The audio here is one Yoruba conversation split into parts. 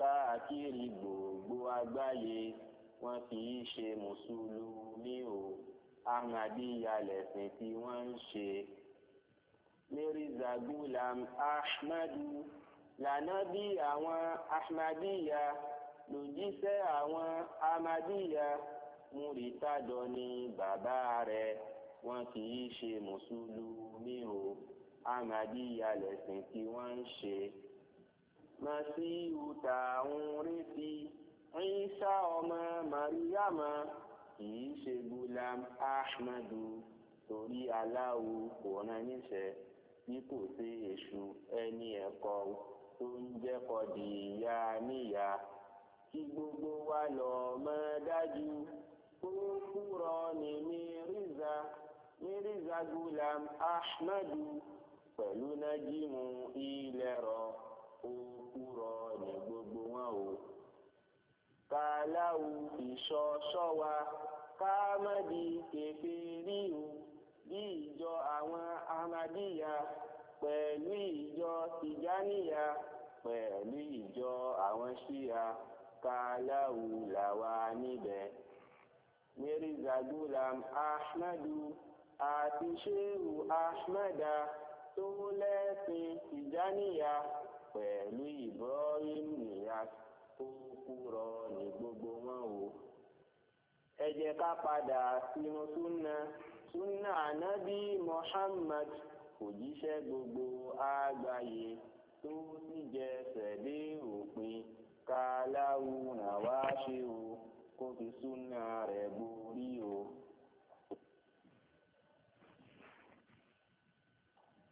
káàkiri gbogbo àgbáyé wọ́n kì í ṣe mùsùlùmí o ahmadiyya lẹ̀sìn tí wọ́n ń ṣe. mirza gulam ahmadu lànábì àwọn ahmadiyya lòjíṣẹ́ àwọn ahmadiyya múritádọ ni bàbá rẹ̀ wọ́n kì í ṣe mùsùlùmí o ahmadiyya tí wọ́n ń ṣe màsíù tá ń retí Ìsá ọmọ Màríyàmá kìí ṣe Gulam Ahmadu torí aláwo kò rán níṣẹ́ bí kò sí èṣù ẹni ẹ̀kọ́ tó ń jẹ́kọ̀ di ìyá níyà kí gbogbo wa lọ mọ̀ dájú kó kúrọ ní Mírízà Mírízà Gulam Ahmadu pẹ̀lú nájímù ilẹ̀ rọ kúrọ ní gbogbo wọn o kàláwù ìṣọṣọ wa kámẹ́dì kẹfẹ́ ríru bí ìjọ àwọn amadíyà pẹ̀lú ìjọ tìjáníyà pẹ̀lú ìjọ àwọn ṣíya kàláwù làwa níbẹ̀. Mirza Gulam Ahmadu àti Shehu Ahmada tó lẹ́sìn tìjáníyà pẹ̀lú Ibrahim Niyas tó kúrọ ní gbogbo wọn o. ẹ jẹ́ ká padà sínú súnà súnà ànábì Muhammad òjíṣẹ́ gbogbo àgbáyé tó sì jẹsẹ̀ dé òpin ká láwùrán wá o kó fi súnà rẹ̀ borí o.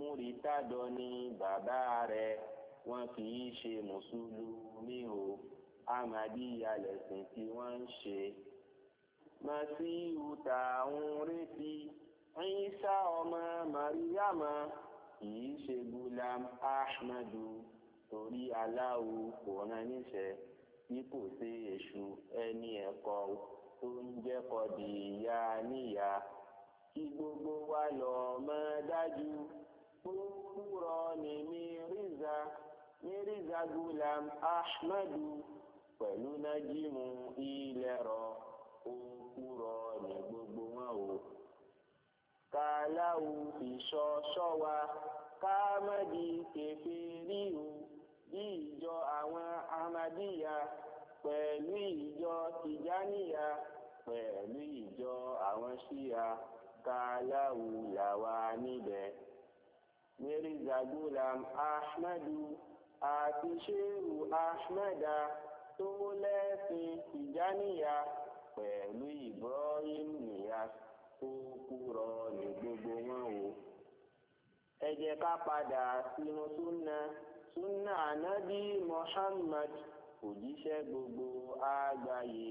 múrítàdọ ni bàbá rẹ̀ wọn kì í ṣe mùsùlùmí o amadíyà lẹ̀sìn tí wọ́n ń ṣe. masiu tá retí Ìsá ọmọ mariama kì í ṣe gulam ahmadu torí aláwo kò rán níṣẹ́ bí kò ṣe èṣù ẹni ẹ̀kọ́ tó ń jẹ́kọ̀ di ìyá níyà kí gbogbo wa lọ mọ̀ dájú kúrò ní Mírízà Mírízà Gulam Ahmadu pẹ̀lú nájímù ilẹ̀rọ òkúrọ̀ ní gbogbo wọn o. kàláwù ìṣọ ṣọ́wa káàmọ́dì kẹfẹ́ ríru bí ìjọ àwọn amadíyà pẹ̀lú ìjọ tìjáníyà pẹ̀lú ìjọ àwọn ṣíya kàláwù làwa níbẹ̀ mirza gulam ahmadu àti shehu ahmeda tó lẹ́sìn tìjáníyà pẹ̀lú ibrahim niyas tó kúrọ ní gbogbo wọn o. ẹ ká padà sínú súnà súnà ànábì muhammad òjíṣẹ́ gbogbo àgbáyé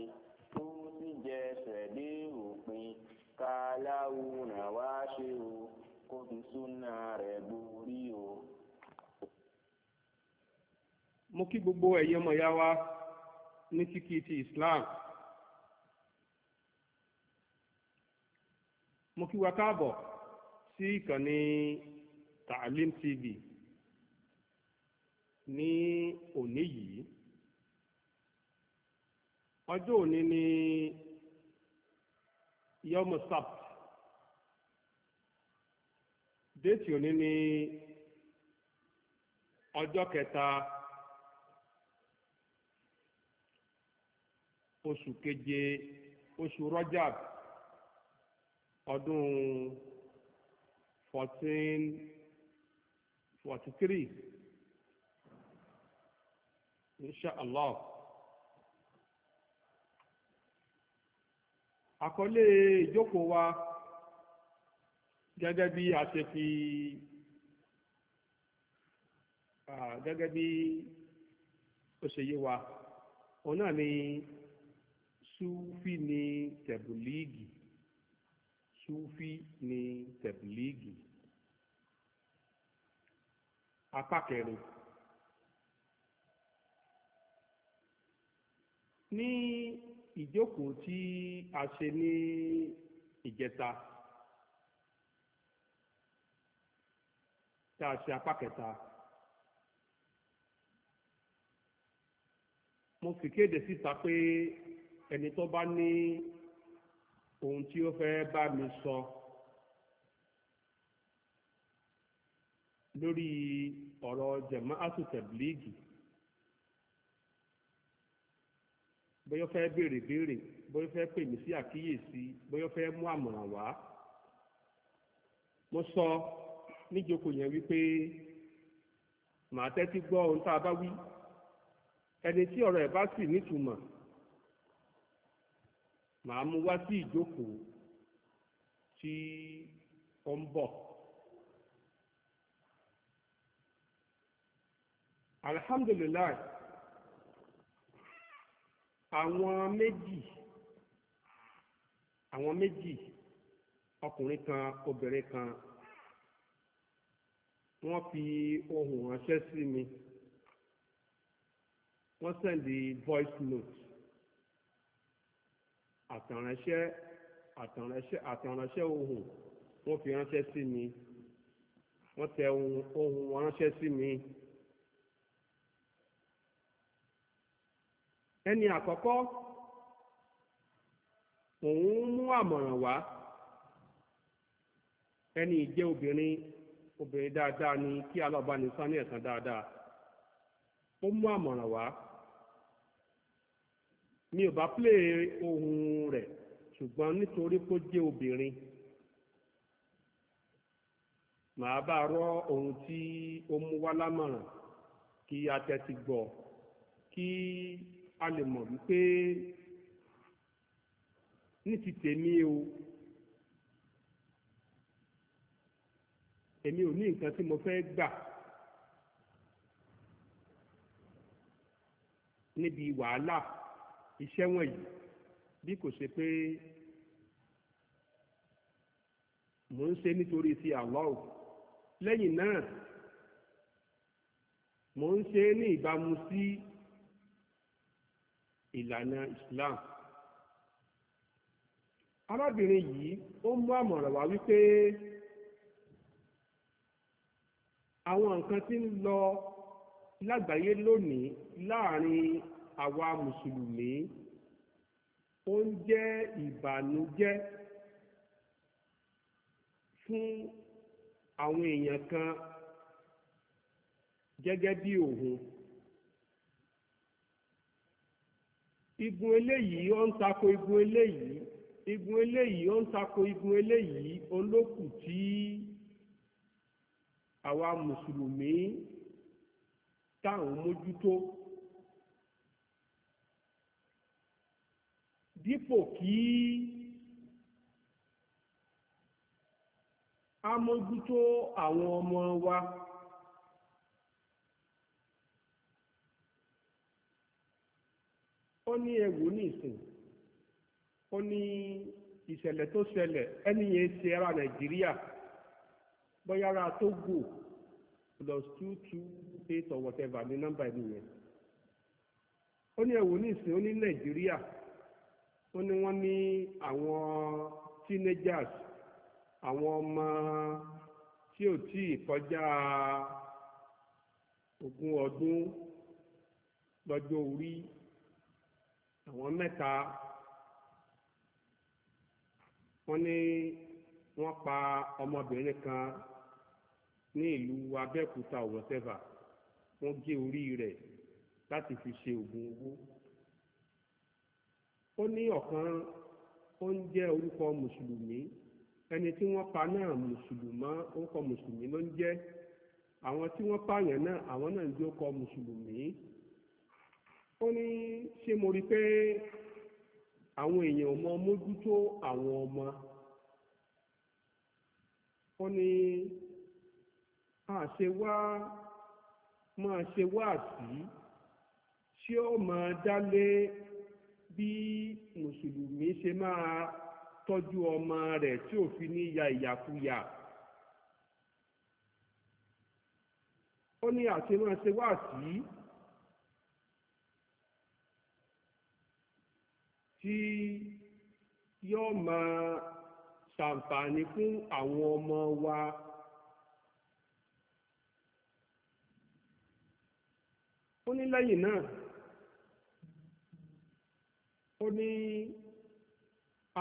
tó sì jẹsẹ̀ dé òpin ká wá ṣe o kó fi súnà rẹ̀ borí o. mo kí gbogbo ẹ̀yin ọmọ wa ní kíkí ti Islam mo kí wa káàbọ̀ sí ìkànnì Taalim TV ní òní yìí ọjọ́ òní ni yọmọ sábà déètì òní ní ọjọ́ kẹta oṣù keje oṣù Rajab ọdún fourteen forty three insha allah àkọlé ìjókòó wa gẹ́gẹ́ bí a ṣe fi gẹ́gẹ́ bí ó ṣe yé wa òun náà ni súfì ni tẹ̀bùlíìgì súfì ni tẹ̀bùlíìgì apá kẹrin ní ìjókòó tí a ṣe ní ìjẹta. tá a ṣe apá kẹta mo sì kéde síta pé ẹni tó bá ní ohun tí ó fẹ́ bá mi sọ lórí ọ̀rọ̀ jẹ̀máàtù tẹ̀blíìgì bóyá fẹ́ béèrè béèrè bóyá fẹ́ pè mí sí àkíyèsí bóyá fẹ́ mú àmọ̀ràn wá mo sọ. So, níjókòó yẹn wípé màá tẹ́tí gbọ́ ohun tá a bá wí ẹni tí ọ̀rọ̀ ẹ̀ bá sì nítumọ̀ màá mú wá sí ìjókòó tí ó ń bọ̀. alhamdulilayi àwọn méjì àwọn méjì ọkùnrin kan obìnrin kan wọ́n fi ohùn ránṣẹ́ sí mi wọ́n sẹ́ndì voice note àtànránṣẹ́ àtànránṣẹ́ àtànránṣẹ́ ohùn wọ́n fi ránṣẹ́ sí mi wọ́n tẹ ohùn wọn ránṣẹ́ sí mi. ẹni àkọ́kọ́ òun mú àmọ̀ràn wá ẹni ìjẹ́ obìnrin obìnrin dáadáa ni kí alọ́ba ní sani ẹ̀sán dáadáa ó mú àmọ̀ràn wá mi ò bá plé ohun rẹ̀ ṣùgbọ́n nítorí kó jẹ́ obìnrin màá bá rọ ohun tí ó mú wá lámọ̀ràn kí a gbọ́ kí a lè mọ̀ wípé ní ti tèmi o. èmi ò ní nǹkan tí mo fẹ́ gbà níbi wàhálà iṣẹ́ wọ̀nyí bí kò ṣe pé mò ń ṣe nítorí ti Allah lẹ́yìn náà mò ń ṣe ní ìbámu sí ìlànà Islam arábìnrin yìí ó mú àmọ̀ràn wá wípé àwọn nǹkan tí ń lọ lágbàáyé lónìí láàrin àwa mùsùlùmí ó ń jẹ́ ìbànújẹ́ fún àwọn èèyàn kan gẹ́gẹ́ bí òun igun eléyìí ó ń tako igun eléyìí igun eléyìí ó ń tako igun eléyìí olókùn àwa mùsùlùmí táwọn mójútó dípò kí a mójútó àwọn ọmọ wa ó ní ẹwù ní ìsìn ó ní ìṣẹ̀lẹ̀ tó ṣẹlẹ̀ ẹni yẹn ṣe ara nàìjíríà bóyá ara Togo plus two two eight or whatever ní nọ́mbà ẹni yẹn ó ní ẹ̀wò nísìn ó ní Nàìjíríà ó ní wọ́n ní àwọn teenagers àwọn ọmọ tí ò tí ì kọjá ogún ọdún lọ́jọ́ orí àwọn mẹ́ta wọ́n ní wọ́n pa ọmọbìnrin kan ní ìlú abẹ́òkúta or whatever wọ́n gé orí rẹ̀ láti fi ṣe oògùn owó ó ní ọ̀kan ó ń jẹ́ orúkọ mùsùlùmí ẹni tí wọ́n pa náà mùsùlùmá orúkọ mùsùlùmí ló ń jẹ́ àwọn tí wọ́n pààyàn náà àwọn náà ń jẹ́ orúkọ mùsùlùmí ó ní ṣé mo rí pé àwọn èèyàn ọmọ mójútó àwọn ọmọ ó ní àṣe wá máa ṣe wáàsí tí ó máa dálé bí mùsùlùmí ṣe máa tọ́jú ọmọ rẹ̀ tí ò fi ní ya ìyàkuyà. ó ní àṣe máa ṣe wáàsí tí yóò máa ṣàǹfààní fún àwọn ọmọ wa. ó ní lẹ́yìn náà ó ní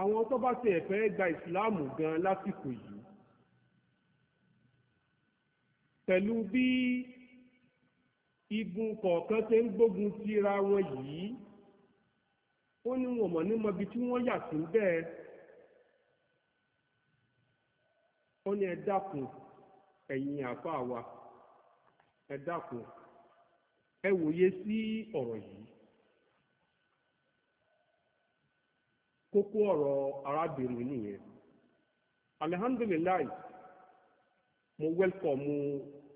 àwọn tó bá ti ẹ̀fẹ́ gba ìsìláàmù gan lásìkò yìí pẹ̀lú bí igun kọ̀ọ̀kan ṣe ń gbógun tira wọn yìí ó ní wọn mọ̀ ní mọbi tí wọ́n yà sí bẹ́ẹ̀ ó ní ẹ dákun ẹ̀yin àfa wa ẹ dákun. ẹ sí ọ̀rọ̀ yìí kókó ọ̀rọ̀ arábìnrin nìyẹn alihamdulilayi mo wẹ́lkọ̀mù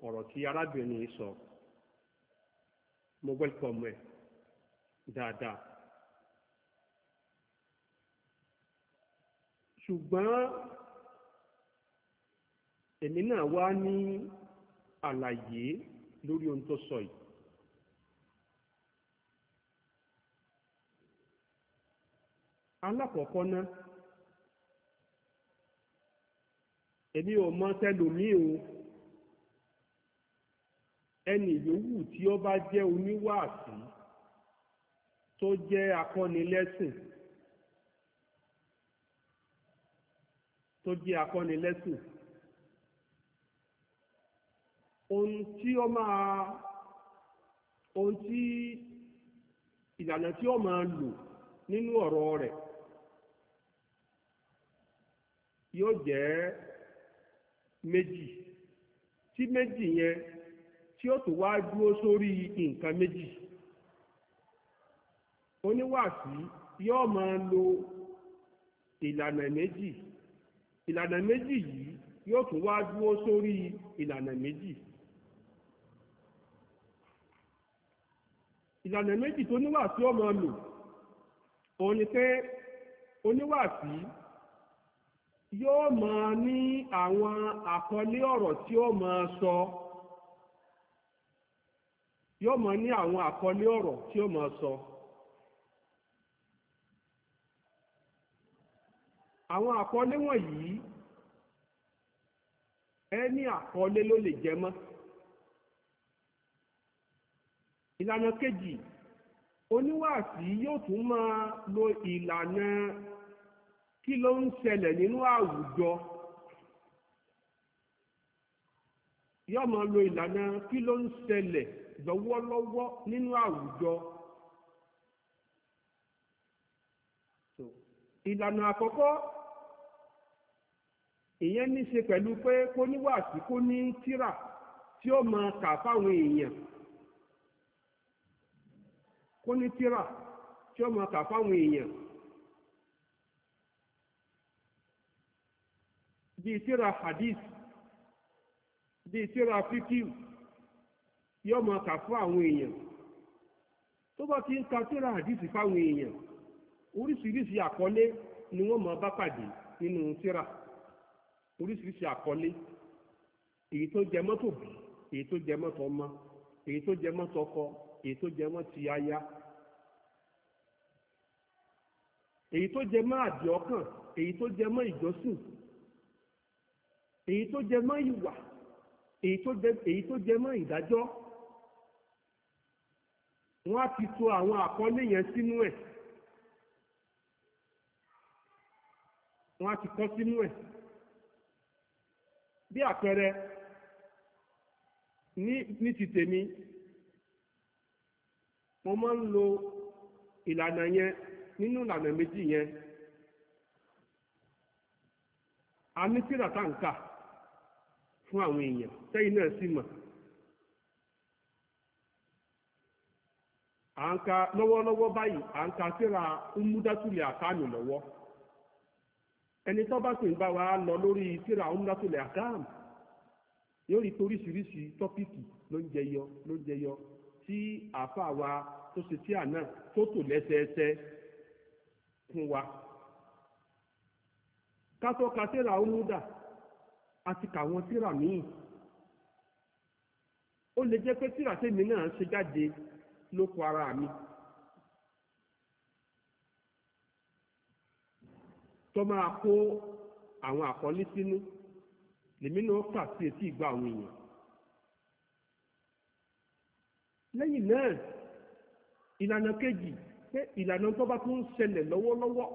ọ̀rọ̀ tí arábìnrin sọ mo wẹ́lkọ̀mù ẹ̀ dáadáa ṣùgbọ́n èmi náà wá ní àlàyé lórí ohun tó sọ yìí alákọ̀ọ́kọ́ ná èmi ò mọ tẹlòmíì o ẹnì yòówù tí ó bá jẹ́ oníwàásí tó jẹ́ akọ́nilẹ́sìn tó jẹ́ akọ́nilẹ́sìn ohun tí ó máa ohun tí ìlànà tí ó máa lò nínú ọ̀rọ̀ rẹ̀. yóò jẹ́ méjì tí méjì yẹn tí ó tún wá dúró sórí nǹkan méjì oníwàásí yóò máa lo ìlànà méjì ìlànà méjì yìí yóò tún wá dúró sórí ìlànà méjì ìlànà méjì tó níwàásí ó máa lò òun ni pé oníwàásí yóò máa ní àwọn àkọlé ọ̀rọ̀ tí ó máa sọ yóò máa ní àwọn àkọlé ọ̀rọ̀ tí ó máa sọ àwọn àkọlé wọ̀nyí ẹni àkọlé ló lè jẹ mọ́ ìlànà kejì oníwàásí yóò tún máa lo ìlànà kí ló ń ṣẹlẹ̀ nínú àwùjọ Yọ máa lo ìlànà kí ló ń ṣẹlẹ̀ lọ́wọ́lọ́wọ́ nínú àwùjọ ìlànà àkọ́kọ́ ìyẹn ní ṣe pẹ̀lú pé kó níwàásí kó ní tírà tí ó máa kà fáwọn èèyàn kó ní tírà tí ó máa kà fáwọn èèyàn. bíi tíra hadith bíi tíra fíkìú yóò máa kà fún àwọn èèyàn tó bá ti ń ka tíra hadith fáwọn èèyàn oríṣiríṣi àkọlé ni wọ́n máa bá pàdé nínú tíra oríṣiríṣi àkọlé èyí tó jẹ mọ́tò bí èyí tó jẹ mọ́tò ọmọ èyí tó jẹ mọ́tò ọkọ èyí tó jẹ mọ́ ti aya èyí tó jẹ mọ́ àdìọ́kàn èyí tó jẹ mọ́ ìjọsìn èyí tó jẹ mọ́ ìwà èyí tó jẹ mọ́ ìdájọ́ wọ́n á ti tò àwọn àkọlé yẹn sínú ẹ̀ wọ́n á ti kọ sínú ẹ̀ bí àpẹẹrẹ ní ní ti tèmi mo máa ń lo ìlànà yẹn nínú ìlànà méjì yẹn a ní tírà tá ń fún àwọn èèyàn tẹ́yìn náà sí mọ̀ à ń ka lọ́wọ́lọ́wọ́ báyìí à ń ka síra umudatulẹ̀ àkáàmì lọ́wọ́ ẹni tó bá sì ń bá wa lọ lórí síra umudatulẹ̀ àkáàmì yóò rí toríṣiríṣi tọ́pìkì ló ń jẹyọ ló ń jẹyọ tí àáfàá wa tó ṣe tí àná tó tò lẹ́sẹẹsẹ fún wa ká tó ka síra umudà àti kàwọn tíra míì ó lè jẹ́ pé tíra tèmi náà ṣe jáde lóko ara mi tó máa kó àwọn àkọlé sínú lèmi náà kà sí etí ìgbà àwọn èèyàn lẹ́yìn náà ìlànà kejì pé ìlànà tó bá tún ń ṣẹlẹ̀ lọ́wọ́lọ́wọ́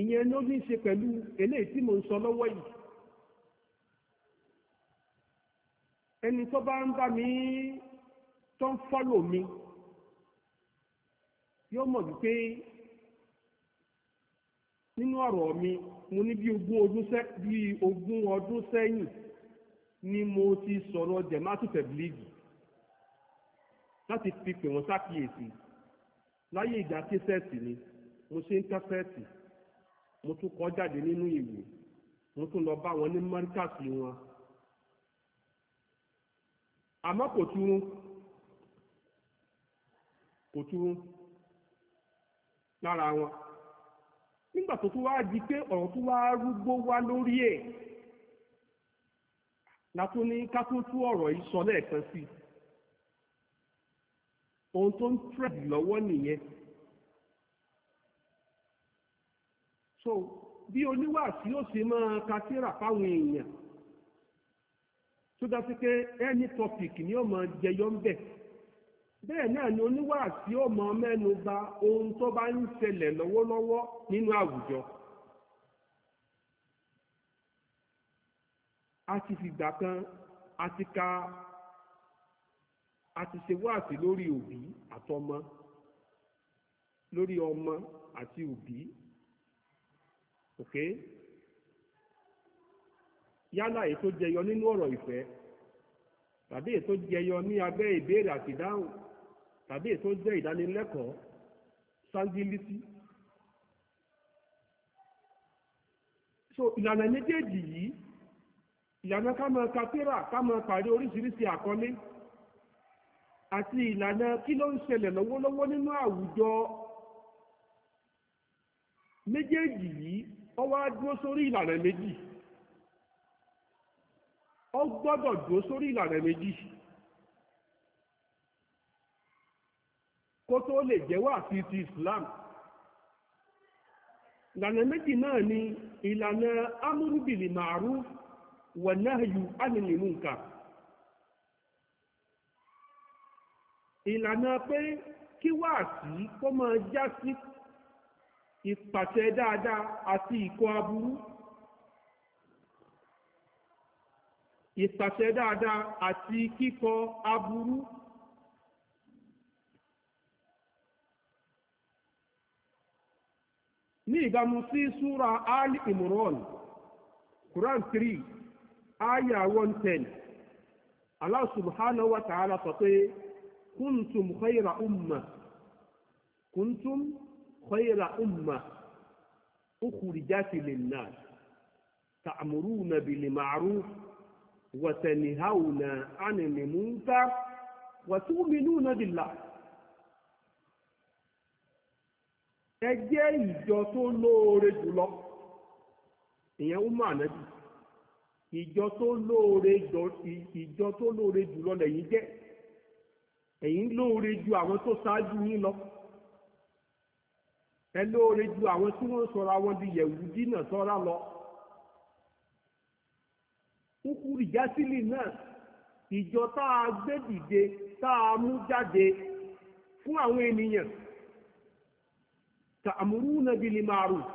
ìyẹn ló ní ṣe pẹ̀lú eléyìí tí mo ń sọ lọ́wọ́ yìí ẹni tó bá ń bá mi tó ń fọ́lò mi yóò mọ̀ wípé nínú ọ̀rọ̀ mi mo ní bí ogún ọdún sẹ́yìn ni mo ti sọ̀rọ̀ dẹ̀mátù tẹ̀bílíìgì láti fi pè wọ́n sákìyèsí láyé ìgbà késẹ́ẹ̀tì ni mo ṣe ń kásẹ́ẹ̀tì mo tún kọ jáde nínú ìwé mo tún lọ bá wọn ní mọ́ríkàsì wọn àmọ́ kò túrún kò túrún lára wọn nígbà tó tún wá di pé ọ̀rọ̀ tó wá rúgbó wá lórí ẹ̀ látún ní ká tó tú ọ̀rọ̀ yìí sọ lẹ́ẹ̀kan sí ohun tó ń tẹ̀lé lọ́wọ́ nìyẹn so bí oníwàásí ó sì máa ka tírà fáwọn èèyàn tó dá sí pé any topic ni ó máa jẹyọ ń bẹ̀ bẹ́ẹ̀ náà ni oníwàásí ó máa mẹ́nu bà ohun tó bá ń ṣẹlẹ̀ lọ́wọ́lọ́wọ́ nínú àwùjọ. a ti fìgbà kan a ti ka a ti ṣe wáàsí lórí òbí àtọmọ lórí ọmọ àti òbí ok yálà èyí tó jẹyọ nínú ọ̀rọ̀ ìfẹ́ tàbí èyí tó jẹyọ ní abẹ́ ìbéèrè àtìdáhùn tàbí èyí tó jẹ́ ìdánilẹ́kọ̀ọ́ sáńgílítì so ìlànà méjèèjì yìí ìlànà ká máa ka tírà ká máa pàdé oríṣiríṣi àkọlé àti ìlànà kí ló ń ṣẹlẹ̀ lọ́wọ́lọ́wọ́ nínú àwùjọ méjèèjì yìí ó wá dúró sórí ìlànà méjì ó gbọ́dọ̀ dúró sórí ìlànà méjì kó tó lè jẹ́wọ́ àti ti Islam ìlànà méjì náà ni ìlànà amúrúbìlì ma'ruf wa nahyu 'anil munkar ìlànà pé kí wáàsí kó máa já sí ìpàṣẹ dáadáa àti ìkọ̀ aburú ìpàṣẹ dáadáa àti kíkọ̀ aburú ní ìbámu sí súra ali imran quran 3 aya 110 Allah subhanahu wa ta'ala sọ pé kuntum khayra umma kuntum خير أمة أخرجت للناس تأمرون بالمعروف وتنهون عن المنكر وتؤمنون بالله ẹ jẹ́ ìjọ tó lóore jùlọ ìyẹn ó mà nẹ́bí ìjọ tó lóore ìjọ tó lóore jùlọ lẹ́yìn jẹ́ ẹ̀yin lóore ju àwọn tó ṣáájú yín lọ. ẹ lóore ju àwọn tí wọ́n sọra wọn di yẹ̀wù dínà sọra lọ. kúkúrú ìjásílì náà ìjọ tá a gbé dìde tá a mú jáde fún àwọn ènìyàn ta'muruna bil ma'ruf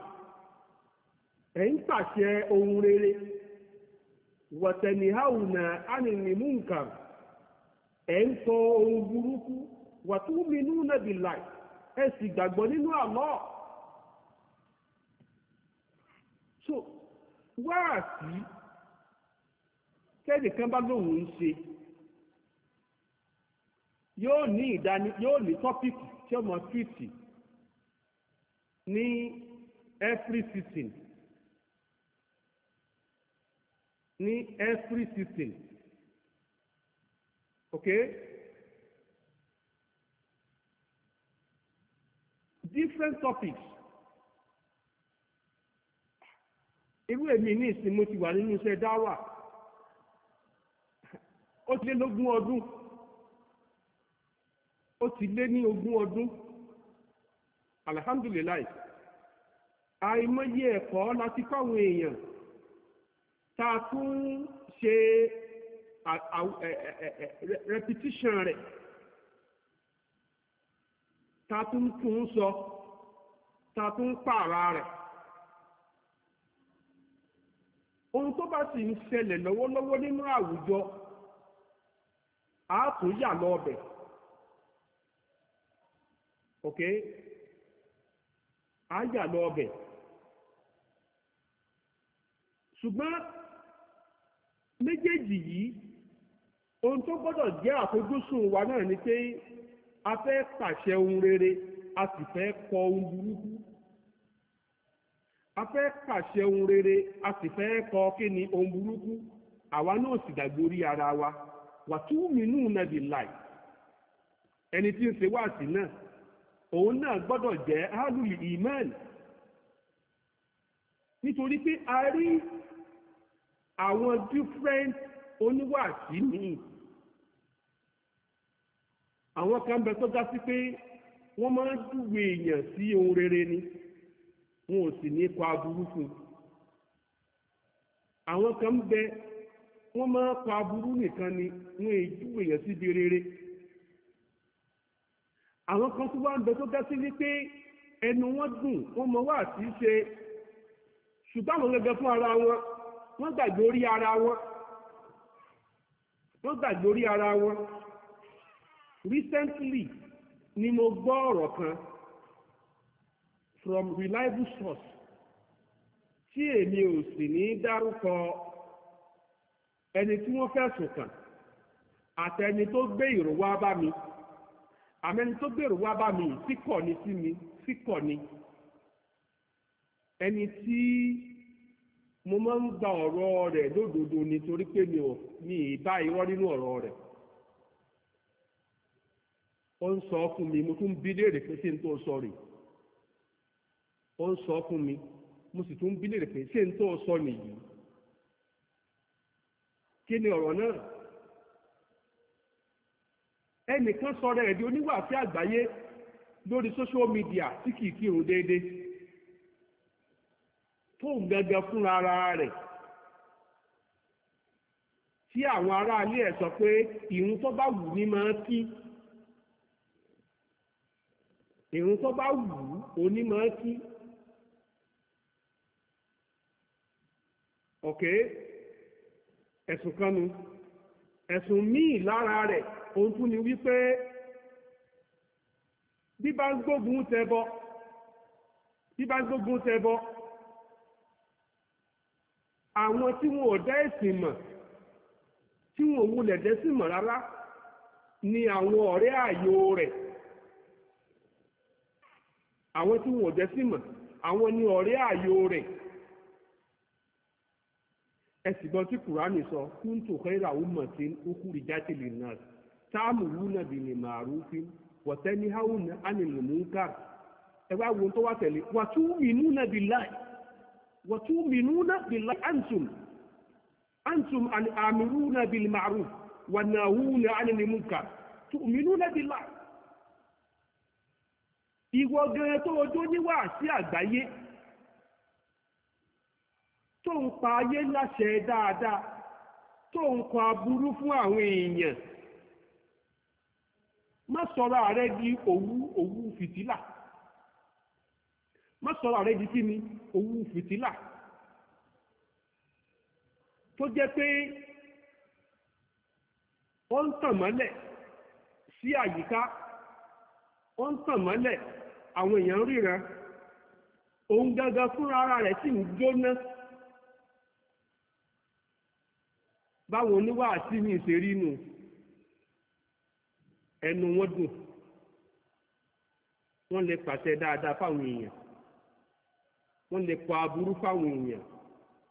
ẹ̀ ń pàṣẹ ohun rere wa tanhauna 'anil munkar ẹ̀ ń sọ ohun burúkú wa tu'minuna billahi ẹ sì gbàgbọ́ nínú Allah so wáàsí tẹ́nìkan bá lóun ń ṣe yóò ní ìdání yóò ní tọ́pìkì tí ọmọ fíìtì ní every season ní every season okay different topics irú èmi ní ìsìn mo ti wà nínú iṣẹ́ dáwà ó ti lé lógún ọdún ó ti lé ní ogún ọdún alihamdulilayi àìmọye ẹ̀kọ́ láti fáwọn èèyàn ta tún ṣe repetition rẹ̀. re, ta tún tún sọ ta tún pààrà rẹ ohun tó bá sì ń ṣẹlẹ̀ lọ́wọ́lọ́wọ́ nínú àwùjọ àátúnyà lọ́ọ̀bẹ̀ ok a àáyà lọ́ọ̀bẹ̀ ṣùgbọ́n méjèèjì yìí ohun tó gbọ́dọ̀ jẹ́ àfojúsùn wa náà ni pé a fẹ́ pàṣẹ ohun rere a sì fẹ́ kọ ohun burúkú a fẹ́ pàṣẹ ohun àwa náà sì ara wa wàtúmínú nàbì láì ẹni tí ń ṣe wáàsí náà òun náà gbọ́dọ̀ jẹ́ alùlì ìmánì nítorí pé a rí àwọn different oníwàásí míì àwọn kan bẹ tó dá sí pé wọ́n máa ń júwe èèyàn sí ohun rere ni wọn ò sì ní kọ aburú fún un àwọn kan bẹ wọ́n máa ń kọ aburú nìkan ni wọn è júwe èèyàn síbi rere àwọn kan tó wá ń bẹ tó dá sí wípé ẹnu wọn dùn wọ́n mọ wá àti ṣe ṣùgbọ́n àwọn gẹ́gẹ́ fún ara wọn wọ́n gbàgbé orí ara wọn wọ́n gbàgbé orí ara wọn recently ni mo gbọ́ ọ̀rọ̀ kan from reliable source tí èmi ò sì ní dárúkọ ẹni tí wọ́n fẹ̀sùn kàn àtẹni tó gbé ìrò wá bá mi àmẹni tó gbé ìrò wá bá mi tí kọ̀ ni sí mi tí kọ̀ ni ẹni tí mo máa ń gba ọ̀rọ̀ rẹ̀ lódodo nítorí pé mi ò ní ìbá irọ́ nínú ọ̀rọ̀ rẹ̀. ó ń sọ fún mi mo tún bí léèrè pé ṣé n tó mi mo sì tún bí léèrè pé n tó sọ nìyí kí ni ọ̀rọ̀ náà ẹnìkan sọ̀rọ̀ ẹ̀ di oníwàásí àgbáyé lórí social media tí kìí kírun déédéé ara rẹ̀ tí àwọn aráalé ẹ̀ sọ pé tó bá wù ní máa kí. ìrun tó bá wù ú onímọ̀ kí òkè ẹ̀sùn kanu ẹ̀sùn míì lára rẹ̀ òun tún ni wípé bí bá ń gbógun tẹbọ bí bá ń gbógun tẹbọ àwọn tí wọn ò dá ẹ̀sìn mọ̀ tí wọn ò wulẹ̀ dẹ́sìn mọ̀ rárá ni àwọn ọ̀rẹ́ ààyò rẹ̀ àwọn tí wọn ò jẹ́ sí mọ̀ àwọn ni ọ̀rẹ́ ààyò rẹ̀ ẹ̀sìgbọ́n tí kùránì sọ kúntù kẹ́rà ọmọ tí ó kúrì jáde lè nà táàmù wúnà bì ní màrúfin wọ̀tẹ́ ní haúnà ánìlù múnkà ẹ wá wo tó wá tẹ̀lé wàtú mìnúnà bì láì wàtú mìnúnà bì láì antum antum àmìrúnà bì màrúf wà náà wúnà ánìlù múnkà tó mìnúnà bì láì. ìwọ gan tó ojó níwà sí àgbáyé tó ń pa ayé láṣẹ dáadáa tó ń kọ aburú fún àwọn èèyàn má sọ̀rọ̀ ààrẹ di òwú òwú fìtílà má sọ̀rọ̀ ààrẹ di kí ni òwú fìtílà tó jẹ́ pé ó ń tàn mọ́lẹ̀ sí àyíká ó ń tàn mọ́lẹ̀ àwọn èèyàn ríran òun gangan fúnra ara rẹ̀ sì ń jóná báwọn oníwà àti mi ṣe rí nù ẹnu wọn dùn wọ́n lè pàṣẹ dáadáa fáwọn èèyàn wọ́n lè pa aburú fáwọn èèyàn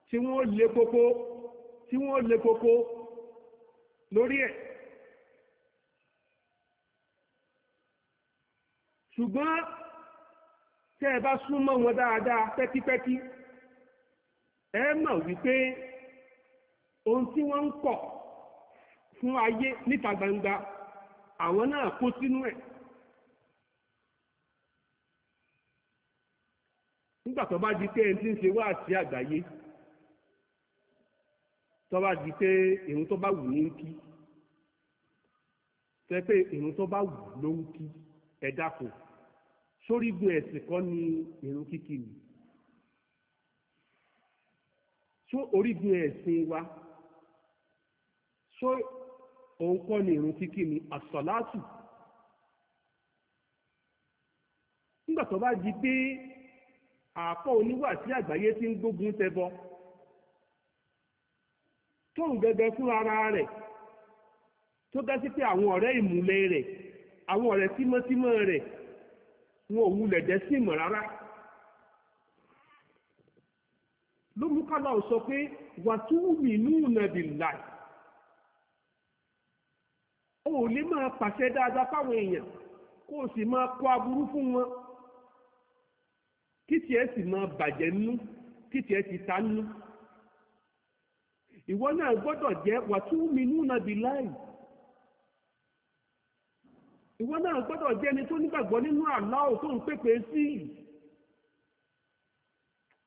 tí wọ́n lè kókó tí wọ́n lè kókó lórí ẹ̀ ṣùgbọ́n tẹ́ ẹ bá súnmọ́ wọn dáadáa pẹ́kípẹ́kí ẹ mọ̀ wípé ohun tí wọ́n ń kọ̀ fún ayé níta gbangba àwọn náà kó sínú ẹ̀ nígbà tó bá di pé ẹni tí ń ṣe wáàsí àgbáyé tó bá di pé ìrun tó bá wù ní ń kí tẹ́ pé ìrun tó bá wù ló ń kí ẹ dákun sórí igun ẹ̀sìn ni irun kíkí ni só orígun wa so òun ni ìrun kíkí ni àsọ̀látù nígbà tó bá di pé àpọ̀ oníwà sí àgbáyé ti ń gbógun tẹbọ tóun fún ara rẹ̀ tó gá sí pé àwọn ọ̀rẹ́ re rẹ̀ àwọn ọ̀rẹ́ tímọ́tímọ́ re. wọn ò wulẹ̀ dẹ́ sí ìmọ̀ rárá ló mú kálá ò sọ pé wàtúwùmí nùún nàbì láì o ò lè máa pàṣẹ dáadáa fáwọn èèyàn kó o sì máa kó aburú fún wọn kí tiẹ̀ sì máa bàjẹ́ nú kí tiẹ̀ ti ta nú ìwọ náà gbọ́dọ̀ jẹ́ wàtúwùmí nùún nàbì láì ìwọ náà gbọ́dọ̀ jẹ́ ẹni tó nígbàgbọ́ nínú Allah tó ń pèpè sí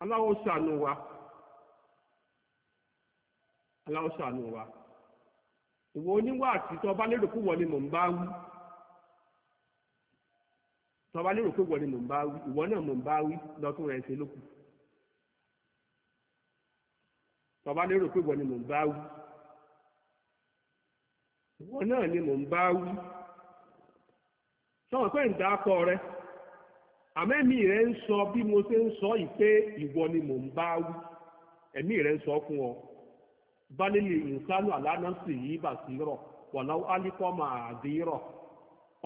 Allah ó ṣàánú wa Allah ó ṣàánú wa ìwọ oníwà àti tọba lérò pé wọ́n ni mò ń bá wí tọba lérò pé wọ́n ni mò ń bá wí ìwọ náà mò ń bá wí lọ́tún rẹ̀ ṣe lókù tọba lérò pé wọ́n ni mò ń bá wí ìwọ náà ni mò ń bá wí. sọ̀rọ̀ pé ń dákọ rẹ àmẹ́mí rẹ ń sọ bí mo ṣe ń sọ ìwọ ni mò ń bá ẹ̀mí rẹ ń sọ fún ọ bálẹ́lì ìsánú àlánàsì yìí bà sí rọ wọ̀láwó álíkọ́mà àdé rọ̀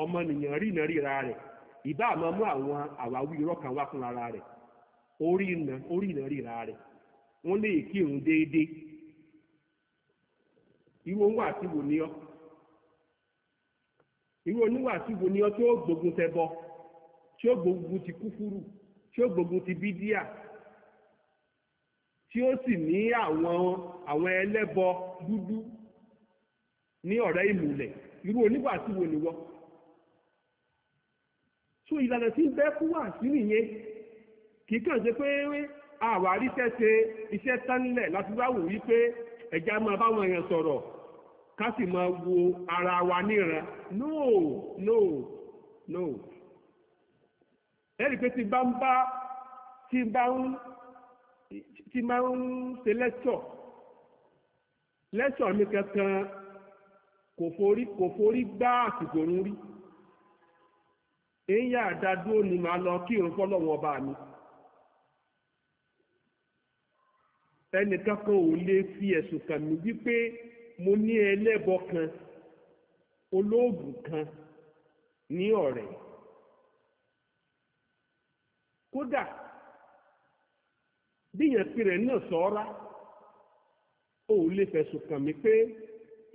ọmọnìyàn rí iná ríra rẹ̀ ìbá àmọ́ mú àwọn àwáwí irọ́ kan fúnra orí iná ríra wọ́n lè kírun déédéé wò ní irú oníwàásù wo ni ọ tí ó gbógun tẹbọ tí ó gbógun ti kúfúrú tí ó gbógun ti bídíà tí ó sì ní àwọn àwọn ẹlẹ́bọ dúdú ní ọ̀rẹ́ ìmùlẹ̀ irú oníwàásù wo ni wọ́n so ìlànà tí ń bẹ́ fún wà sí nìyẹn kì í kàn ṣe pé àwárí tẹ́ ṣe iṣẹ́ tánilẹ̀ láti wá wò wípé ẹ̀já máa báwọn èèyàn sọ̀rọ̀ ká sì máa wo ara wa níran no no no ẹ̀rí pé tí bá ń bá tí bá ń tí máa ń ṣe lẹ́tọ̀ lẹ́tọ̀ mi kankan kò forí kò forí gbá àsìkò òun rí èyí àdádúró ni màá lọ kí irun fọlọ́wọ́n ọba mi ẹnìkan kan ò lè fi ẹ̀sùn kàn mí wípé mo ní ẹlẹ́bọ kan olóògùn kan ní ọ̀rẹ́ kódà bíyàn pè rẹ̀ náà sọ́ra ó lè fẹ̀sùn kàn mí pé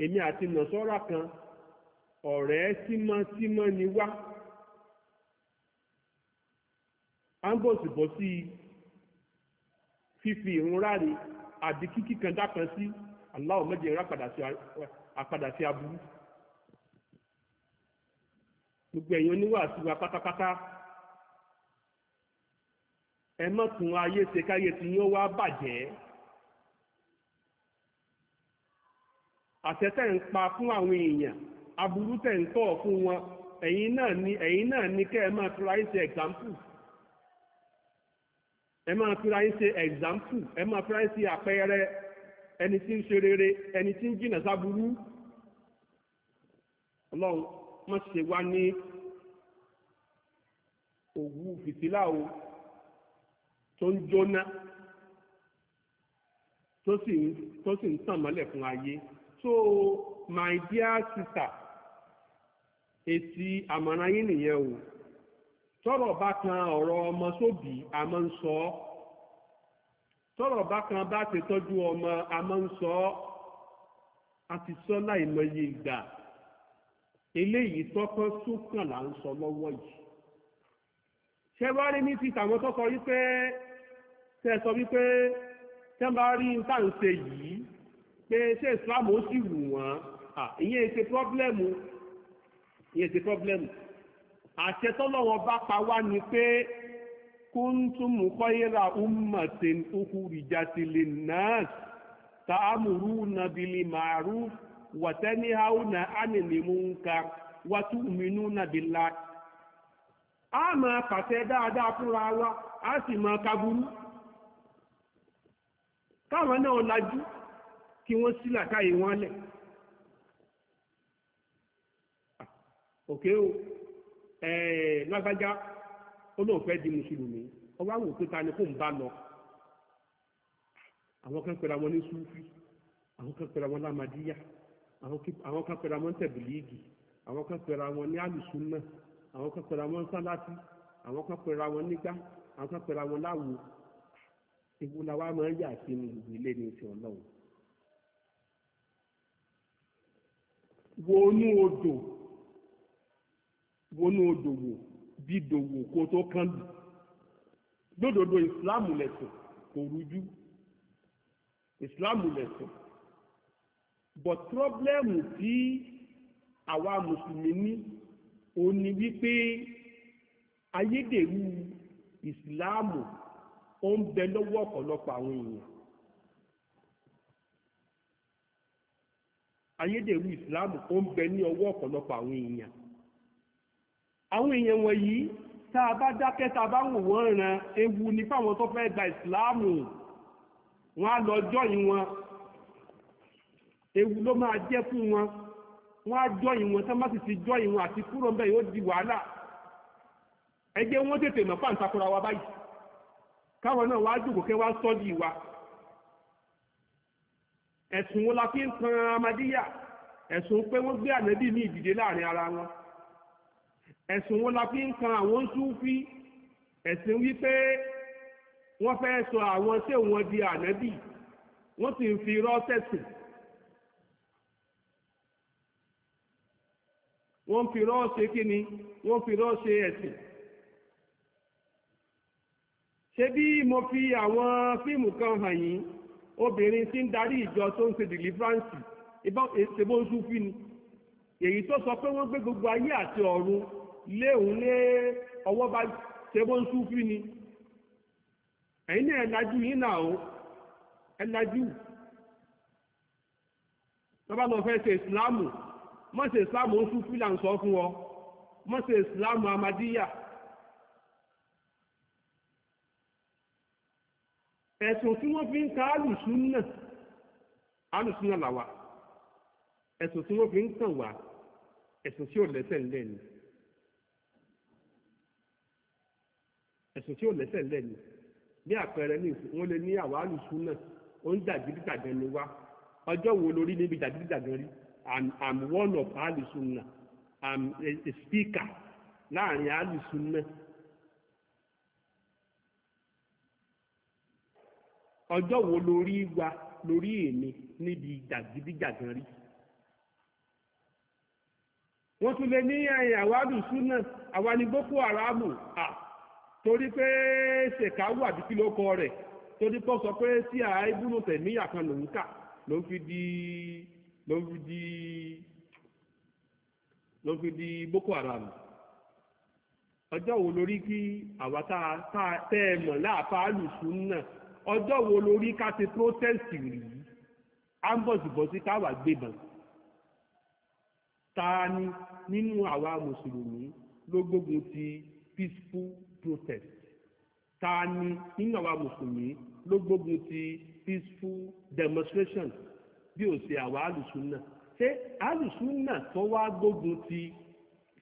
èmi àti nàṣọ́ra kan ọ̀rẹ́ tímọ́tímọ́ ni wá áńgọ̀sì bọ́ sí fífi ìrun ráre àbí kíkí kan dákan sí. Si aláwọ̀ méje rà padà sí aburú gbogbo ẹ̀yin oníwàásù wa pátápátá ẹ má tún ayé ṣe káyé tí yóò wá bàjẹ́ àṣẹ tẹ̀ ń pa fún àwọn èèyàn aburú tẹ̀ ń tọ̀ fún wọn ẹ̀yin náà ni ẹ̀yin náà ni kẹ́ ẹ máa ṣe example ẹ máa ẹni tí ń ṣe rere ẹni tí ń jìnà sáburú ọlọ́run wọ́n ṣe wá ní òwú fìtílà o tó ń jóná tó sì ń tàn mọ́lẹ̀ fún ayé so my dear sister èsì àmọ̀ràn yín nìyẹn o tọ́rọ̀ bá kan ọ̀rọ̀ ọmọ sóbì àmọ́ ń sọ ọ́ tọ́rọ̀ bá kan bá ti tọ́jú ọmọ a máa ń sọ ọ́ a ti sọ láìmọye ìgbà eléyìí tọ́kọ́ sókàn là ń sọ lọ́wọ́ yìí ṣé wá rí ní ti tàwọn tó sọ wípé tẹ́ sọ wípé tẹ́ bá rí n táǹṣe yìí pé ṣé Islam ó sì wù wọ́n ìyẹn ṣe pọ́blẹ́mù ìyẹn ṣe pọ́blẹ́mù àṣẹ tọ́lọ́wọ́ bá pa wá ni pé kuntum khayra ummatin ukhrijat linnas ta'muruna bil ma'ruf wa tanhauna 'anil munkar wa tu'minuna billah a máa pàṣẹ dáadáa fúnra wa a sì máa kaburú káwọn náà lajú kí wọ́n sí làkàyè wọn lẹ̀ òkè ah, o ẹ̀ẹ́d eh, lágbájá olóò fẹ́ di mùsùlùmí ọwọ́ àwọn òpin ta ni kò ń bá lọ àwọn kan pẹ̀lú àwọn ní súfì àwọn kan pẹ̀lú àwọn lámàdíyà àwọn kan pẹ̀lú àwọn tẹ̀bìlìgì àwọn kan pẹ̀lú àwọn ní àlùsùnà àwọn kan pẹ̀lú àwọn sálátì àwọn kan pẹ̀lú àwọn nígbà àwọn kan pẹ̀lú àwọn láwo ewu la wá máa ń yà sí ní ìgbélé ní ti ọlọ́run wọnú odò wọnú odò wò bí dòwò kó tó kán lù lódodo ìsìláàmù lẹ̀sìn kò rújú ìsìláàmù lẹ̀sìn but problem tí àwa mùsùlùmí ní òun ni wípé ayédèrú ìsìláàmù ó ń bẹ lọ́wọ́ ọ̀pọ̀lọpọ̀ àwọn èèyàn ayédèrú ìsìláàmù ó ń bẹ ní ọwọ́ ọ̀pọ̀lọpọ̀ àwọn èèyàn àwọn èèyàn wọ̀nyí tá a bá dákẹ́ tá a bá wò wọ́n ràn ewu ní fáwọn tó fẹ́ gba ìsìláàmù wọn á lọ jọ́yìn wọn ewu ló máa jẹ́ fún wọn wọn á jọ́yìn wọn tá má sì ti jọ́yìn wọn àti kúrò ńbẹ̀ yóò di wàhálà ẹgbẹ́ wọn tètè mọ̀ pàǹtakùrà wa báyìí káwọn náà wá jókòó kẹ́ wá sọ́ọ́dì wa ẹ̀sùn wọn la fi ń tan amadíyà ẹ̀sùn pé wọ́n gbé ànábì ẹ̀sùn wọn la fi ń kan àwọn Súfí ẹ̀sìn wípé wọ́n fẹ́ sọ àwọn tí wọ́n di ànábì wọ́n sì ń fi irọ́ tẹ̀sìn. wọ́n fi irọ́ ṣe kí ni wọ́n fi irọ́ ṣe ẹ̀sìn. ṣé bí mo fi àwọn fíìmù kan hàn yín obìnrin tí ń darí ìjọ tó ń ṣe deliverance ìbọn èsèbó ń Súfí ni èyí tó sọ pé wọ́n gbé gbogbo ayé àti ọ̀run léhùn lé ọwọ́ bá tẹ́bọ́ ń súnfí ni ẹ̀yin náà ẹ̀lájú yín náà o ẹ̀lájú tọ́ba lọ fẹ́ ṣe ìsìláàmù má ṣe ìsìláàmù ń súnfí là ń sọ fún ọ má ṣe ìsìláàmù amadíyà ẹ̀sùn tí wọ́n fi ń ka alùsùn náà alùsùn náà làwà ẹ̀sùn tí wọ́n fi ń kàn wá ẹ̀sùn tí ò lẹ́sẹ̀ ńlẹ̀ ni. ẹ̀sùn tí ò lẹ́sẹ̀ ńlẹ̀ ni bí àpẹẹrẹ ní wọ́n lè ní àwárí súnà ó ń jàgídíjàgan ni wá ọjọ́ wo lórí níbi jàgídíjàgan rí i'm one of alusunna i'm a, a speaker láàrin alusunna. ọjọ́ wo lórí wa lórí èmi níbi jàgídíjàgan rí wọ́n tún lè ní àwárí súnà àwa ni Boko Haram ah torí pé ṣèkáwù àbí kí ló kọ rẹ̀ torí pé ó sọ pé sí àá ibùnú tẹ̀míyà kan lòún kà ló fi di ló fi di ló fi di Boko Haram ọjọ́ wo lórí kí àwa tá a tẹ́ ẹ mọ̀ láàpáàlù sùn náà ọjọ́ wo lórí ká ti protest rí ambọ̀sibọ̀sí káwà gbébọn ta ni nínú àwa mùsùlùmí ló gbógun ti peaceful protest ta ni nínú àwa mùsùlùmí ló gbógun ti peaceful demonstration bí ó ṣe àwa alùsùnà ṣé alùsùnà tó wá gbógun ti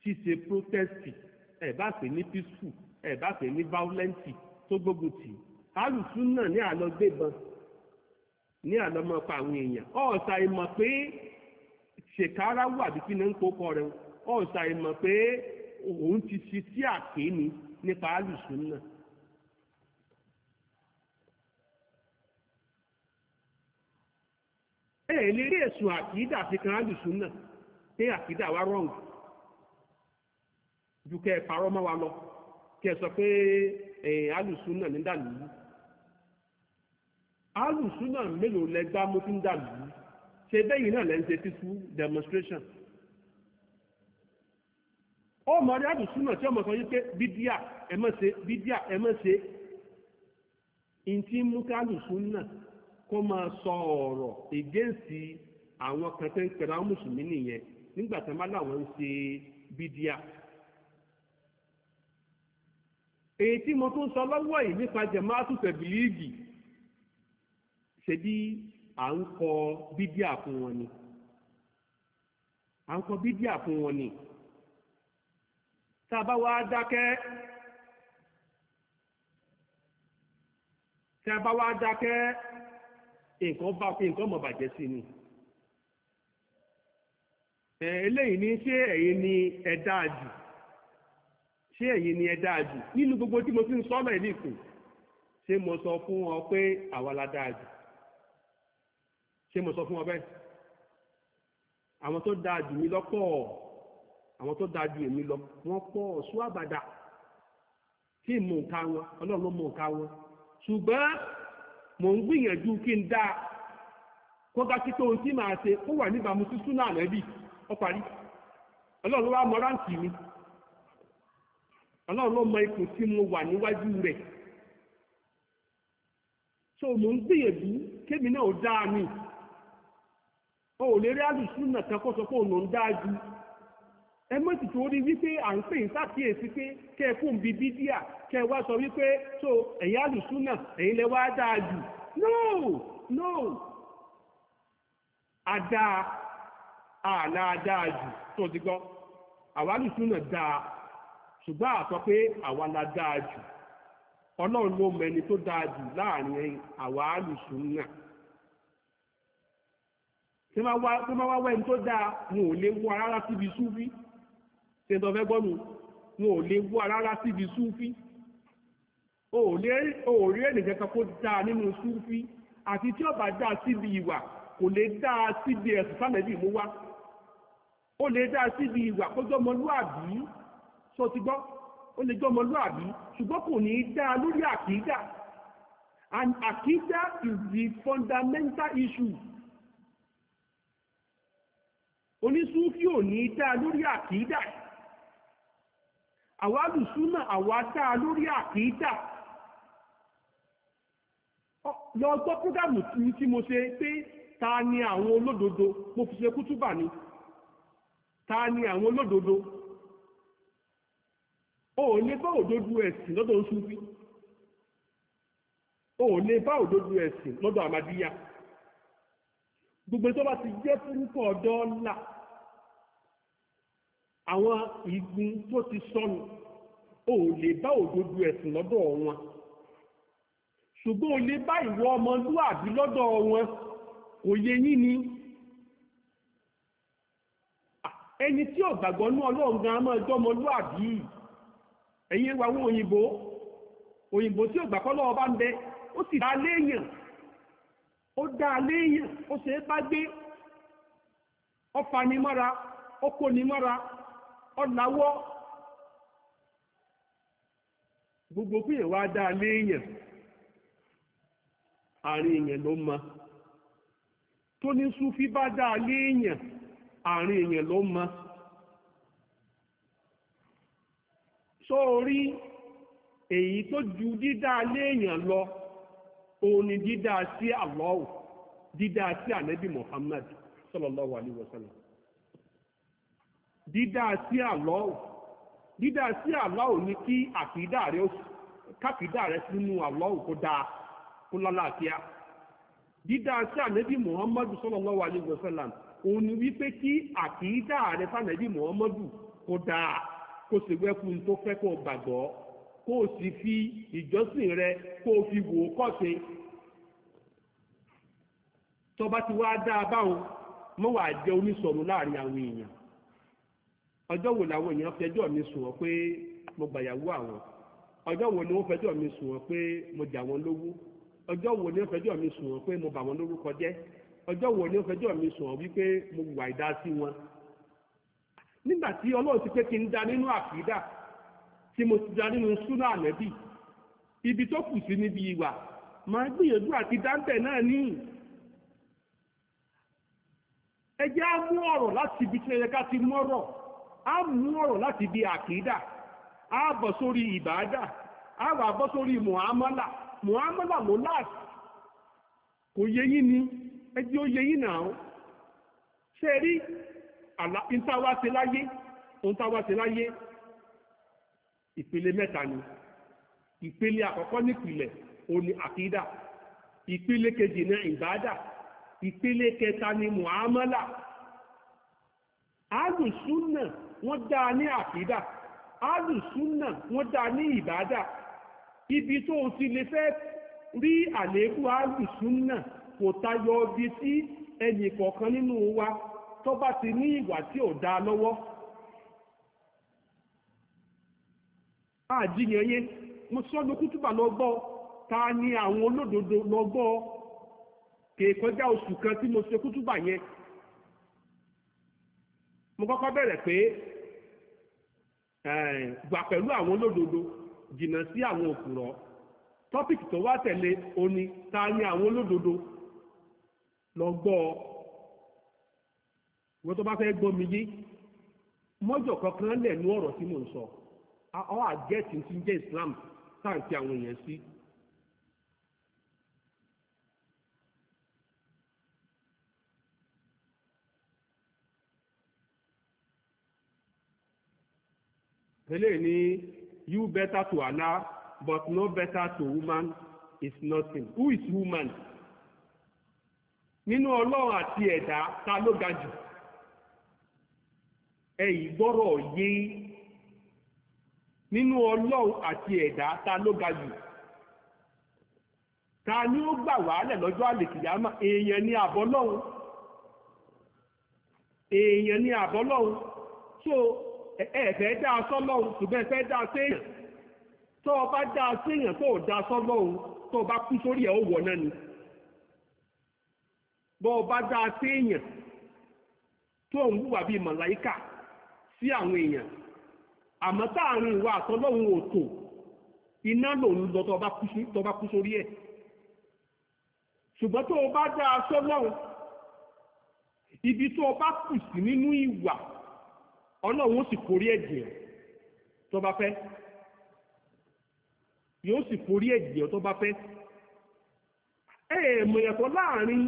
ṣíṣe protest ẹ bá pè ní peaceful ẹ bá pè ní violent tó gbógun tì alùsùnà ní àlọ gbébọn ní àlọ́mọ́pá àwọn èèyàn ọ̀ọ̀sà ìmọ̀ pé ṣèkárá wà bí kí ni ń kókọ rẹ̀ ọ̀ọ̀sà ìmọ̀ pé òun ti ṣi sí àké ni nípa alùsùn náà. ẹ̀ lè rí èsùn fi kan alùsùn náà pé àkìdá wa rọ̀ǹgù ju kẹ́ ẹ̀ parọ́ wa lọ kẹ́ sọ pé alùsùn náà ní yìí náà mélòó lẹ fi ń yìí ṣe náà demonstration. ọmọ rẹ̀ àdùsúnà tí ọmọ sọ yí pé bídíà ẹ̀mọ́se bídíà ẹ̀mọ́se ìntí mú kálùsúnà kó máa sọ ọ̀rọ̀ ègéǹsì àwọn kan tó ń pẹ̀lú àwọn mùsùlùmí nìyẹn nígbà tí wọ́n bá láwọn ń ṣe bídíà èyí tí mo tún sọ lọ́wọ́ yìí nípa jẹ̀máàtù tẹ̀bìlìgì ṣe bí à ń kọ bídíà fún wọn ni à ń kọ bídíà fún wọn ni tàbá wá dákẹ́ tàbá wá dákẹ́ nǹkan bá fi nǹkan mọ̀ bàjẹ́ sí ni eléyìí ni ṣé ẹ̀yin ni ẹ dáa jù ṣé ẹ̀yin ni ẹ dáa jù nínú gbogbo tí mo ti ń sọ́nà ìlú ìkù ṣé mo sọ fún ọ pé àwa la dáa jù ṣé mo sọ fún ọ bẹ́ẹ̀ àwọn tó dáa jù mí lọ́pọ̀ ọ̀ àwọn tó dáa ju èmi lọ wọ́n pọ̀ ọ̀ṣù àbàdà tí mò ń ka wọn ọlọ́run ló mò ń ka wọn ṣùgbọ́n mò ń gbìyànjú kí n dáa kó bá kí tóun tí màá ṣe ó wà níbàámu sí súnà ànábì ó parí ọlọ́run wá mọ ráǹkì mi ọlọ́run ló mọ ipò tí mo wà níwájú rẹ̀ so mò ń gbìyànjú kémi náà ó dáa mi o ò lè rí àlùsùn nàkan kó sọ pé òun ò ń dáa ju ẹ mọ̀ sì torí wípé à ń pè ń sàkíyèsí pé kẹ́ ẹ fún bíi bídíà kẹ́ ẹ wá sọ wípé so ẹ̀yin àlùsúnà ẹ̀yin lẹ wá dáa jù no no àdáa àlà dáa jù tó ti gbọ́ àwa àlùsúnà dáa ṣùgbọ́n àsọ pé àwa la dáa jù ọlọ́run ló mẹni tó dáa jù láàrin àwa àlùsúnà tí wọ́n wá wá ẹni tó dáa wọn ò lè wọ rárá síbi súbí ṣe tó fẹ́ gbọ́nu wọn ò lè wá rárá síbi súfí o ò rí ènìyàn kan kó dáa nínú súfí àti tí ó bá dáa síbi ìwà kò lè dáa síbi ẹ̀sùn sálẹ̀bì mú wá ó lè dáa síbi ìwà kó jọmọlúàbí sọ ti gbọ́ ó lè jọmọlúàbí ṣùgbọ́n kò ní í dáa lórí àkídà and àkídà is the fundamental issue onísúfí ò ní í dáa lórí àkídà. àwa lùsúnà àwa a lórí àkídà lọ gbọ́ tí mo ṣe pé ta ni àwọn olódodo mo fi ṣe kútúbà ni ta ni àwọn olódodo o ò lè bá òdodo ẹ̀sìn lọ́dọ̀ o ò lè bá òdodo ẹ̀sìn lọ́dọ̀ àmàdíyà gbogbo tó bá ti jẹ́ fúrúkọ̀ ọ̀dọ́ ńlá àwọn igun tó ti sọnù ò lè bá òdodo ẹ̀sìn lọ́dọ̀ wọn ṣùgbọ́n ò lè bá ìwọ ọmọlúàbí lọ́dọ̀ wọn kò yẹ yín ni ẹni tí ò gbàgbọ́ ní ọlọ́run gan máa jọ́ ẹ̀yin wa òyìnbó òyìnbó tí ò gbàgbọ́ lọ́wọ́ bá ń bẹ ó sì dá léèyàn ó dá léèyàn ó ṣe é bá ọ̀làwọ́ gbogbo pé èèyàn wá dá léèyàn àárín èèyàn ló mọ tó ní súfí bá dá léèyàn àárín èèyàn ló mọ sọ orí èyí tó ju dídá léèyàn lọ òun ni dídá sí àlọ́ọ̀ dídá sí ànábì Muhammad sallallahu alaihi wasallam dídá sí àlọ́ dídá sí àlọ́ ní kí àkìdá rẹ sínú àlọ́ kó dáa kó lálàáfíà dídá sí ànẹ́bí muhammadu sallallahu alaihi òun ni wípé kí àkìdá rẹ sànẹ́bí muhammadu kó dáa kó sì tó fẹ́ kó gbàgbọ́ kó o sì fi ìjọsìn rẹ kó fi wò ó tọba ti wá dáa báwọn mọ́wàá jẹ́ láàrin àwọn èèyàn ọjọ́ wo làwọn èèyàn fẹjọ́ mi sùn wọ́n pé mo gbàyàwó àwọn ọjọ́ wo ni wọ́n fẹjọ́ mi sùn wọ́n pé mo jà wọ́n lówó ọjọ́ wo ni wọ́n fẹjọ́ mi sùn wọ́n pé mo bà wọ́n lórúkọ jẹ́ ọjọ́ wo ni wọ́n fẹjọ́ mi sùn wípé mo wọn. ti pé da nínú tí ibi tó kù sí níbi ìwà máa gbìyànjú àti dáńtẹ̀ náà á mú ibi tí ẹ a mú ọ̀rọ̀ láti bí àkídà a bọ̀ sórí ìbádà a wà bọ́ sórí muamala muamala ló láti kò yẹ yín ni ẹjẹ́ ó yẹ yín náà ṣe rí ìtawá ṣe láyé ohun táwá ṣe láyé ìpele mẹ́ta ni ìpele àkọ́kọ́ nípìnlẹ̀ òun ni àkídà ìpele kejì ní ìbádà ìpele kẹta ni muamala alùsùnà wọ́n dá ní àkídà alùsúnà wọ́n dá ní ìbádà ibi tó ti lè fẹ́ rí àléébù alùsúnà kò tayọ ibi tí ẹnì kọ̀ọ̀kan nínú wa tó bá ti ní ìwà tí ò dá lọ́wọ́ mo kọ́kọ́ bẹ̀rẹ̀ pé eh, gbà pẹ̀lú àwọn olódodo jìnnà sí àwọn òkùrọ̀ tọ́pìkì tó wá tẹ̀lé oní ta ni àwọn olódodo lọ gbọ́ ọ wọ́n tó bá fẹ́ gbọ́ mi mọ́jọ̀ kankan lẹ̀ ní ọ̀rọ̀ tí mò ń sọ ọ́ àgẹ́tì ti ń jẹ́ Islam táǹtì àwọn èèyàn sí. Si eléyìí ni you better to Allah but no better to woman is nothing who is woman nínú ọlọ́run àti ẹ̀dá ta ló ga jù ẹ̀yìn gbọ́rọ̀ yé nínú ọlọ́run àti ẹ̀dá ta ló ga jù ta ni ó gbà wàhálẹ̀ lọ́jọ́ àlèkìyàmá èèyàn ni àbọ́lọ́run èèyàn so ẹ̀ẹ̀fẹ́ dá sọ́lọ́run ṣùgbọ́n ẹ̀fẹ́ dá séèyàn tó o bá dá séèyàn tó o dá sọ́lọ́run tó o bá kú sórí ẹ̀ ó wọ̀ náà ni o bá dá séèyàn tó o ń wùwà bíi màláíkà sí àwọn èèyàn àmọ́ táàrin ìwà àtọ́lọ́run ò tò iná lòun lọ tó o bá kú sórí ibi tó o bá kù ọlọ́run ó sì forí ẹ̀jẹ̀ tó bá fẹ́ yóò sì forí ẹ̀jẹ̀ tó bá fẹ́ ẹ̀ mọ̀yàtọ̀ láàrin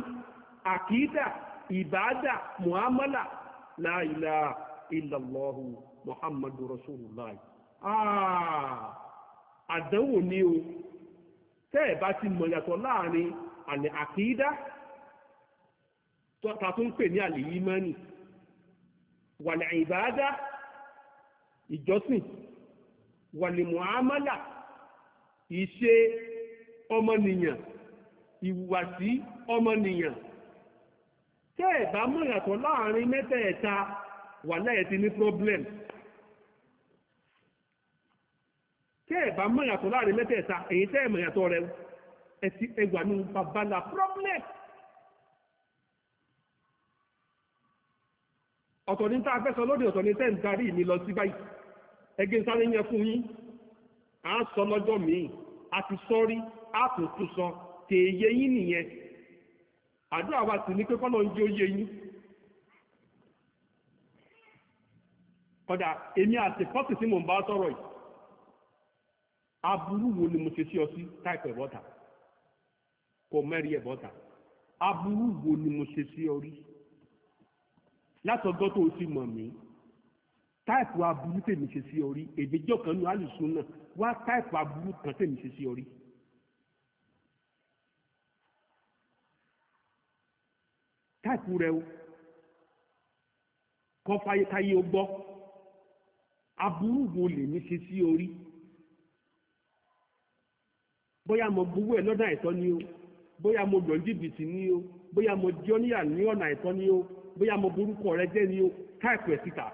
àkídà ìbáàdà muhammadu la ilaha illallahu muhammadu rasulullah àdánwò ni o tẹ́ ẹ̀ bá ti mọ̀yàtọ̀ láàrin àlẹ́ àkídà tó ta pè ní àlè yìí mọ́nì wàlẹ̀ ìbáadá ìjọsìn wàlẹ̀ muamala ìṣe ọmọnìyàn ìwàsí ọmọnìyàn tẹ́ ẹ̀ bá mọ̀ yàtọ̀ láàrin mẹ́tẹ̀ẹ̀ta wàlẹ̀ ẹ̀ ti ní problem tẹ́ ẹ̀ bá mọ̀ yàtọ̀ láàrin mẹ́tẹ̀ẹ̀ta èyí tẹ́ ẹ̀ mọ̀ rẹ̀ ẹ̀ ti ẹgbàá problem. ọ̀tọ̀ ní tá a fẹ́ sọ lóde ọ̀tọ̀ ní tẹ́ ń darí mi lọ sí báyìí ẹgbẹ́ sáré yẹn fún yín à ń sọ lọ́jọ́ míì a ti sọ́rí a tó tún sọ tèèyẹ yín nìyẹn àdúrà wa sì ní pé kọ́lọ́ ń jẹ́ oyé yín kọ́dà èmi àti pọ́sì tí mò ń bá sọ̀rọ̀ yìí aburú wo ni mo ṣe sí ọ sí táìpẹ̀ bọ́tà kò mẹ́rí ẹ̀ bọ́tà aburú wo ni mo ṣe sí ọ rí látọ̀gọ́ tó o ti mọ̀ mí táìpù aburú tèmi ṣe sí orí èdèjọ́ kan nu alùsùn náà wá táìpù aburú kan tèmi ṣe sí orí. táìpù rẹ o kọ́ fayetaye o gbọ́ aburú wo lèmi ṣe sí orí bóyá mo gbowó ẹ lọ́dọ̀ àìtọ́ ni o bóyá mo lọ jìbìtì ni o bóyá mo jọ́ níyà ní ọ̀nà àìtọ́ ni o bóyá mo borúkọ rẹ jẹ́ ni o káàpù ẹ̀ síta.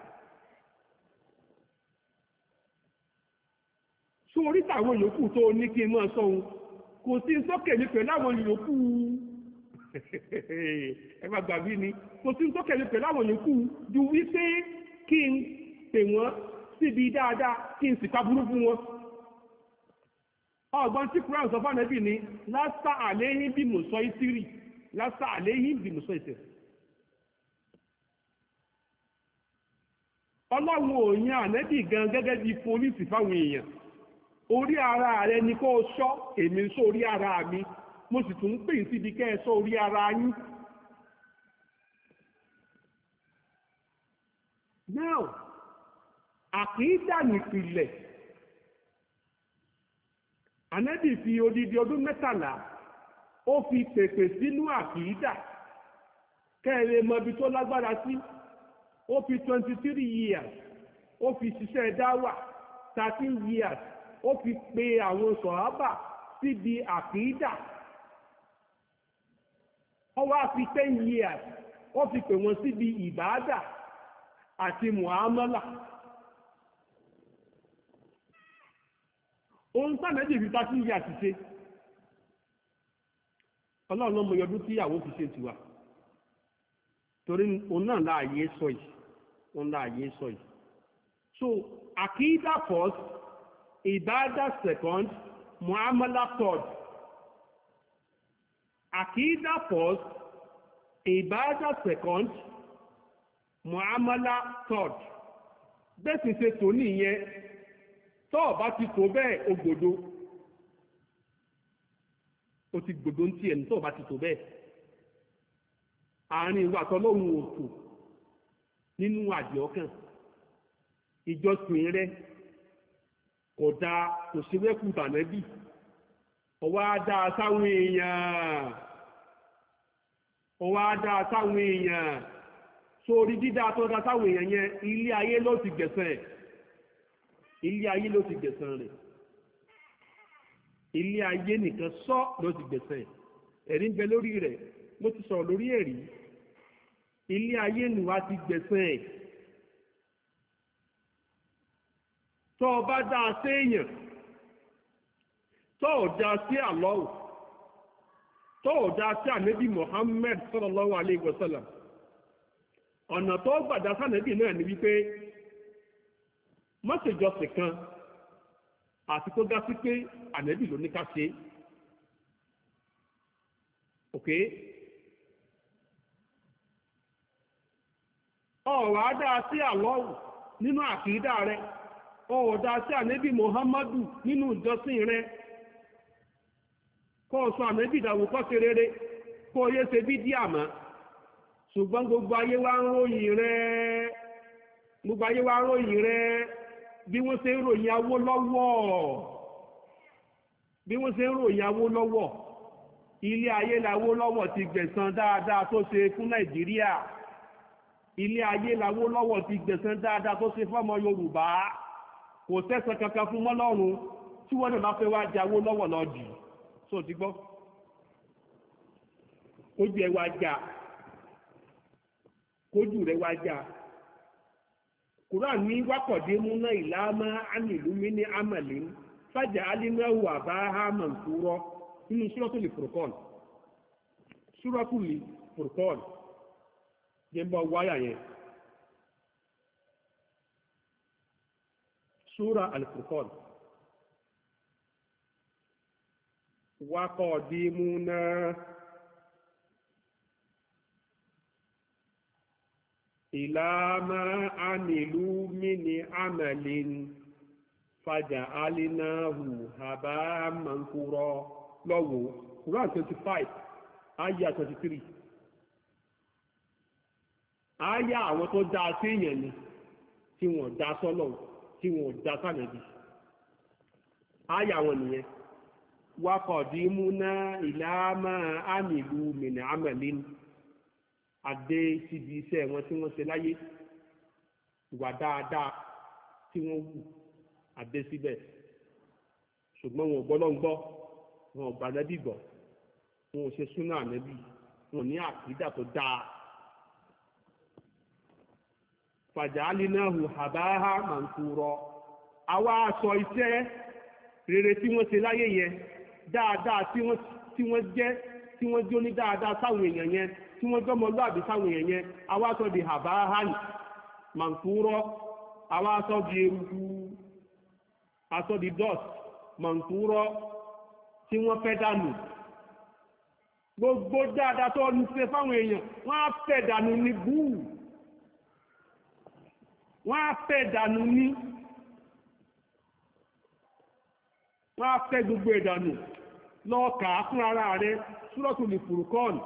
so orí tàwọn yòókù tó ní kí n máa sọ òun kò sí sókè ní pẹ̀lú àwọn yòókù ẹ má gbàgbé ni kò sí sókè ní pẹ̀lú àwọn yòókù ju wípé kí n pè wọ́n síbi dáadáa kí n sì pa burúkú wọn ọgbọ́n tí kúrò àwọn sọ fún ànábì ni lásà àléhìn bí mo sọ ìsírì lásà àléhìn bí sọ ìsírì ọlọ́run ò yan ànẹ́bì gan gẹ́gẹ́ bí polisi fáwọn èèyàn orí ara rẹ ni kó o sọ èmi ń sọ orí ara mi mo sì tún ń pè ní síbi kẹ́ ẹ sọ orí ara yín. now àkìídà nìpìlẹ̀ ànẹ́bì fi odidi ọdún mẹ́tàlá ó fi pèpè sínú àkìídà kẹ́ ẹ lè mọ ibi tó lágbára sí. Si o fi twenty three years ó fi ṣiṣẹ́ dáwà thirteen years ó fi pe àwọn sọ̀hábà síbi àkìídà ó wá fi ten years ó fi pè wọ́n síbi ìbáàdà àti muhammadu. ohun sàmẹ́jì fi tásí yà ṣe ọlọ́run ló mọ yọdún tí ìyàwó fi ṣe tiwa torí òun náà láàyè sọ yìí òun là yé sọ yìí so akida first ibada second muamala third akida first ibada second muamala third bẹ́ẹ̀ sì ṣe tò nìyẹn tọ́ ọ bá ti tò bẹ́ẹ̀ o gbòdo o ti gbòdo ń tiẹ̀ ní tọ́ ọ bá ti tò bẹ́ẹ̀ àárín ìwà àtọ́lọ́hun òtò nínú àdì ọkàn ìjọsìn rẹ kò dáa kò sí wẹ́kù tànẹ́bì ọwọ́ á dáa sáwọn èèyàn ọwọ́ á dáa sáwọn èèyàn sórí dídá tó dáa sáwọn èèyàn yẹn ilé ayé ló ti gbẹ̀san ẹ̀ ilé ayé ló ti gbẹ̀san rẹ̀ ilé ayé nìkan sọ ló ti gbẹ̀san ẹ̀ ẹ̀rí ń bẹ lórí rẹ̀ mo ti sọ̀rọ̀ lórí ẹ̀rí. ilé ayé nìwá ti gbẹ̀sẹ̀ ẹ̀ tó o bá dáa séèyàn tó o sí àlọ́wọ̀ tó o sí ànábì Muhammad sallallahu alayhi ọ̀nà tó gbàdá sànábì náà ni wípé mọ́sẹ̀jọsìn kan àti tó gá sí pé ànábì ló ní ọ̀wà dá sí àlọ́wù nínú àkídà rẹ ọ̀dá sí ànẹ́bì Muhammadu nínú ìjọsìn rẹ kó o sọ ànẹ́bì ìdàwùkọ́ sí rere ṣe bí díà mọ́ ṣùgbọ́n gbogbo ayé wá rẹ gbogbo ayé wá ń ròyìn bí wọ́n ṣe ń ròyìn bí ilé ayé lawó lọ́wọ́ ti gbẹ̀sán dáadáa tó ṣe fọ́mọ yorùbá kò tẹ́sán kankan fún mọ́lọ́run tí wọ́n náà fẹ́ wá di lọ́wọ́ lọ́dì so ti gbọ́ kójú ẹ wá já kójú rẹ wá ní wákọ̀dé múná ìlàmà ní fàjà alínáwó nínú jẹ́ ń bọ́ wáyà yẹn súra al-Furqan waqadimuna ila ma amilu min amalin faja'alnahu haba'an mankura 25 ayah 23 àáyá àwọn tó dáa sí èèyàn ni tí wọ́n dá sọ́lọ̀ tí wọ́n dá sànàbí àáyá wọn nìyẹn wakọ̀dí múná ìlàámà àmìlú mìnà àmàlín àdé síbi iṣẹ́ wọn tí wọ́n ṣe láyé ìwà dáadáa tí wọ́n wù àdé síbẹ̀ ṣùgbọ́n wọn ò gbọ́ lọ́ngbọ́ wọn ò bá nẹ́bí gbọ́ wọn ò ṣe súnà nẹ́bí wọn ò ní àkídà tó dáa fàjálínáhù àbáhà màǹkúrọ awa aṣọ iṣẹ́ rere tí wọ́n ṣe láyé yẹn dáadáa tí wọ́n jẹ́ tí wọ́n jó ní dáadáa sáwọn èèyàn yẹn tí wọ́n jọmọlúàbí sáwọn èèyàn yẹn àwa aṣọ di àbáhà màǹkúrọ aṣọ di aṣọ di tí wọ́n fẹ́ dànù gbogbo dáadáa tó ń ṣe fáwọn èèyàn wọ́n á fẹ́ dànù ní búù. wọ́n á fẹ́ ìdànù ní wọ́n á fẹ́ gbogbo ìdànù lọ́ọ̀kà fún ara rẹ̀ súrọ́tù lè fùrùkọ́ọ̀nù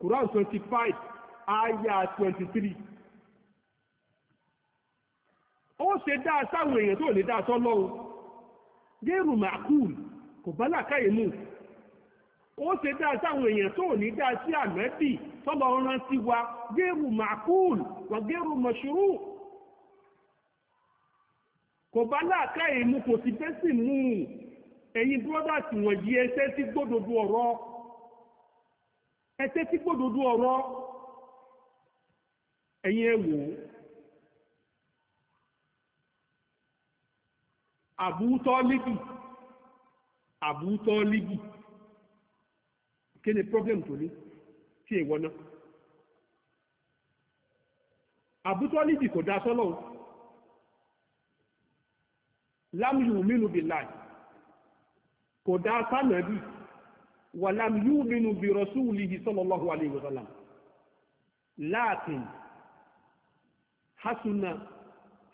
Quran 25 ayah 23 ó ṣe dáa sáwọn èèyàn tó lè dáa sọ́lọ́run gẹ́rù màkúùl kò bá làkáyè mú ó ṣe dáa sáwọn èèyàn tó ní kò bá láàká ìmú kò sì fẹ́ sì mú un ẹ̀yin brothers wọ̀nyí ẹsẹ́ tí gbódòdó ọ̀rọ̀ ẹsẹ́ tí gbódòdó ọ̀rọ̀ ẹ̀yin ẹ wò ó àbútọ́ líbì àbútọ́ líbì kí problem tó ní tí èèwọ̀ náà àbútọ́ líbì kò dá sọ́lọ́run lámìlú mínú bí láì kò dá sánàbí wà lámìlú mínú bí rọ́súùlìhì sallallahu alayhi wa sallam láàkìn hasuna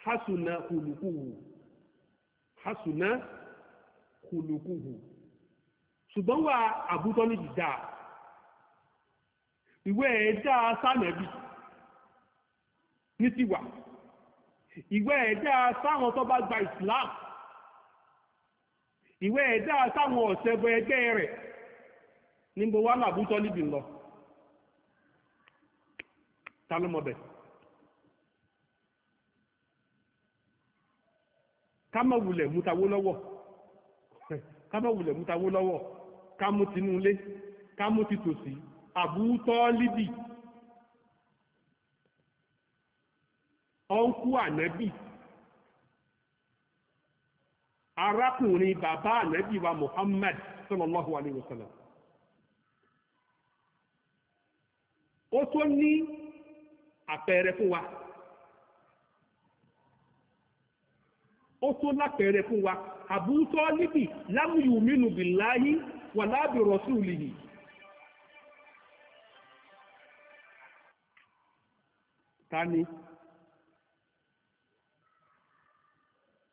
hasuna kùlùkùhù hasuna kùlùkùhù ṣùgbọ́n wà àbútọ́ ní dìdá ìwé ẹ̀dá sánàbí ní tiwa ìwé ẹ̀dá sáwọn tó bá gba Islam ìwé ẹ̀dá táwọn ọ̀sẹ̀bọ ẹgbẹ́ rẹ̀ ní gbogbo wa làbútọ́ níbi lọ ta ló mọ bẹ̀ ká má wulẹ̀ mútawó lọ́wọ́ ká má wulẹ̀ lọ́wọ́ ká mú tinúlé ká mú titòsí àbútọ́ ọ̀nkú arákùnrin bàbá ànábì wa Muhammad sallallahu alayhi wa sallam ó tó ní àpẹẹrẹ fún wa ó tó lápẹẹrẹ fún wa àbútọ́ níbi lámúyù mínú bìláyí wà láàbì rọ̀súlì yìí ta ni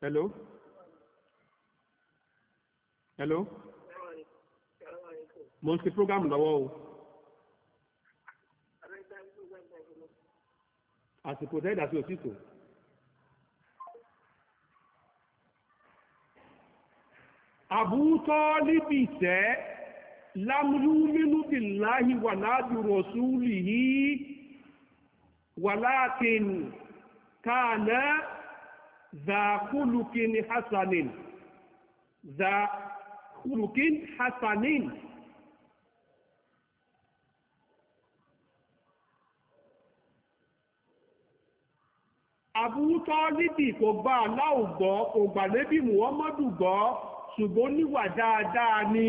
hello hello mo ń ṣe program lọ́wọ́ o àsìkò dẹ́ẹ̀dà sí òtítọ́. àbútọ́ líbi tẹ́ lámúlú nínú bìláhì wà ládùrọ̀ súúlì yìí wà láàkín káàná zàkúlùkín hasanin zàkúlùkín kùrùkín hasanin àbúrútọ́ líbì kò gba aláwò muhammadu gbọ́ ṣùgbọ́n níwà dáadáa ni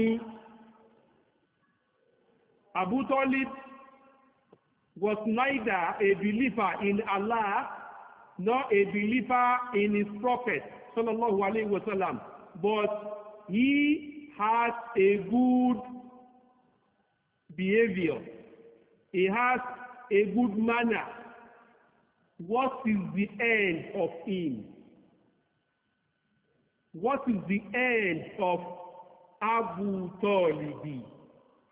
àbúrútọ́ líbì was neither a believer in Allah nor a believer in his prophet sallallahu alayhi wa sallam but he has a good behavior. He has a good manner. What is the end of him? What is the end of Abu Tọ́ọ̀lìbì?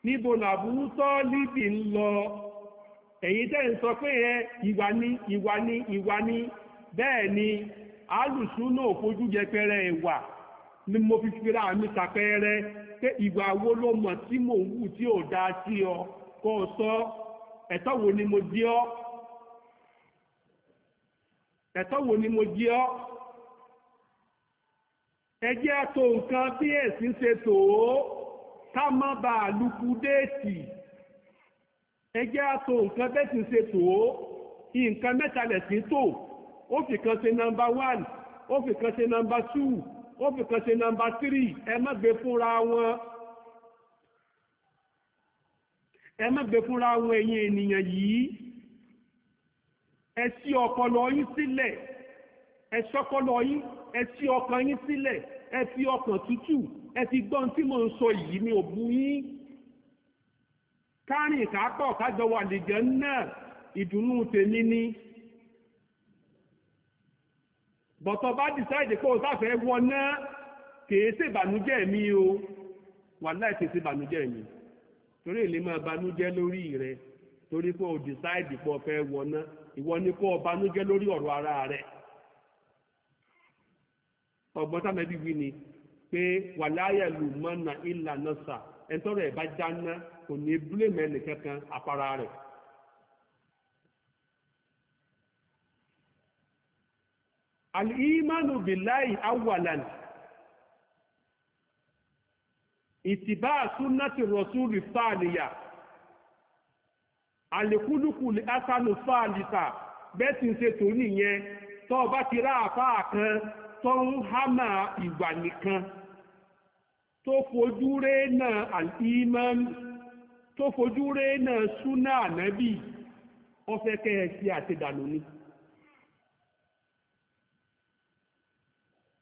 Níbo ni Abu Tọ́ọ̀lìbì ń lọ? Ẹ̀yin tẹ́ ń sọ pé ẹ ìwà ni ìwà ni ìwà ni bẹ́ẹ̀ ni alùsùn náà fojú jẹpẹrẹ ìwà. E ni mo fi fi ra mi ṣàpẹẹrẹ pé ìwà wo ló mọ̀ tí mò ń wù tí ò dáa sí ọ kó o sọ ẹ̀tọ́ wo ni mo jí ọ́ ẹ̀tọ́ wo ni mo jí ọ́ ẹ jẹ́ tó nǹkan bí ẹ̀sìn ṣe tò ó ká má ba àlùkù déètì ẹ jẹ́ tó nǹkan bẹ́sìn ṣe tò ó nǹkan mẹ́ta lẹ̀sìn tò ó fi kan ṣe nọ́mbà one ó fi kan ṣe nọ́mbà two wọ́n fi kan ṣe nọmba tírì ẹ má gbé fúnra wọn ẹ má gbé fúnra wọn ẹ̀yin ènìyàn yìí ẹ ṣí ọpọlọ yín sílẹ̀ ẹ ṣọpọlọ yín ẹ ṣí ọkàn yín sílẹ̀ ẹ fi ọkàn tútù ẹ ti gbọ́n tí mò ń sọ yìí ní òbú yín kárìn kápọ̀ kájọ wà lè jẹ́ náà ìdùnnú tèmi ni bọ̀tọ̀ bá dìsáìdì pé o sáfẹ́ wọná kèé ṣe ìbànújẹ́ mi o wà láì ṣe ṣe ìbànújẹ́ mi torí èlé máa banújẹ́ lórí rẹ torí pé o dìsáìdì pé o fẹ́ wọná ìwọ ni kó o banújẹ́ lórí ọ̀rọ̀ ara rẹ ọgbọ́n tá mẹ́bí wí ni pé wà láyà lù mọ́nà ìlànà sà ẹ̀ńtọ́rọ̀ ẹ̀ bá jáná kò ní bílẹ̀mù kankan àpárá rẹ̀. al'imanu billahi awwalan ìtìbá súnnàtì rọ̀súlì fàníyà àlèkúlùkùlù asánù fàníta bẹ́ẹ̀ tí ń ṣe tó nìyẹn tó bá ti rá àfáà kan tó ń hámà ìwà nìkan tó fojú náà al'iman tó fojú náà súnnà ànábì ọfẹ́kẹ́ ẹ̀ sí àtẹ̀dànù ni.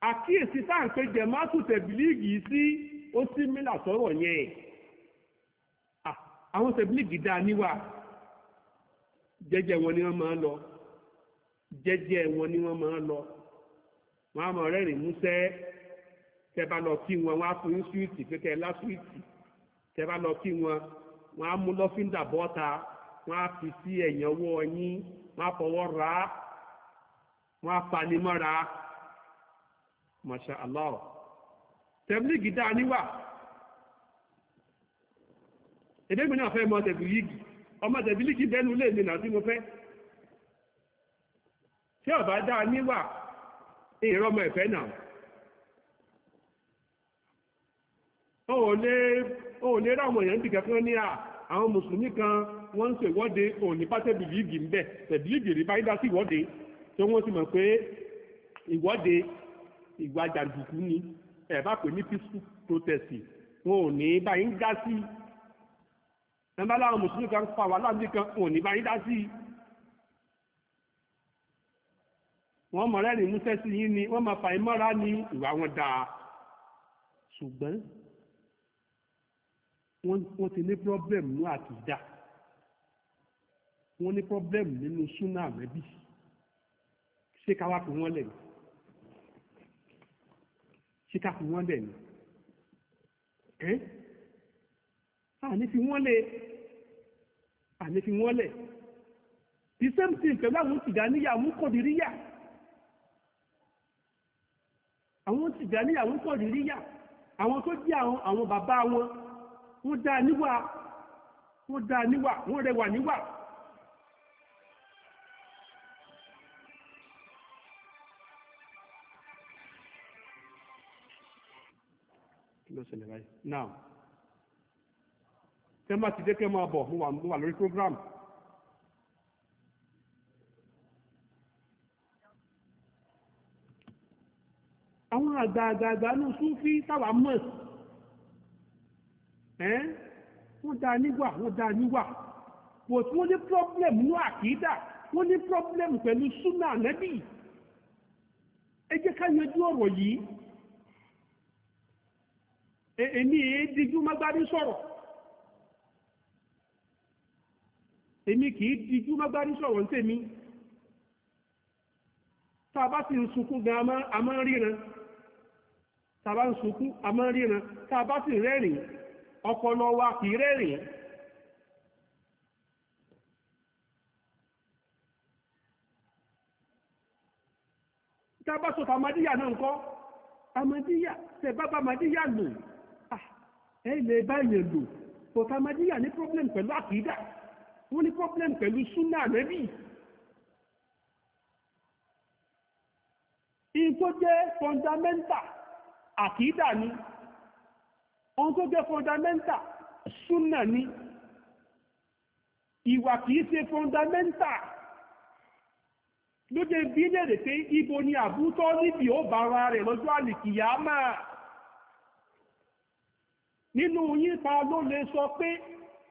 àkíyèsí tá à ń pe jẹ̀mátù tẹ̀bílíìgì sí ó sì mílà sọ̀rọ̀ yẹn àwọn tẹ̀bílíìgì dáa níwà jẹ́jẹ́ wọn ni wọ́n máa ń lọ jẹ́jẹ́ wọn ni wọ́n máa ń lọ wọn á máa rẹ́rìn músẹ́ tẹ́ bá lọ kí wọn wọn á fún yín súwìtì pé kẹ́ ẹ lá súwìtì tẹ́ bá lọ kí wọn wọn á mú lọ́fíńdà bọ́ta wọn á fi sí ẹ̀yìn ọwọ́ yín wọn á fọwọ́ ra wọn á fanimọ́ra masha allah tẹ̀blígì dáa níwà èdèmí náà fẹ́ mọ tẹ̀blígì ọmọ tẹ̀blígì bẹ́nu lè mi náà tí mo fẹ́ tí ọba dáa níwà ìrọmọ ẹ̀fẹ́ náà ó lè ó lè ráwọn èèyàn bìkẹ́ fún ní à àwọn mùsùlùmí kan wọ́n ń ṣe ìwọ́de òní bá tẹ̀blígì ń bẹ̀ tẹ̀blígì rí báyìí dá sí ìwọ́de tí wọ́n ti mọ̀ pé ìwọ́de ìwà jàǹdùkú ni ẹ bá pè ní peaceful protest wọn ò ní báyìí ń dá sí i nígbà láwọn mùsùlùmí kan fa wàhálà nìkan wọn ò ní báyìí dá sí i wọ́n mọ̀ rẹ́rìn músẹ́ sí yín ni wọ́n máa fà ìmọ́ra ní ìwà wọn dáa ṣùgbọ́n wọ́n ti ní pọ́blẹ́mù ní àkìdá wọ́n ní pọ́blẹ́mù nínú súnà àmẹ́bí ṣé ká wá fi wọ́n lẹ̀ ní ṣé ká fi wọ́n lẹ̀ ni ẹ́ àní fi wọ́n lẹ̀ àní fi wọ́n lẹ̀ the same thing pẹ̀lú àwọn tìjàníyà àwọn kọ̀dìríyà àwọn tìjàníyà àwọn kọ̀dìríyà àwọn tó jẹ́ àwọn àwọn bàbá wọn wọ́n dá níwà wọ́n dá níwà wọ́n rẹwà níwà. ló ṣẹlẹ̀ báyìí now tẹ́ bá ti dé máa bọ̀ mo wà lórí program. àwọn àgbààgbààgbà náà súnfí sábà mọ̀ ẹ́ wọ́n dá níwà wọ́n dá níwà bò tí wọ́n ní pọ́blẹ̀mù ní àkídà wọ́n ní pọ́blẹ̀mù pẹ̀lú súnà nẹ́bì ẹ jẹ́ ká yanjú ọ̀rọ̀ yìí E, èmi èé dijú mágbárí sọ̀rọ̀ èmi kìí dijú mágbárí sọ̀rọ̀ ní tèmi tàbá sì ń sunkún gan amọ́ ríran tàbá ń sunkún amọ́ ríran tàbá sì rẹ́rìn ọpọlọ wa kìí rẹ́rìn tàbá sọ tàmádíyà náà ń kọ́ tàmádíyà tẹ̀bá bá mádíyà lò ẹ lè báyìí lò kòtà madíyà ní problem pẹ̀lú àkídà wọ́n ní problem pẹ̀lú súnà ànábì in tó jẹ́ fundamental àkídà ni ohun tó jẹ́ fundamental súnà ni ìwà kìí ṣe fundamental ló jẹ́ bí lèrè pé ibo ni àbútọ́ níbi ó bá ara rẹ̀ lọ́jọ́ àlìkìyà máa nínú yín ló lè sọ pé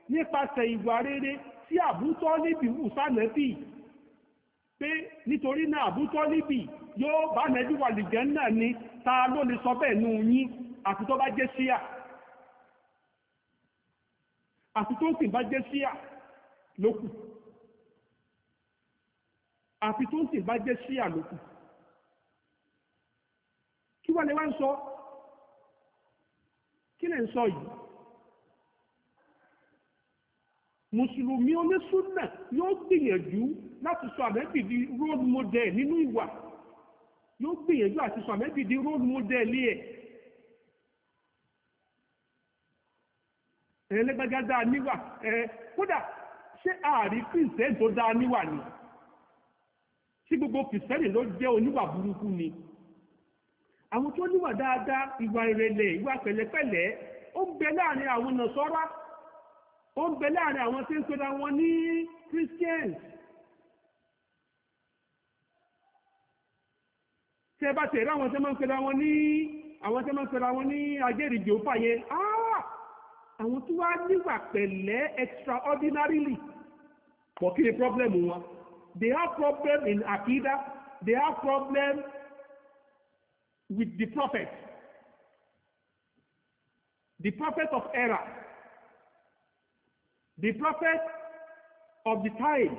nípasẹ̀ ìwà rere tí àbútọ́líbì wù sánẹ́bì pé nítorí náà àbútọ́líbì yóò bá nẹ́bí wà lìgẹ́ náà ni ta ló lè sọ bẹ́ẹ̀ nù yín àti tó bá jẹ́ síyà àti tó sì bá jẹ́ síyà lókù kí wọ́n lè wá ń sọ kí lè ń sọ yìí mùsùlùmí onísúnà yóò gbìyànjú láti sọ àmẹ́bì di role model nínú ìwà yóò gbìyànjú àti sọ àmẹ́bì di role model ẹ̀ ẹ̀ẹ́lẹ́gbẹ́gá dáa níwà ẹ̀ kódà ṣé ààrí kìrìsìtẹ́nì tó dáa níwà ni ṣé gbogbo kìrìsìtẹ́nì ló jẹ́ oníwà burúkú ni àwọn tó níwà dáadáa ìwà ìrẹ̀lẹ̀ ìwà pẹ̀lẹ́pẹ̀lẹ́ ó ń bẹ láàrin àwọn nàṣọ́rá ó ń bẹ láàrin àwọn tí ń pera wọn ní Christians tẹ bá tẹ̀rẹ́ àwọn tẹ́ máa ń pera wọn ní àwọn tẹ́ máa ń pera wọn ní ajẹ́rìí jòófà yẹn ah! àwọn tó wá níwà pẹ̀lẹ́ extraordinarily pọ̀ kí ni problem wọn they have problem in akida they have problem with the prophet, the prophet of error, the prophet of the time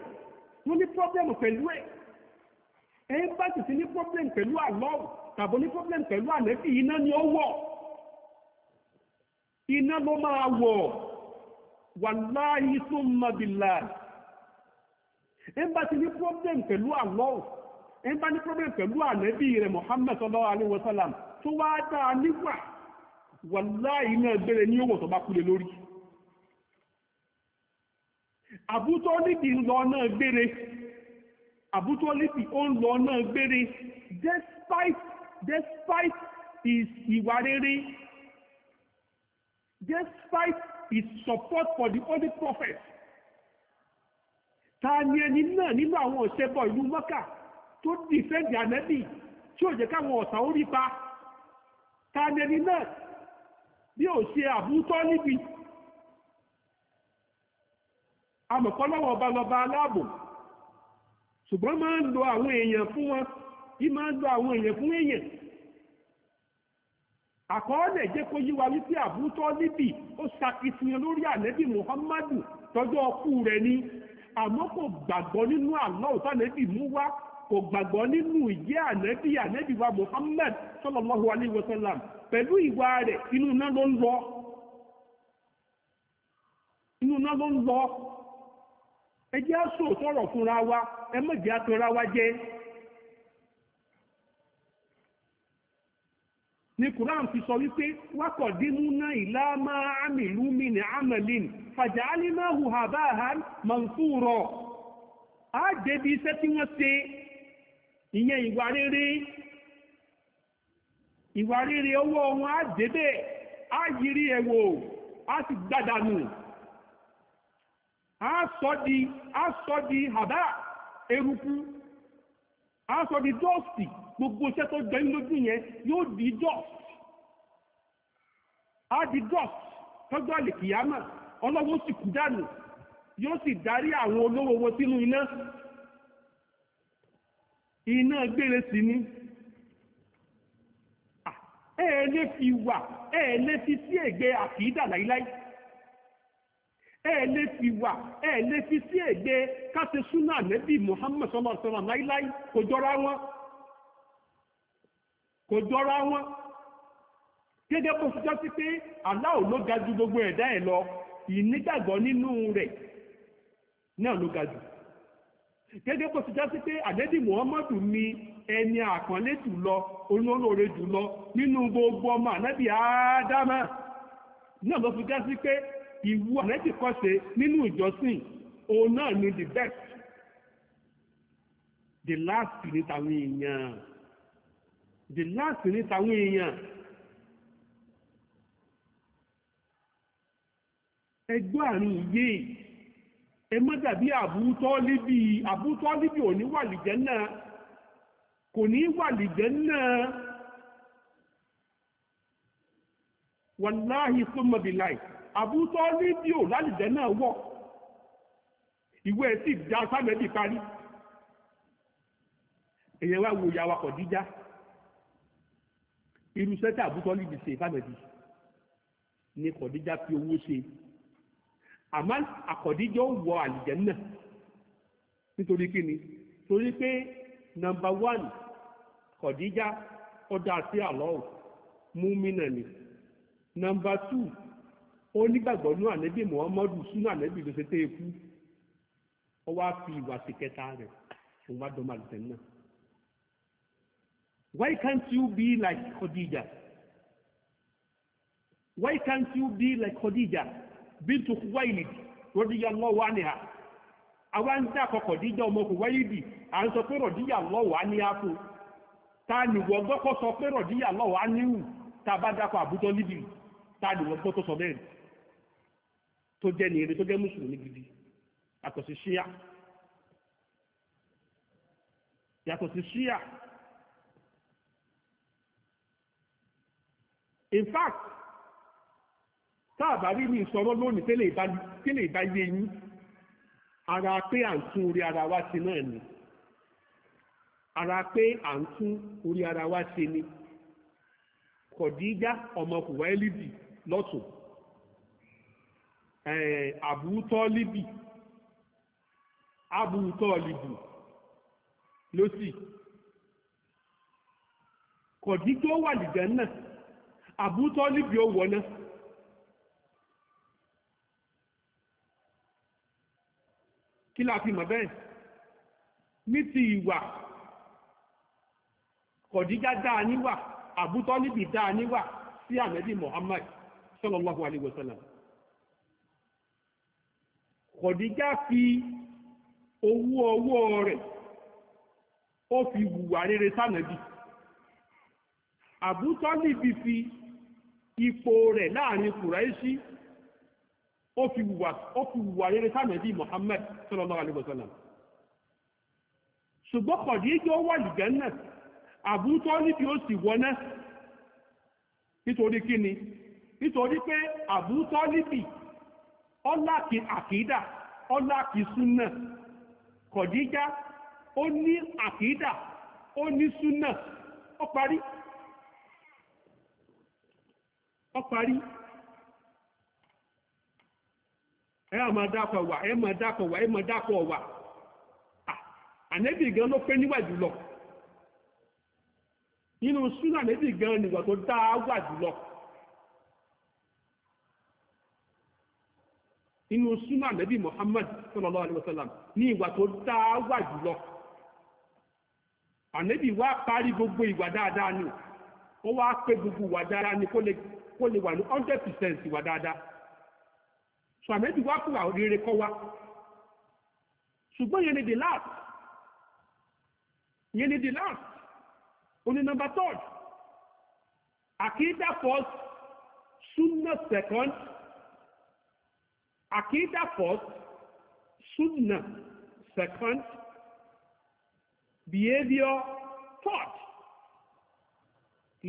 tó ní problem pẹ̀lú ẹ̀ ẹ̀ bá sì ti ní problem pẹ̀lú àlọ́ọ̀ tàbí ní problem pẹ̀lú àlẹ́bí iná ni ó wọ̀ iná ló máa wọ̀ wàláhí summa billah ẹ̀ bá sì ní problem pẹ̀lú àlọ́ọ̀ ẹn bá ní problem pẹ̀lú ànẹ́bí rẹ̀ Muhammad sallallahu alaihi wasallam tó wá dáa nígbà wàláì iná ẹgbẹ́rẹ́ ní òwò tó bá kúlẹ̀ lórí àbútọ́ níbi lọ náà gbére àbútọ́ níbi ó ń lọ náà gbére despite despite his ìwà rere despite his support for the holy prophet ta ni ẹni náà nínú àwọn òṣèbọ ìlú mọ́kà tó dìfẹ́ǹdì ànẹ́bì tí ò jẹ́ káwọn ọ̀sán ó pa ta náà bí ò ṣe àbútọ́ níbi amọ̀kọ́lọ́wọ́ ọba lọba aláàbò ṣùgbọ́n máa ń lo àwọn èèyàn fún wọn bí máa ń lo àwọn èèyàn fún èèyàn àkọọ́lẹ̀ jẹ́ Muhammadu tọjọ́ ọkú rẹ̀ ni àmọ́ kò gbàgbọ́ nínú àlọ́ kò gbàgbọ́ nínú ìyẹ́ ànẹ́bí ànẹ́bí wa alaihi pẹ̀lú ìwà rẹ̀ inú iná ló ń lọ inú iná ló ń lọ jẹ́ sọ̀rọ̀ fúnra wa ẹ wa ni Quran fi sọ wípé wákọ̀ dínú náà ìlà máa àmìlú mi ní amalin fàjà alimahu a débi iṣẹ́ tí wọ́n ṣe ìyẹn ìwà rírí ìwà rírí owó wọn á débẹ̀ á yiri á di á sọ di àbá eruku á sọ di dọ́ọ̀sì gbogbo iṣẹ́ tó gbẹ̀yìn lójú yẹn yóò di dọ́ọ̀sì á di dọ́ọ̀sì tọ́jú àlèkìyàmà ọlọ́wọ́ sì kú dànù yóò sì darí àwọn olówó iná gbére sí ní ẹ̀ẹ́lé fi wà ẹ̀ẹ́lé fi sí ègbé àkìídà láíláí ẹ̀ẹ́lé fi wà ẹ̀ẹ́lé fi sí ègbé káṣe súnà nẹ́bí Muhammad sallallahu alaihi wasallam láíláí kò jọra wọn kò jọra wọn gẹ́gẹ́ bó ṣe jọ sí pé ló ga ju gbogbo ẹ̀dá ẹ̀ lọ ìnígbàgbọ́ nínú rẹ̀ náà ló ga jù. kéde kó ti já sí pé àdẹ́dì muhammadu ni ẹni àkànlé jùlọ olóore jùlọ nínú gbogbo ọmọ ànábì ádámà náà ló fi já sí pé ìwú ànábì kọ́ṣe nínú ìjọsìn òun náà ni the best the last ní tàwọn èèyàn the last ní tàwọn èèyàn ẹgbẹ́ àrùn yìí ẹ má dàbí àbútọ́líbì àbútọ́líbì ò ní wà lìjẹ́ náà kò ní wà lìjẹ́ náà wàláhì fúnmọ̀bìláì àbútọ́líbì ò lálìjẹ́ náà wọ̀ ìwé ẹ̀ sì já sábẹ́bì parí èyẹ wá wo ìyàwó àkọ̀díjá irúṣẹ́ tí àbútọ́líbì ṣe fábẹ́bì ní kọ̀díjá fi owó ṣe àmọ́ àkọ́díjọ́ wọ àlìjẹ́nà nítorí kí ni torí pé nọmba wán kọ̀díjá ó dá sí àlọ́ọ̀ múmínà ni nọmba tù ó nígbàgbọ́ ní ànẹ́bí muhammadu súnà ànẹ́bí ló ṣe tẹ́ ikú ó wá fi ìwà kẹta rẹ̀ òun wá dọ́mọ àlìjẹ́nà. Why can't you be like Khadija? Why can't you be like Khadija? bíntu Khuwailid radiyallahu anha àwa ń dá àkọ́kọ̀ díjà ọmọ Khuwailid à ń sọ pé radiyallahu anha fún ta ni wọ́n gbọ́kọ́ sọ pé radiyallahu anhu tá a bá dákọ̀ àbújọ níbi ta ni wọ́n gbọ́ sọ gidi táàbárí mi sọ̀rọ̀ lónìí tẹ́lẹ̀ ìbá yé yín ara pé à ń tún orí ara wa ṣe náà ni ara pé à ń tún orí ara wa ṣe ni kọ̀díjá ọmọ kùwẹ́lìbì lọ́tùn àbútọ́ líbì àbútọ́ líbì lọ́sì kọ̀díjọ́ wà lìjẹ́ náà àbútọ́ líbì ó wọ̀ náà. kí la fi mọ̀ bẹ́ẹ̀ ní ti ìwà kọ̀díjá dáa níwà àbútọ́líbì dáa níwà sí àmẹ́bí Muhammad sallallahu alaihi wasallam kọ̀díjá fi owó ọwọ́ rẹ̀ ó fi wùwà rere sánàbí àbútọ́líbì fi ipò rẹ̀ láàrin kùráìṣí ó fi wùwà ó fi wùwà rere sànàbí Muhammad sallallahu alaihi wasallam ṣùgbọ́n kọ̀dí ìjọ wà lìgẹ́nà àbútọ́ níbi ó sì wọná nítorí kíni nítorí pé àbútọ́ níbi ọláàkì àkídà ọláàkì súnà kọ̀díjá ó ní àkídà ó ní súnà ó parí ẹ àmọ́ dákọ̀ wà ẹ dákọ̀ wà ẹ dákọ̀ wà ànẹ́bì gan ló níwà jùlọ nínú súnà ànẹ́bì gan níwà tó dáa wà jùlọ nínú Muhammad sallallahu alaihi ní ìwà tó dáa wà jùlọ ànẹ́bì gbogbo ìwà dáadáa ni ó wá gbogbo ìwà dáadáa ni kó lè wà 100% ìwà so àmẹ́bí wá kúwà rere kọ́ wa ṣùgbọ́n yẹn ni the last yẹn ni the last oní number third àkídà first sunna second àkídà first sunna second behavior third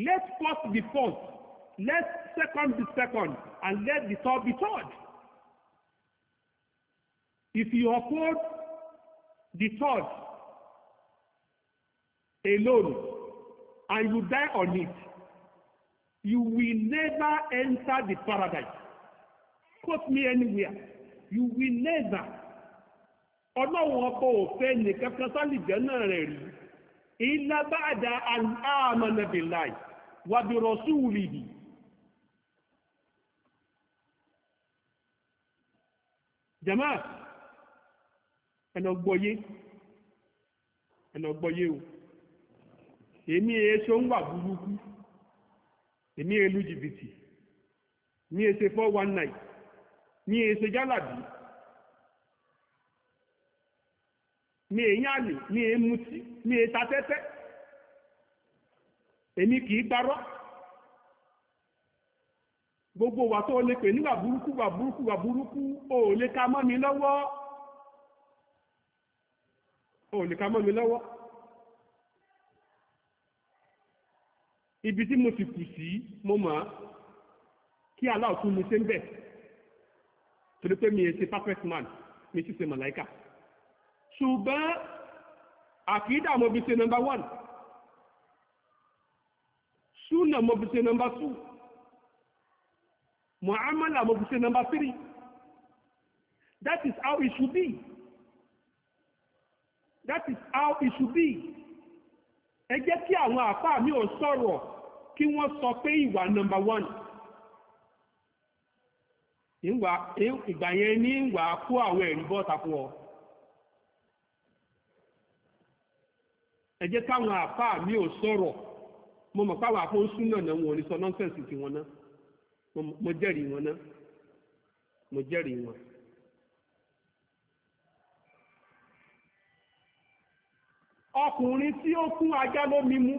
let first be first let second be second and let the third be third. If you uphold the third alone and you die on it, you will never enter the paradise. Quote me anywhere. You will never. Ọlọ́run ọkọ̀ òfẹ́ nìkan kan sálìjẹ́ náà rẹ̀ rí. Ilá bá àdá àmàlẹ́bì wà bí rọ̀sù rìbì. Jama'a, ẹnà gbọ́yé ẹnà gbọ́yé o èmi èso e ń wà burúkú èmi èlu e jìbìtì ní èsè e four one nine ní èsè jálàbí ní èyànlè ní èmutí ní ètatẹ́tẹ́ èmi kì í gbárọ́ gbogbo wà tó lè pè ní wà burúkú wà burúkú wà burúkú o lè ka mọ́ mi lọ́wọ́. ò ní ká mọ́ mi lọ́wọ́ ibi tí mo sì kù sí mo mọ̀ kí aláòtún mi ṣe ń bẹ̀ torí pé mi ṣe perfect man mi sì ṣe màláìkà ṣùgbọ́n àkídà mo fi ṣe number one súnà mo fi ṣe number two mu'amala mo fi ṣe number three that is how it should be. that is how it should be ẹ kí àwọn àfáà mi ò sọ̀rọ̀ kí wọ́n sọ pé ìwà number one ìgbà yẹn ní ìwà kó àwọn ẹ̀rí bọ́ta fún ọ ẹ jẹ́ káwọn àfáà mi ò sọ̀rọ̀ mo mọ̀ náà náà ní sọ nọ́ńsẹ̀nsì wọn náà mo jẹ́rìí wọn náà mo jẹ́rìí wọn. ọkùnrin tí ó kún ajá ló mímú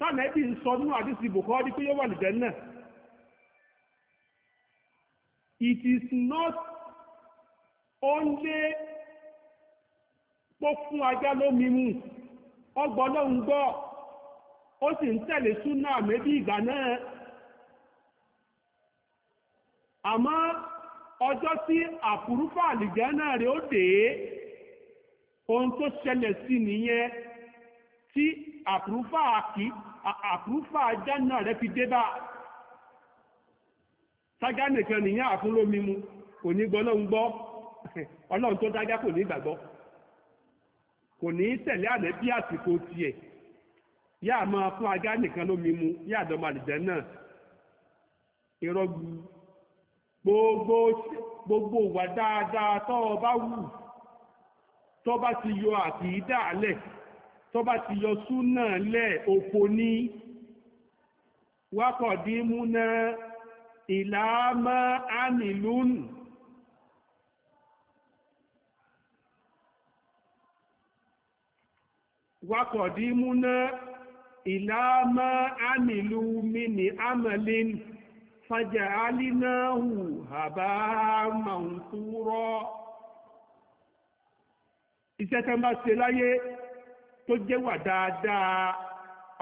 tánẹ́bì ń sọ nínú àdísì bùkọ́ọ́dí pé yóò wà nìjẹ́ náà it is not only pọ́ fún ajá ló mímú ọgbọ́n náà gbọ́ ó sì ń tẹ̀lé súnà mẹ́bí ìgbà náà àmọ́ ọjọ́ tí àfúrúfà àlìjẹ́ náà rẹ̀ ó dèé ohun tó ṣẹlẹ̀ sí nìyẹn tí àpúrúfà àkí àpúrúfà jánà rẹ̀ fi dé bá tágá nìkan nìyẹn àfúnlómi mu kò ní gbọ́ lóhun gbọ́ ọlọ́run tó dájá kò ní gbàgbọ́ kò ní tẹ̀lé àlẹ́ bí àsìkò tiẹ̀ yá a máa fún ajá nìkan lómi mu yá àdọ́mọ àlìjẹ́ náà irọ́ gbogbo wà dáadáa tọ́ ọ bá wù tó bá ti yọ àkìídà lẹ̀ tó bá ti yọ súnà lẹ̀ òfò ní wákọ̀dí múná ìlàámọ́ ánìlún wákọ̀dí múná ìlàámọ́ ánìlú mini amalin fàjà alínáhù àbá màùntúrọ́ iṣẹ́ tán bá ṣe láyé tó jẹ́ wà dáadáa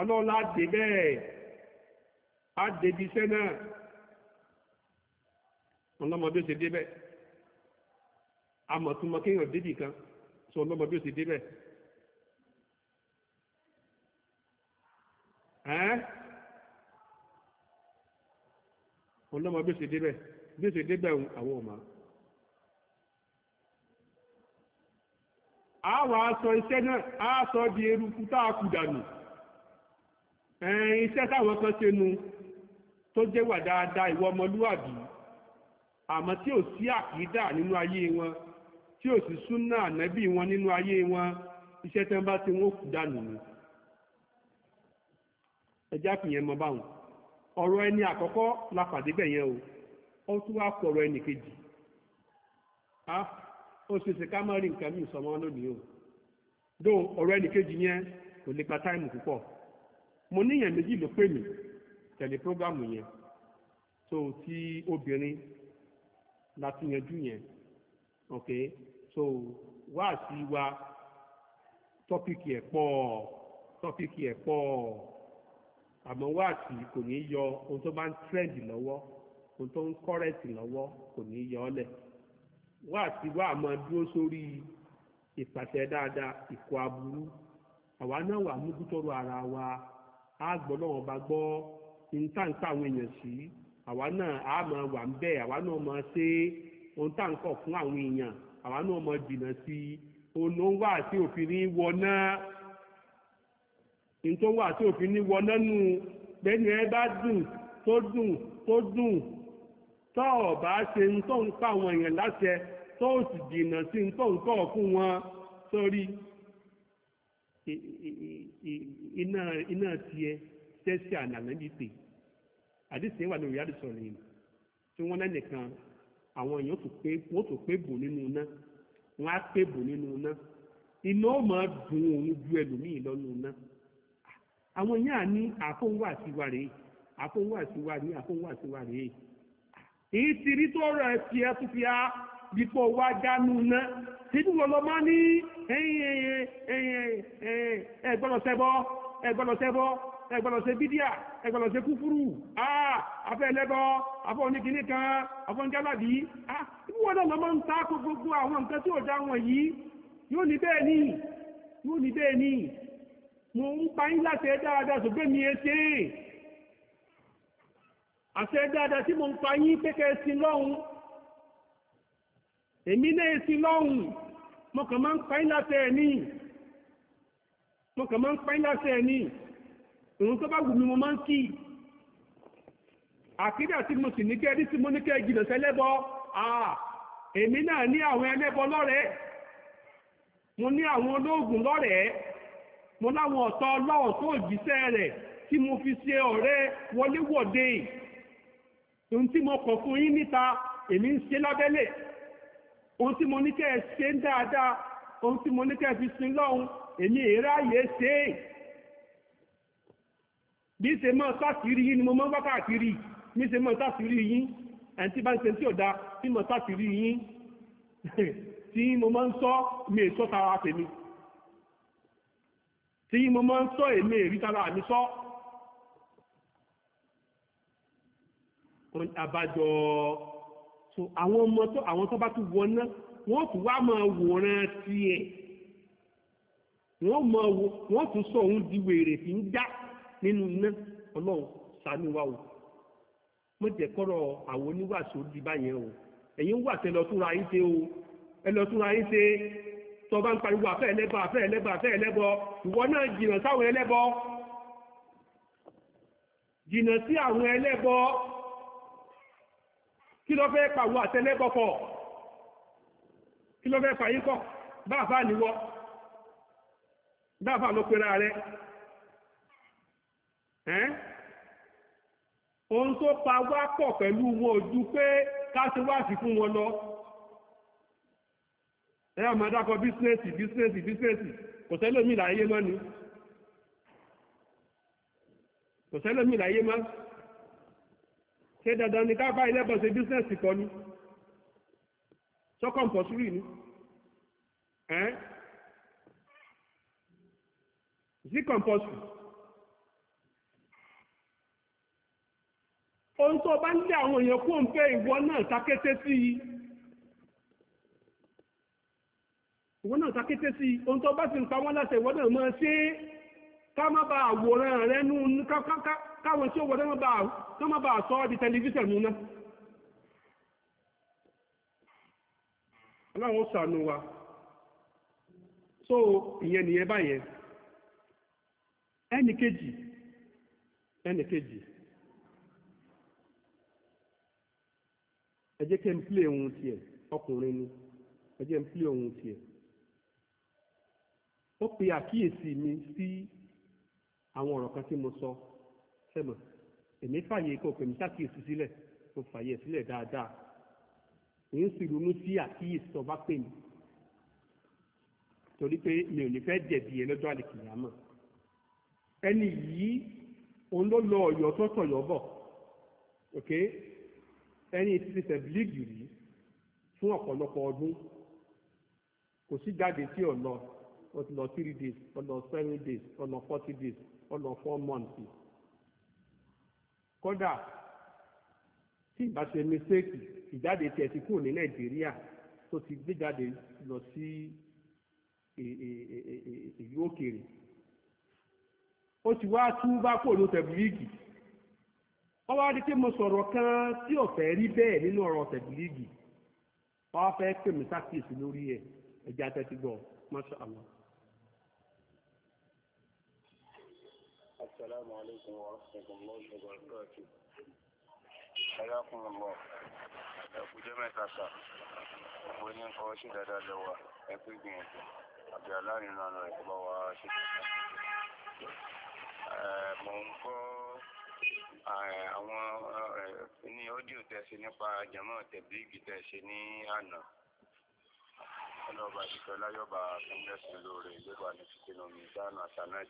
ọlọ́lá dé bẹ́ẹ̀ á débi iṣẹ́ náà ọlọ́mọ bí ó ṣe dé bẹ́ẹ̀ amọ̀túnmọ̀ kéèyàn kan sọ ọlọ́mọ bí ó ṣe dé bẹ́ẹ̀. ọlọ́mọ bí ó ṣe dé bẹ́ẹ̀ bí ó a wà sọ iṣẹ́ náà a sọ di eruku tá a dànù ẹ̀ẹ́n iṣẹ́ táwọn kan ṣe tó jẹ́ wà ìwọ ọmọlúwàbí àmọ́ tí ò sí àkídà nínú ayé wọn tí ò sí súnà ànábì wọn nínú ayé wọn iṣẹ́ tí bá ti wọ́n kù dànù ni ó sì sì ká mọ́ rí nǹkan mí sọmọ lónìí o dó ọ̀rọ̀ ẹnìkejì yẹn kò lè pa táìmù púpọ̀ mo níyàn méjì ló pè mí tẹ̀lé prógámù yẹn so ti obìnrin láti yanjú yẹn ok so wáàsí wa tọ́pìkì ẹ̀ pọ̀ tọ́pìkì ẹ̀ pọ̀ àmọ́ wáàsí kò ní yọ ohun tó bá ń tírẹ̀ǹdì lọ́wọ́ ohun tó ń kọ́rẹ́ǹtì lọ́wọ́ kò ní yọ ọ́ lẹ̀. wá àti wá àmọ́ dúró sórí ìpàṣẹ dáadáa ìkọ aburú àwa náà wà mójútọ́rọ̀ ara wa á gbọ́ lọ́wọ́ bá gbọ́ níta ń pa àwọn èèyàn sí àwa náà á máa wà ń bẹ́ẹ̀ àwa náà máa ṣe ohun tá à ń kọ̀ fún àwọn èèyàn àwa náà máa jìnnà sí i òun ló ń òfin ní wọ náà to wà tí òfin ní wọ nánú pẹ̀lú ẹ bá dùn tó tó sì jìnnà sí ń tọ́ǹtọ́ fún wọn sórí iná iná tiẹ̀ tẹ́sí ànàlẹ́bí pè àdìsí wà lórí àdìsọ yìí tí wọ́n lẹ́nìkan àwọn èèyàn tó pé wọ́n tó pé bò nínú iná wọ́n á pé bò nínú iná iná ó máa ju ẹlòmíì lọ́nu iná àwọn èèyàn ní rèé ní rèé èyí ti rí tó bípọ̀ wá gánú ná títí wọ́n lọ máa ní ẹgbọ́dọ̀ ṣẹbọ ẹgbọ́dọ̀ ṣẹbọ ẹgbọ́dọ̀ ṣe bídíà ẹgbọ́dọ̀ ṣe kúfúrú afẹ́ ẹlẹ́bọ afọ́ oníkìní kan afọ́ ń jálàbí títí wọ́n lọ máa ń ta gbogbo àwọn nǹkan tí ò dá wọn yìí yóò ní bẹ́ẹ̀ ni yóò ní bẹ́ẹ̀ ni mo ń pa yín láti ẹ dáadáa ṣùgbọ́n mi ẹ ṣe é àṣẹ dáadáa tí èmi náà sí lọ́hùn mo kàn máa ń pa yín láṣẹ ẹ̀ ní mo kàn máa ń pa yín láṣẹ ẹ̀ ní òun tó bá wù mí mo máa ń kí àkídà tí mo sì ní kẹ́ rí tí mo ní kẹ́ jìnnà sẹ́lẹ́bọ èmi náà ní àwọn ẹlẹ́bọ lọ́rẹ̀ẹ́ mo ní àwọn olóògùn lọ́rẹ̀ẹ́ mo láwọn ọ̀tọ̀ ọlọ́wọ̀ tó òjíṣẹ́ rẹ̀ tí mo fi ṣe ọ̀rẹ́ wọléwọ̀de ohun tí mo kọ̀ fún yín níta èmi ń ṣe lábẹ́lẹ̀ ohun tí mo ní kẹ́ ẹ ṣe ń dáadáa ohun tí mo ní kẹ́ ẹ fi sin lọ́hùn èmi èrè ààyè ṣe é bí ṣe mọ́ sásìrí yín ni mo mọ́ wákàkiri bí ṣe mọ́ sásìrí yín ẹni tí bá ń ṣe tí ò da tí mo sásìrí yín tí mo máa ń sọ mi èso tara tèmi tí mo máa ń sọ èmi èrí tara mi sọ. abájọ so àwọn ọmọ tó àwọn tó bá tún wọná wọ́n tún wá máa wòran tiẹ̀ wọ́n máa wò wọ́n tún sọ òun di wèrè tí ń dá nínú iná ọlọ́run ṣàánú wa o mo jẹ́ kọ́rọ̀ àwọn oníwàásù di báyẹn o ẹ̀yin wà tẹ́ lọ túnra yín o ẹ lọ túnra yín tó bá ń pariwo àfẹ́ ẹlẹ́bọ àfẹ́ ẹlẹ́bọ àfẹ́ ẹlẹ́bọ ìwọ náà jìnnà sáwọn ẹlẹ́bọ jìnnà sí àwọn ẹlẹ́bọ kí ló fẹ́ pàwọ́ àtẹlẹ́bọ̀pọ̀ kí ló fẹ́ fàyín pọ̀ báàfà níwọ́ báàfà ló pera rẹ̀ ẹ́n ohun tó pa wá pọ̀ pẹ̀lú wọn ò ju pé ká ti wá sí fún wọn lọ ẹ ọmọ dákọ bísínẹ́sì bísínẹ́sì bísínẹ́sì kò sẹ́lómi láyé mọ́ ni kò sẹ́lómi láyé mọ́ ni ṣé dandan ni ká bá ẹlẹ́bọ̀ ṣe bísínẹ́sì kọ́ ni sọ́kàn pọ̀sùrì ni ẹ́n sí kọ̀ǹpọ̀sù ohun tó bá ń lé àwọn èèyàn kó ń pé ìwọ náà takété sí i ìwọ náà takété sí i ohun tó bá sì ń pa wọ́n láṣẹ ìwọ náà máa ṣe é ká má bá àwòrán rẹ̀ nú káwọn tí ó wọ́n tó má bá sọ di tẹlifíṣàn nú náà aláwọ̀ sànú wa so ìyẹn nìyẹn báyẹn ẹnì kejì ẹnì kejì ẹ jẹ́ kí plé ohun tiẹ̀ ọkùnrin ni ẹ jẹ́ n plé ohun tiẹ̀ ó pe àkíyèsí mi sí. Si, àwọn ọ̀rọ̀ kan tí mo sọ sẹ́mọ̀ èmi fàyè kó pèmí ṣàkíyèsí sílẹ̀ mo fàyè sílẹ̀ dáadáa mi ń sì ronú sí àkíyèsí tó bá pè mí torí pé mi ò ní fẹ́ jẹ̀bi ẹ lọ́jọ́ àlèkìyàmọ̀ ẹni yìí òun ló lọ ọ̀yọ́ tó tọ̀yọ́ bọ̀ ok ẹni tí ti tẹ̀ bílíìgì rí fún ọ̀pọ̀lọpọ̀ ọdún kò sí jáde tí ò lọ ó ti lọ three days ó lọ seven days ó lọ forty days ó lọ four months kódà tí ìbá ṣe mistake ìjáde tiẹ̀ ti kúrò ní nàìjíríà tó ti gbé jáde lọ sí ìlú òkèèrè ó ti wá túbá kò ló tẹ̀bílíìgì wọ́n wá rí pé mo sọ̀rọ̀ kan tí ò fẹ́ rí bẹ́ẹ̀ nínú ọ̀rọ̀ tẹ̀bílíìgì wọ́n fẹ́ pè mí sákìsì lórí ẹ̀ ẹ̀jẹ̀ àtẹ̀tìgbọ̀ masha Allah. السلام عليكم ورحمة الله وبركاته حياكم الله ẹkú jẹ́ mẹ́ta sà gbogbo ní nǹkan ṣe dáadáa lọ́wọ́ ẹkú ìgbìyànjú àbí aláàrin ọ̀nà ẹ̀kọ́ bá wa ṣe mọ̀ ń kọ́ àwọn ní ọ́díò tẹ̀sí nípa jẹ̀mọ́ tẹ̀bíìgì tẹ̀sí ní àná ọlọ́ba ìfẹ́ láyọ̀bà fúnjẹ́sìn lóore ló bá ní fìtínà dáná àṣà náà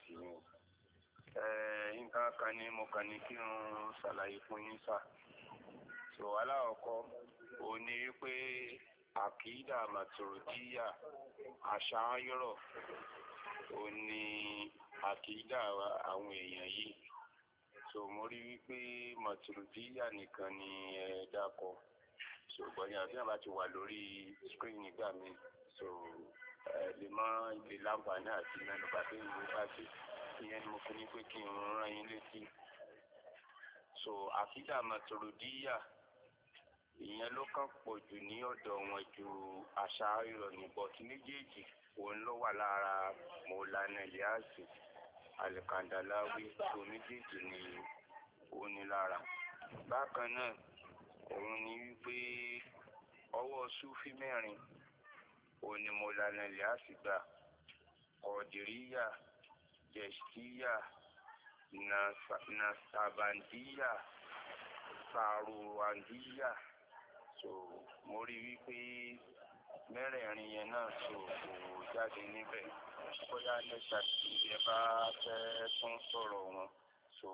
Eh, nǹkan kan ni mo kàn ní kí n ṣàlàyé fún yín sà so aláwọ̀kọ́ ò ní wípé àkídà màtòròdíyà àṣà yúrọ̀ ò ní àkídà àwọn èèyàn yìí so mo rí wípé màtòròdíyà nìkan ni ẹ dákọ ṣùgbọ́n ní àfihàn bá ti wà lórí screen nígbà mi so ẹ lè má lè láǹfààní àti mẹ́nu bá dé bá ṣe ìyẹn ni mo fi ní pé kí n rán yín létí so àkídà màtòròdíyà ìyẹn ló kàn pọ̀ jù ní ọ̀dọ̀ wọn ju àṣà ìrọ̀ nìbọ̀ tí méjèèjì òun ló wà lára mọ̀lánà ìyáàsì alìkàndàláwí tó méjèèjì ni ó ní lára bákan náà òun ni wípé ọwọ́ súfí mẹ́rin òun ni mọ̀lánà ìyáàsì gbà kọ̀ọ̀dìríyà Jeshkiya nasabandiya saruwandiya so mo rí wípé mẹ́rẹ̀ẹ̀rin yẹn náà so kò jáde níbẹ̀ bóyá lẹ́tà tí ẹ bá fẹ́ tún sọ̀rọ̀ wọn so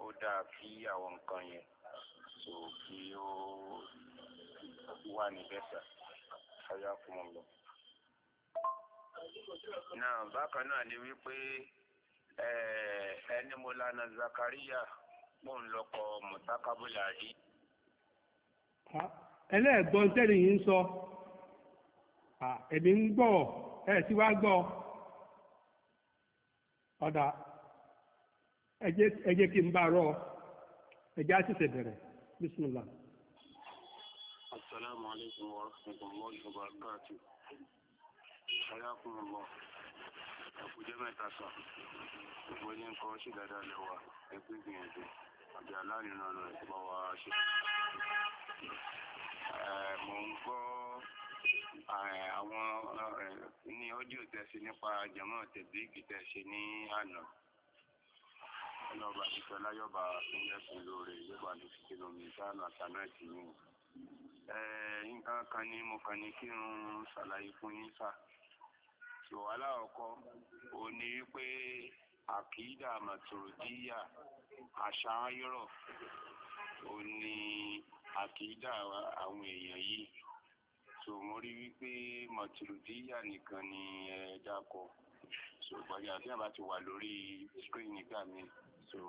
ó dáa kí àwọn nǹkan yẹn so kí ó wà níbẹ̀ sà ọyá fún un lọ. náà bákan náà ni wípé. ẹni eh, mo lana Zakaria mò ń lọkọ mọ̀tàkàbọ̀là rí. ẹlẹ́ẹ̀gbọ́n tẹ́lẹ̀ yìí ń sọ èmi ń gbọ́ ẹ sì wá gbọ́ ọ̀dà ẹ jẹ́ kí n bá rọ ẹ jẹ́ àṣìṣe bẹ̀rẹ̀ bísímìlà. asalaamualeykum ẹkùjẹ́ mẹ́ta sàn gbogbo ẹni nǹkan ṣe dáadáa lẹ́wà ẹgbẹ́ gbìyànjú àbí aláàrin ọ̀nà ẹ̀kọ́ bá ṣe. mo ń gbọ́ àwọn ní ọjọ́ tẹ̀sí nípa jẹ̀mọ́ tẹ̀bíìgì tẹ̀sí ní àná ọlọ́ba àtìfẹ́ lóore sáànù àtàná nǹkan kan ni mo kàn ní ṣàlàyé fún so aláwọ̀kọ́ ò ní wípé àkìdá màtòròdíyà àṣàyọ̀rọ̀ ò ní àkìdá àwọn èèyàn yìí so mo rí wípé màtòròdíyà nìkan ni ẹ dákọ so gbọ́dọ̀ àti àbá ti wà lórí screen nígbà mi so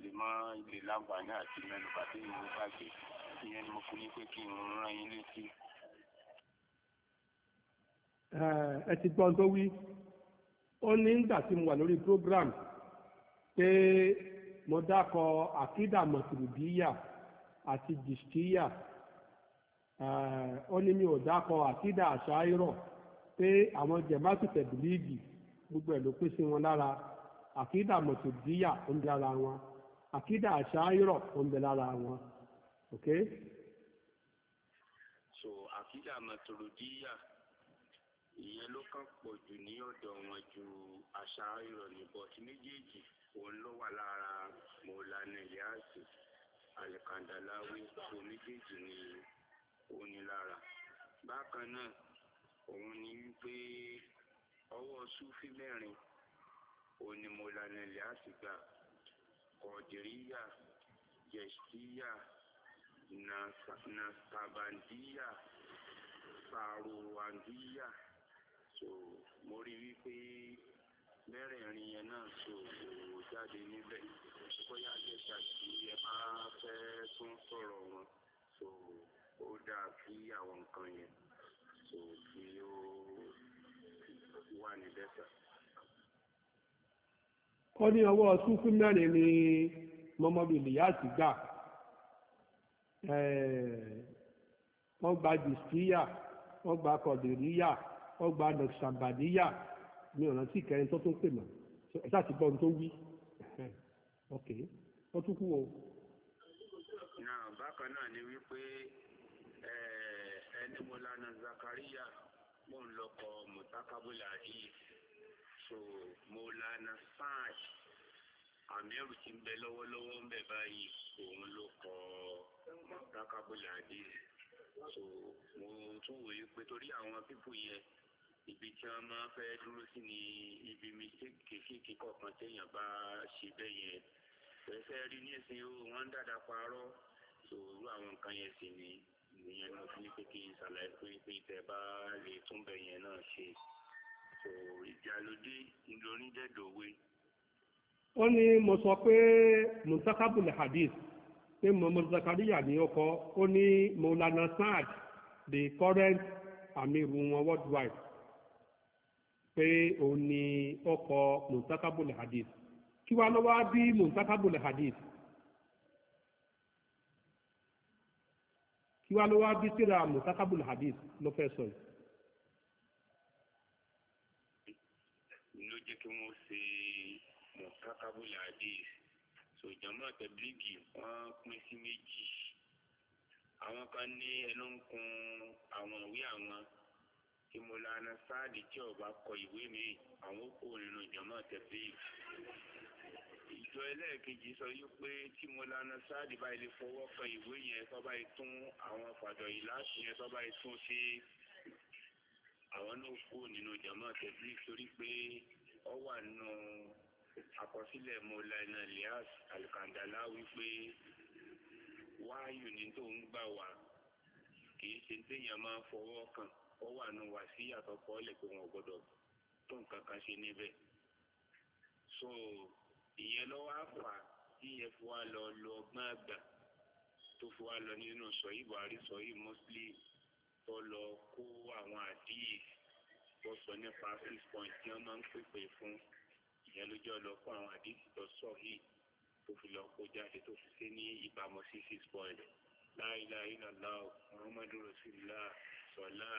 lè mọ ilé láǹfààní àti mẹ́nu pàtó ìwọ̀n bàgbé ìyẹn ni mo fi ní pé kí n rán yín létí. ẹ ti gbọ́n tó wí ó tí mo wà lórí program pé mo dákọ àkídà mọ̀tìrìbíyà àti jìṣtíyà ó ní mi ò dákọ àkídà àṣàírọ̀ pé àwọn jẹ̀mátì tẹ̀bílíìgì gbogbo ẹ̀ ló pín wọn lára àkídà mọ̀tìrìbíyà ó ń wọn àkídà ń bẹ So àkídà mọ̀tìrìbíyà. ìyẹn ló kàn pọ̀ jù ní ọ̀dọ̀ wọn ju àṣà ìrọ̀ nìbọ̀ tí méjèèjì òun ló wà lára mọ̀ọ́lánà ìyáàsì àlìkàndàláwí tó méjèèjì ni ó ní lára bákan náà òun ni wípé ọwọ́ súfí mẹ́rin òun ni mọ̀ọ́lánà ìyáàsì gbà kọ̀dìríyà jẹ̀síyà nasabandiya faruwandiya. Na so mo rí yẹn náà so jáde bóyá ẹ bá tún sọrọ wọn so ó dáa kí àwọn nǹkan so kí ó wà ó ní ọwọ́ túnkú mẹ́rin ni mọ́mọ́dù nìyáàtì gbà wọ́n gba dìsíyà wọ́n gba kọ̀dìríyà. ọgbà nọ̀ṣàbàdíyà mi ò rántí ìkẹrin tó tún pè mọ́ ẹ sáà ti gbọ́ ohun tó wí ok wọ́n tún kú o. bákan náà ni wípé ẹni mo lana Zakaria mo ń lọkọ mutakabula yìí so mo lana Saad àmẹ́rù ti ń bẹ lọ́wọ́lọ́wọ́ ń bẹ báyìí òun ló kọ mutakabula yìí so mo tún wòye pé torí àwọn pípò yẹn ibi tí wọ́n máa fẹ́ dúró sí ni ibi mistake kéékèèké kọ̀ọ̀kan téèyàn bá ṣe bẹ́ẹ̀ yẹn ẹ̀fẹ́ rí ní ẹ̀sìn o wọ́n ń dáadáa parọ́ sòrú àwọn nǹkan yẹn sì ni ìyẹn náà fi ní pé kí n ṣàlàyé pé pé tẹ́ bá lè tún bẹ̀ yẹn náà ṣe sò ìjàlódé ńlọrìndẹ̀dọ̀wé. ó ní mo sọ pé musakabul hadith pé mohammed zakariya ní ọkọ ó ní maulana saad the current amiru wọn worldwide pé òun ni ọkọ̀ muntakabul hadith kí wá lọ́wọ́ bí muntakabul hadith kí wá lọ́wọ́ bí tíra muntakabul hadith ló fẹ́ sọ yìí. ló jẹ́ kí wọ́n ṣe muntakabul hadith sòjàmọ́ àtẹ̀blígì wọ́n pín sí méjì àwọn kan ní ẹnu ń kun àwọn ìwé àwọn ìmọ̀lànà sáàdì tí ọba kọ ìwé mi àwọn ó kó nínú ìjọmọ́ tẹ̀lé ìjọ ẹlẹ́ẹ̀kejì sọ wípé tí mọ̀lànà sáàdì bá ilé fọwọ́ kan ìwé yẹn tọ́ba ìtún àwọn fàdọ̀ ìlàsì yẹn tọ́ba ìtún sí àwọn náà kó nínú ìjọmọ́ tẹ̀lé torí pé ọ wà nù àkọsílẹ̀ mọ̀lànà lias alkandala wípé wáyù ní tó ń gbà wá kì í ṣe téèyàn máa fọwọ́ kàn ó wà nù wá sí àtọkọ ọlẹ pé wọn gbọ́dọ̀ tó nǹkan kan ṣe níbẹ̀ so ìyẹn lọ́wọ́ àfà tí ìyẹn fi wá lọ lo ọgbọ́n àgbà tó fi wá lọ nínú sọyí buhari sọyí mọsílì tó lọ kó àwọn àdíyè tó sọ nípa six point tí wọn máa ń pèpè fún ìyẹn lójó lọ kó àwọn àdíyè tó sọ yìí tó fi lọ kó jáde tó fi ṣe ní ìbámu sí six point láìláìlá láò muhammadu rasulillah sọlá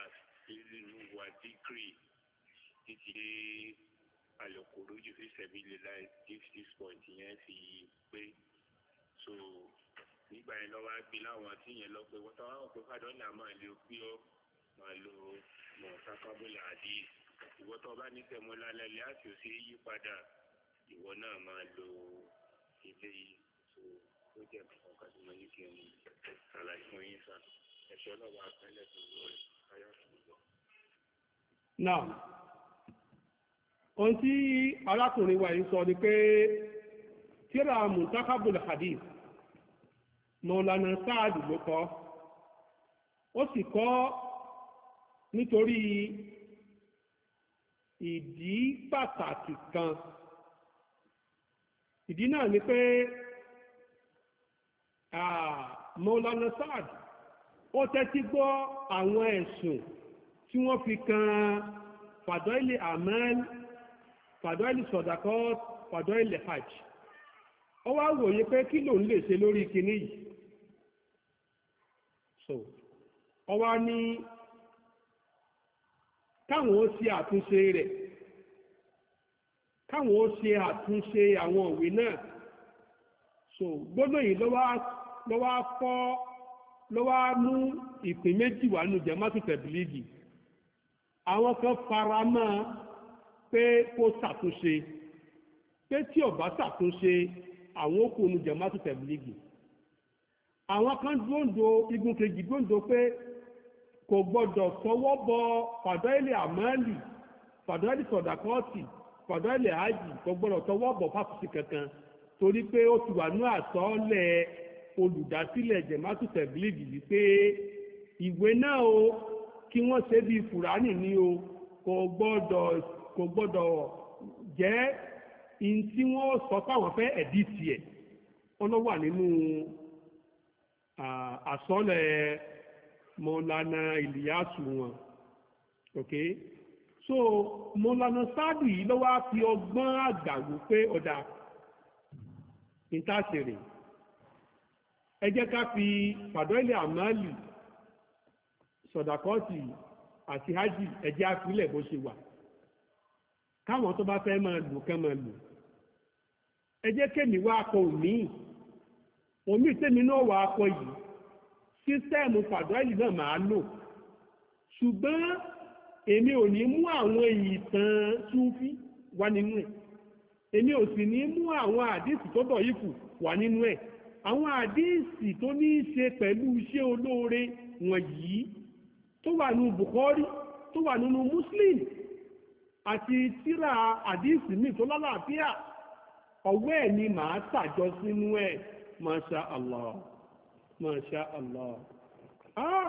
ìlú wa dìkìrì títí dé àlòkòrò jù fi sẹ̀bi lè láì give six point yẹn fi pé so nígbà yẹn lọ́wọ́ á gbé láwọn tí yẹn lọ pé wọ́n tọ́ àwọn pé fàdọ́là máa lè pé ọ́ máa lo mọ̀ọ́sákábọ̀là àdí ìwọ́ tó bá ní tẹ̀mọ́lá lálẹ́ àti òsè yí padà ìwọ náà máa lo ilé yìí so ó jẹ́ nǹkan kan tí mo ní kí n ṣàlàyé fún yín sá ẹ̀ṣọ́ náà wà á pẹ́lẹ̀ tó lọ ayọ́ now ohun tí arákùnrin wa yìí sọ ni pé tíra muntakabul hadith mọ̀lànà sáàdì ló kọ́ ó sì kọ́ nítorí ìdí pàtàkì kan ìdí náà ni pé mọ̀lànà sáàdì ó tẹ́tí gbọ́ àwọn ẹ̀sùn tí wọ́n fi kan fàdọ́ìlì amẹ́l fàdọ́ìlì sọ̀dàkọ́ fàdọ́ìlì hajj ó wá wòye pé kí lòun lè ṣe lórí kinní yìí so ó wá ní káwọn ó ṣe àtúnṣe rẹ̀ káwọn ó ṣe àtúnṣe àwọn òwe náà so gbọ́dọ̀ yìí lọ́wọ́ fọ́ lọ́wọ́ mú ìpín méjì wà nù jẹ́ mọ́tò tẹ̀bílíìgì àwọn kan fara mọ́ pé kó ṣàtúnṣe pé tí ó bá ṣàtúnṣe àwọn òkú ní jamaatu tẹ̀blígì àwọn kan dúndò igun kejì dúndò pé kò gbọdọ̀ fọwọ́ bọ fàdọ́ìlì àmọ́lì fàdọ́ìlì sọ̀dàkọ́ọ̀tì fàdọ́ìlì àjì kò gbọdọ̀ tọwọ́ bọ̀ fáfùsì kankan torí pé ó ti wà ní àtọ́ọ́lẹ̀ olùdásílẹ̀ jamaatu tẹ̀blígì wípé ìwé náà o kí wọ́n ṣe bí furani ní o kò gbọ́dọ̀ jẹ́ in tí wọ́n sọ táwọn fẹ́ ẹ̀dí tiẹ̀ ó wà nínú àsọ́lẹ̀ mọ́lánà ìlíyàsù wọn ok so mọ́lánà sáàdù yìí ló fi ọgbọ́n pé ọ̀dà ẹ jẹ́ ká fi sọ̀dàkọ́ọ̀tì àti hajj ẹ̀jẹ̀ àfilẹ̀ bó ṣe wà káwọn tó bá fẹ́ máa lò kán máa lò ẹ jẹ́ kémi wá akọ òmí òmí tèmi náà wà akọ yìí sísẹ́ẹ̀mù fàdúrẹ́lì náà máa lò ṣùgbọ́n èmi ò ní mú àwọn ìtàn túnfí wá nínú ẹ̀ èmi ò sì ní mú àwọn àdíìsì tó bọ̀ yìí kù wá nínú ẹ̀ àwọn àdíìsì tó ní í ṣe pẹ̀lú iṣẹ́ olóore wọ̀nyí tó wà ní Bukhari tó wà nínú Muslim àti tíra àdíìsì míì tó lálàáfíà ọwọ́ ẹ̀ ni màá tàjọ sínú ẹ̀ masha Allah masha Allah ah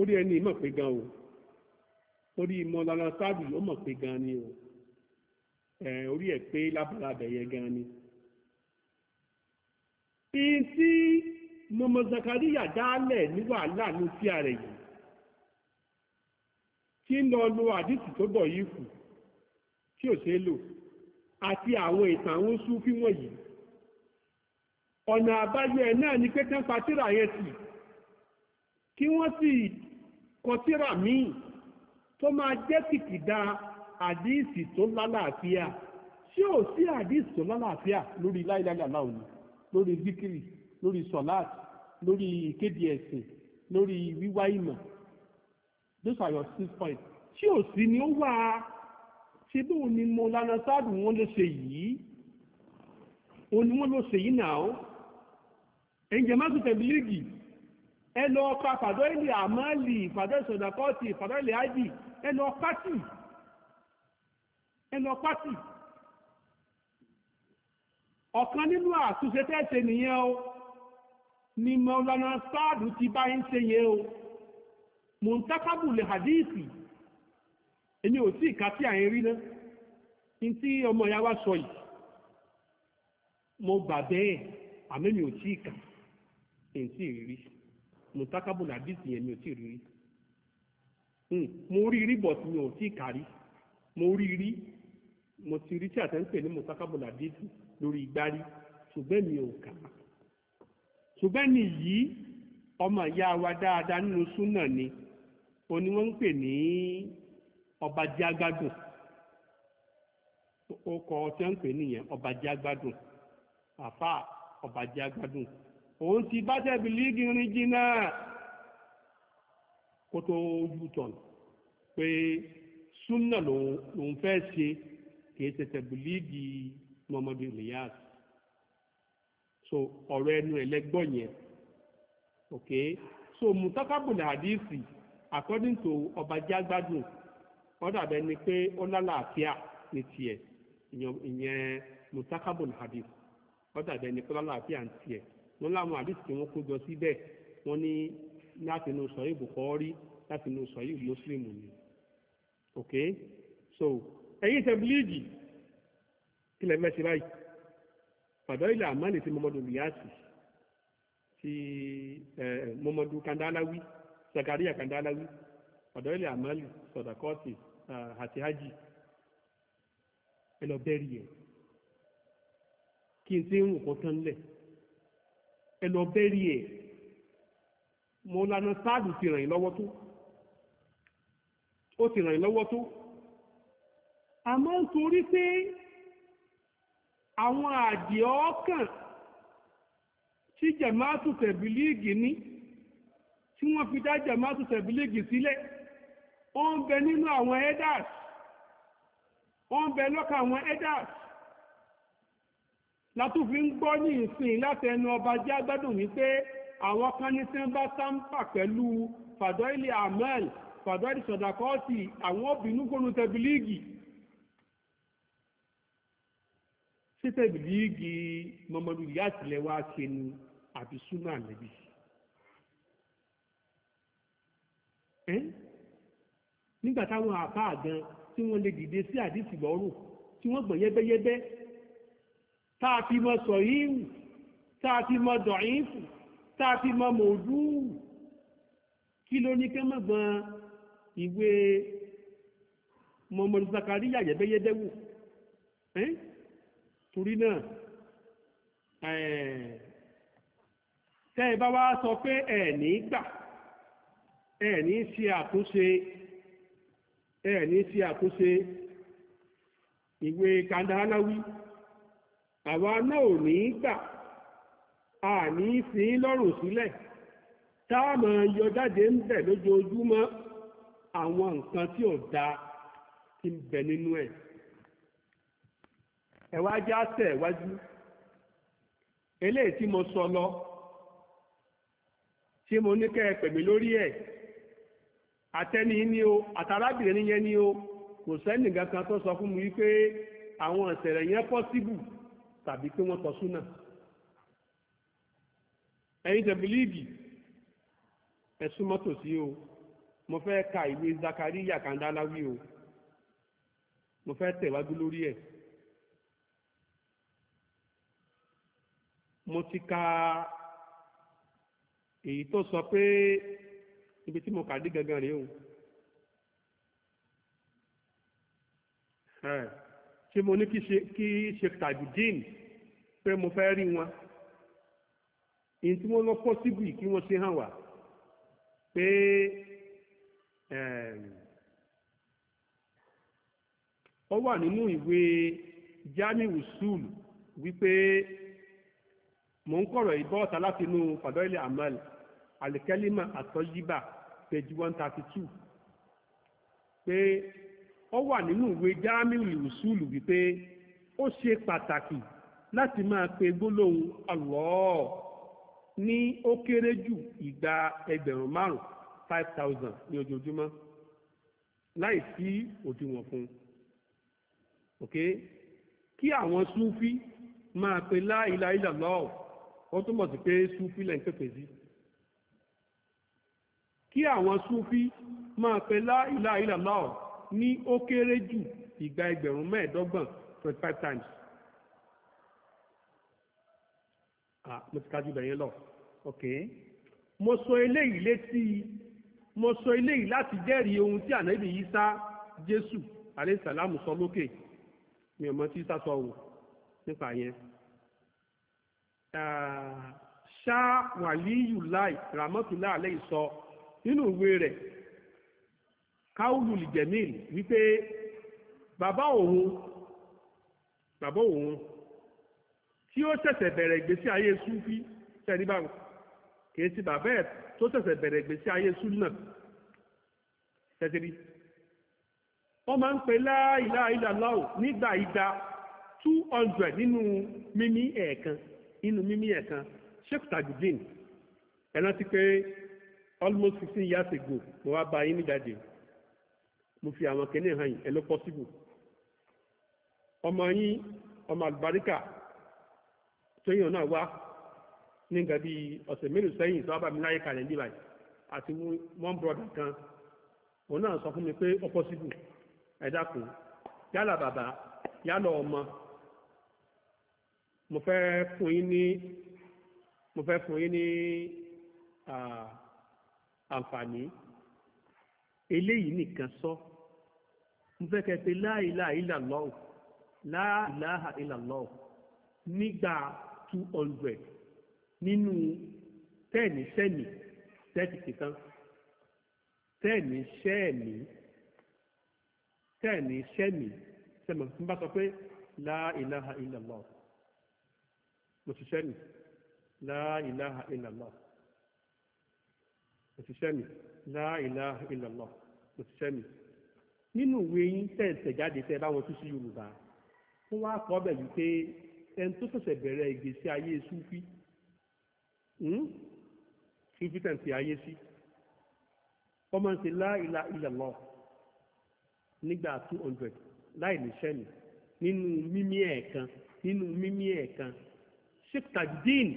orí ẹni mọ̀ pé gan o orí lára sáàbì ló mọ̀ pé gan ni o tí ń lọ lo àdìsí tó bọ̀ yìí kù tí ò ṣeé lò àti àwọn ìtàn àwọn súnfí wọ̀nyí ọ̀nà àbáyọ ẹ̀ náà ni pé tán pa tírà yẹn tì kí wọ́n sì kọ tírà míì tó máa jẹ́ kìkìdá àdìsí tó lálàáfíà ṣé ò sí àdìsí tó lálàáfíà lórí láìláìlá òní lórí zikiri lórí sọláàtì lórí ìkéde ẹ̀sìn lórí wíwá ìmọ̀ those are your six points tí ò sí ni ó wà á ṣe bóun ni mo lana sáàdù wọn ló ṣe yìí òun ni wọn ló ṣe yìí náà ẹ̀ǹjẹ̀ má tún tẹ̀lé líìgì ẹ lọ pa fàdọ́ ìlì àmàlì fàdọ́ ìsọ̀dàkọ́tì fàdọ́ ìlì ájì ẹ lọ pátì ẹ lọ pátì ọ̀kan nínú àtúnṣe tẹ́ẹ̀ṣe nìyẹn o ni mo lana sáàdù ti bá ń ṣe yẹn o. mọ̀ntákábù lè hadithi èmi ò tí ìka tí àyẹ̀rí ná ní tí ọmọ ìyá wa sọ yìí mo gbà bẹ́ẹ̀ àmẹ́mi ò tí ìka èyí tí ìrírí mọ̀ntákábù lè hadithi yẹn hmm, mi ò tí ìrírí mo rí rí bọ̀ tí mi ò tí ìka rí mo rí rí mo ti rí tí àtẹ́ńpẹ̀ ní mọ̀ntákábù lè hadithi lórí ìgbárí ṣùgbọ́n mi ò kà á ṣùgbọ́n mi yìí ọmọ ìyá ni. òní wọ́n ń pè ní ọba jágbádùn ọkọ̀ tí wọ́n ń pè nìyẹn ọba jágbádùn àfà ọba jágbádùn òun ti bá tẹ̀bi líìgì rin jìnnà kó tó yútọ̀n pé súnà lòun fẹ́ ṣe kì í ṣe tẹ̀bi líìgì Muhammadu Ilyas so ọ̀rọ̀ ẹnu ẹ̀ lẹ́gbọ́n yẹn ok so mutakabula hadisi according to ọba jágbádùn ó dàbẹ ni pé ó lálàáfíà ní tiẹ̀ ìyẹn mutakabul hadith ó dàbẹ ni pé ó lálàáfíà ní tiẹ̀ wọn láwọn hadith tí wọn kó jọ síbẹ̀ wọn ní láti inú sọyí Bukhari láti inú sọyí Muslim ni ok so ẹ̀yin tẹ bíléèdì kí lẹ mẹsì báyìí fàdọ ilẹ àmàlẹ tí mọmọdún bìyà ti mọmọdún kandalawi. Zakaria Kandalawi ọ̀dọ̀ ilẹ̀ Amali Sọ̀dàkọ́ọ̀tì ah, àti Hajj ẹ lọ bẹ́rì ẹ̀ kí n tí ń wò kó tán lẹ̀ ẹ lọ bẹ́rì ẹ̀ mo lànà sáàdù ti ràn yín lọ́wọ́ tó ó ti ràn yín lọ́wọ́ tó àmọ́ nítorí pé àwọn àdìọ́ ọkàn tí jẹ̀máàtù tẹ̀bílíìgì ní tí wọ́n fi dá jamaatu tẹ̀bílígì sílẹ̀ ó ń bẹ nínú àwọn elders ó ń bẹ lọ́kàn àwọn elders látúfi ń gbọ́ ní ìsìn látẹnu ọba jẹ́ agbádùn wípé àwọn kan ní tí wọ́n bá sáńpà pẹ̀lú fàdọ́ìlì amel fàdọ́ìlì sọ̀dàkọ́ọ̀tì àwọn obìnrin gbónú tẹ̀bílígì sí tẹ̀bílígì mọ̀mọ́lù yá tilẹ̀ wá àbí súnà lẹ́bi. nígbà táwọn àbá àgan tí wọ́n lè dìde sí àdìsí lọ́rùn tí wọ́n gbọ̀n yẹ́bẹ́yẹ́bẹ́ tá a fi mọ sọ̀yìn tá a fi mọ dọ̀yìn tá a fi mọ mòdú kí ló ní kẹ́ mọ̀gbọ́n ìwé mọ̀mọ́dé Zakariya yẹ́bẹ́yẹ́bẹ́ wò torí náà tẹ́ ẹ bá wá sọ pé ẹ̀ ní ẹ ní ṣe ìwé kandahalawi àwa náà ò ní gbà a ní fi lọ́rùn sílẹ̀ táàmù yọ jáde ń bẹ̀ lójoojúmọ́ àwọn nǹkan tí ò dáa ti ń nínú ẹ̀ ẹ já tẹ̀ wájú eléyìí tí mo sọ lọ tí mo ní kẹ́ ẹ lórí ẹ̀ àtẹni ni o àtàrábìnrin yẹn ni o kò sẹ́ni kankan tó sọ fún mi wípé àwọn ìṣẹ̀lẹ̀ yẹn pọ́síbù tàbí pé wọ́n tọ́ súnà ẹ̀yin tẹ̀bílíìgì ẹ̀sùn mọ́tò sí o mo fẹ́ ka ìwé Zakariya Kandalawi o mo fẹ́ tẹ̀wájú lórí ẹ̀ mo ti ka èyí tó sọ pé ibi tí mo kàdí gangan rèé o ṣé mo ní kí ṣe tàbí dín pé mo fẹ́ rí wọn ìyẹn tí wọ́n lọ pọ́sibù kí wọ́n ṣe hàn wá pé ó wà nínú ìwé jami usul wípé mò ń kọ̀rọ̀ ìbọ́ta látinú fàdọ́ìlì amal alikẹ́límà àtọ́yíbà page one thirty two pé ó wà nínú ìwé jámílì ìṣúlù wípé ó ṣe pàtàkì láti máa pe gbólóhùn Allah ní ó kéré jù ìgbà ẹgbẹ̀rún márùn five thousand ní ojoojúmọ́ láì sí òdiwọ̀n fún un okay kí àwọn súnfí máa pe la ilaha illallah ó túmọ̀ sí pé súnfí lẹ́yìn pèpè sí kí àwọn súfí máa pe la ilaha illallah ní ó kéré jù ìgbà ẹgbẹ̀rún mẹ́ẹ̀ẹ́dọ́gbọ̀n twenty five times. mo ti kájú bẹ̀yẹn lọ. mo sọ eléyìí létí mo sọ eléyìí láti jẹ́rìí ohun tí ànábì Ìsá Jésù alayhi salamu sọ lókè mi ò mọ tí Ìsá sọ wò nípa yẹn ṣá wàlíyù láì ràmọ́tùlá àlẹ́ ìsọ nínú ìwé rẹ̀ káwùlù lìjẹ̀míl wípé bàbá òun bàbá òun tí ó ṣẹ̀ṣẹ̀ bẹ̀rẹ̀ ìgbésí ayé súfí tẹ́lí bá kìí sí bàbá ẹ̀ tó ṣẹ̀ṣẹ̀ bẹ̀rẹ̀ ìgbésí ayé súnà tẹ́tẹ́rí wọ́n máa ń pè láìlá ìlàláwò nígbà ìdá 200 nínú mímí ẹ̀ẹ̀kan nínú mímí ẹ̀ẹ̀kan sheikh tajudeen ẹ̀rántí pé almost fifteen years ago mo wá bá yín níjàde mo fi àwọn kẹ́ni hàn yín ẹ ló possible ọmọ yín ọmọ àlùbáríkà tóyìn náà wá ní nǹkan bíi ọ̀sẹ̀ mélòó sẹ́yìn tó wá bá mi láyé kalẹ̀ níbà yìí àti one brother kan òun náà sọ fún mi pé ó possible ẹ dákun yálà bàbá yálà ọmọ mo fẹ́ fún yín ní mo fẹ́ fún yín ní. àǹfààní eléyìí nìkan sọ mo fẹ́ kẹ́ pé la ilaha ilaha illallah nígbà two hundred nínú tẹ́ẹ̀nì sẹ́ẹ̀nì tẹ́ẹ̀tì kìtàn tẹ́ẹ̀nì sẹ́ẹ̀nì ilaha mo kò ti sẹ́mi la ilaha illallah kò ti sẹ́mi nínú ìwé yín tẹ̀sẹ̀ jáde tẹ́ báwọn tún sí yorùbá wọ́n wá kọ́ bẹ̀ wípé ẹni tó ṣẹ̀ṣẹ̀ bẹ̀rẹ̀ ìgbésí ayé súfí hmm? súfí tẹ̀sí ayé sí ọmọ ń ṣe la ilaha illallah nígbà two hundred láì nínú mímí ẹ̀ẹ̀kan nínú mímí ẹ̀ẹ̀kan sheikh tajudeen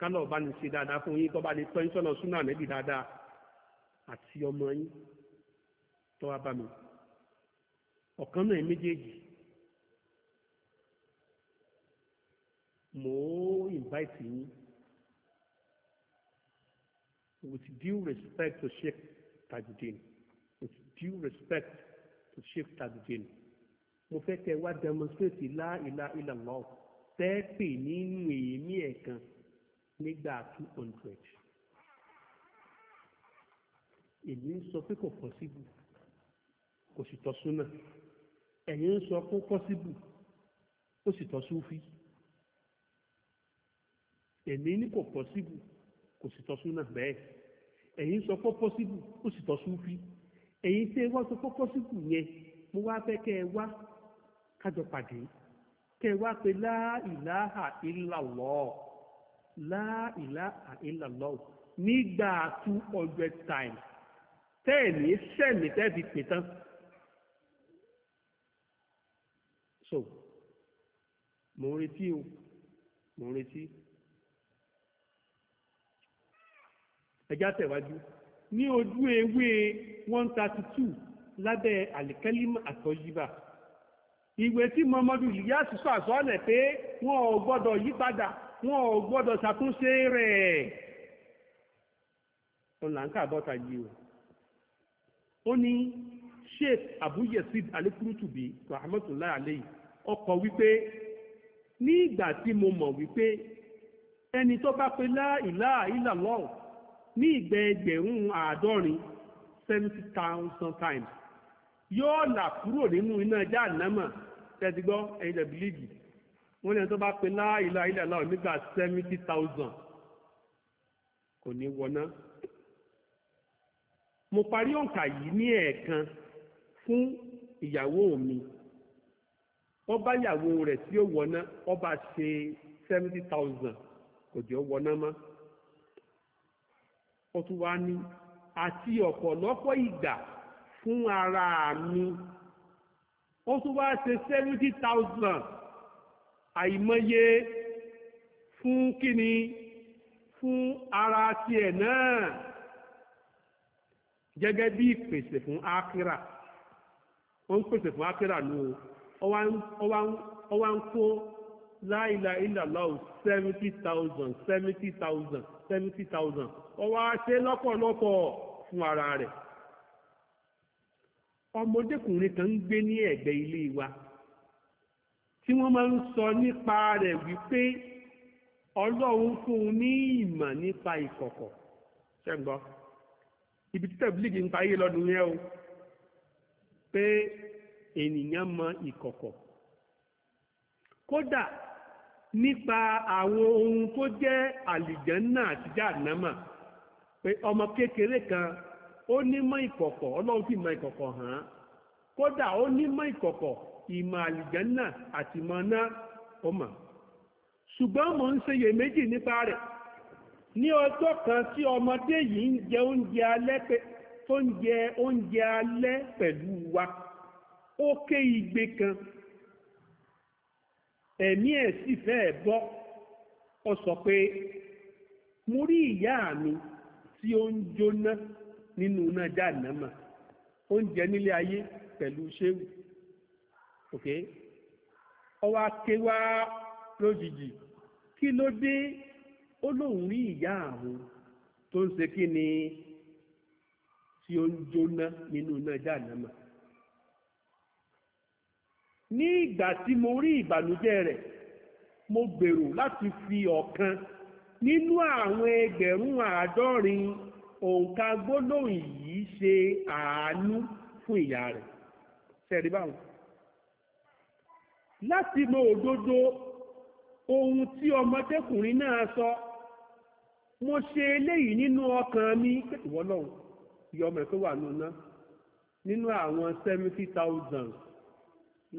kálọ̀ ọba ní ṣe dáadáa fún yín tọ́ba lè tọ́ yín sọ́nà súnà nẹ́bí dáadáa àti ọmọ yín tọ́ wa bá mi ọ̀kan náà méjèèjì mò invite yín with due respect to Sheikh Tajudeen with due respect to Sheikh Tajudeen mo fẹ́ kẹ́ wá demonstrate la ilaha illallah tẹ́ pè nínú èémí ẹ̀ kan nígbà two hundred èmi ń sọ pé kò pọ́síbù kò sì tọ́ súnà ẹ̀yin ń sọ pé pọ́síbù ó sì tọ́ súfì èmi ní kò pọ́síbù kò sì tọ́ súnà bẹ́ẹ̀ ẹ̀yin sọ pé pọ́síbù ó sì tọ́ súfì ẹ̀yin tí ẹ wá sọ pé pọ́síbù yẹn mo wá fẹ́ kẹ́ ẹ wá kájọ pàdé kẹ́ ẹ wá pé la ilaha láìlá àìlàlọ́wọ́ nígbà two hundred times tẹ́ẹ̀ni sẹ́ẹ̀ni tẹ́ẹ̀ fi pè tán. so mò ń retí o mò ń retí. ẹja tẹ̀wájú ní ojú ewé one thirty two lábẹ́ àlìkẹ́límù àtọ́yíbà ìwé tí Muhammadu Ilyas sọ àsọ́ọ̀lẹ̀ pé wọn ò gbọ́dọ̀ yí padà wọn ò gbọ́dọ̀ ṣàtúnṣe rẹ̀ ọ̀làǹkà bọ́ta yìí o ó ní sheikh abu yesid alikurutubi rahmatulahi alayhi ọkọ̀ wípé ní ìgbà tí mo mọ̀ wípé ẹni tó bá pe láìlá ìlàlọ́ ní ìgbẹ́ ẹgbẹ̀rún àádọ́rin seventy thousand times yóò là kúrò nínú iná jáànámà tẹ́tí gbọ́ ẹ̀yin lẹ́bílíìgì wọ́n lẹ́yìn tó bá pe láìlá ilẹ̀ aláwọ̀ nígbà seventy thousand kò ní wọná. mo parí òǹkà yìí ní ẹ̀ẹ̀kan fún ìyàwó mi wọ́n bá ìyàwó rẹ̀ tí ó wọná wọ́n bá ṣe seventy thousand kò jẹ́ wọná mọ́. ó tún wá ní àti ọ̀pọ̀lọpọ̀ ìgbà fún ara mi ó tún wá ṣe seventy thousand. àìmọye fún kíni fún ara ẹ̀ náà gẹ́gẹ́ bí ìpèsè fún ákírà ó ń pèsè fún ákírà ní o ń kó láìla ìlàláwò seventy thousand seventy thousand seventy thousand lọ́pọ̀lọpọ̀ fún ara rẹ̀ ọmọdékùnrin kan ń gbé ní ẹ̀gbẹ́ ilé wa tí wọ́n máa ń sọ nípa rẹ̀ wípé ọlọ́run fún un ní ìmọ̀ nípa ìkọ̀kọ̀ ṣẹ́gbọ́ ibi títẹ̀ ń parí lọ́dún yẹn o pé ènìyàn mọ ìkọ̀kọ̀ kódà nípa àwọn ohun tó jẹ́ àlìjẹ́nà àti jáànámà pé ọmọ kékeré kan ó nímọ̀ ìkọ̀kọ̀ ọlọ́run sì mọ ìkọ̀kọ̀ hàn án kódà ó ìkọ̀kọ̀ ìmọ̀ àlìjánná àti ìmọ̀ náà ó mọ̀ ṣùgbọ́n mò ń ṣeyèméjì nípa rẹ̀ ní ọjọ́ kan tí ọmọdé yìí ń jẹ oúnjẹ alẹ́ pé tó ń jẹ oúnjẹ alẹ́ pẹ̀lú wa ó ké igbe kan ẹ̀mí ẹ̀ sì fẹ́ẹ̀ bọ́ ọ sọ pé mo rí ìyá mi tí ó ń jóná nínú iná jáànámà ó ń jẹ nílé ayé pẹ̀lú ṣéwù ok ọwọ́ akéwà lójijì kí ló dé ó lóun rí ìyá àwọn tó ń ṣe kí ni tí ó ń jóná nínú iná jàǹdàmà ní ìgbà tí mo rí ìbànújẹ rẹ mo gbèrò láti fi ọ̀kan nínú àwọn ẹgbẹ̀rún àádọ́rin òǹkà gbólóhùn yìí ṣe àánú fún ìyá rẹ. ṣẹ́ẹ̀rí báwọn láti mọ òdodo ohun tí ọmọdékùnrin náà sọ mo ṣe eléyìí nínú ọkàn mi ìwọlọ́run ìyọmọ ẹ̀ tó wà nùnà nínú àwọn seventy thousand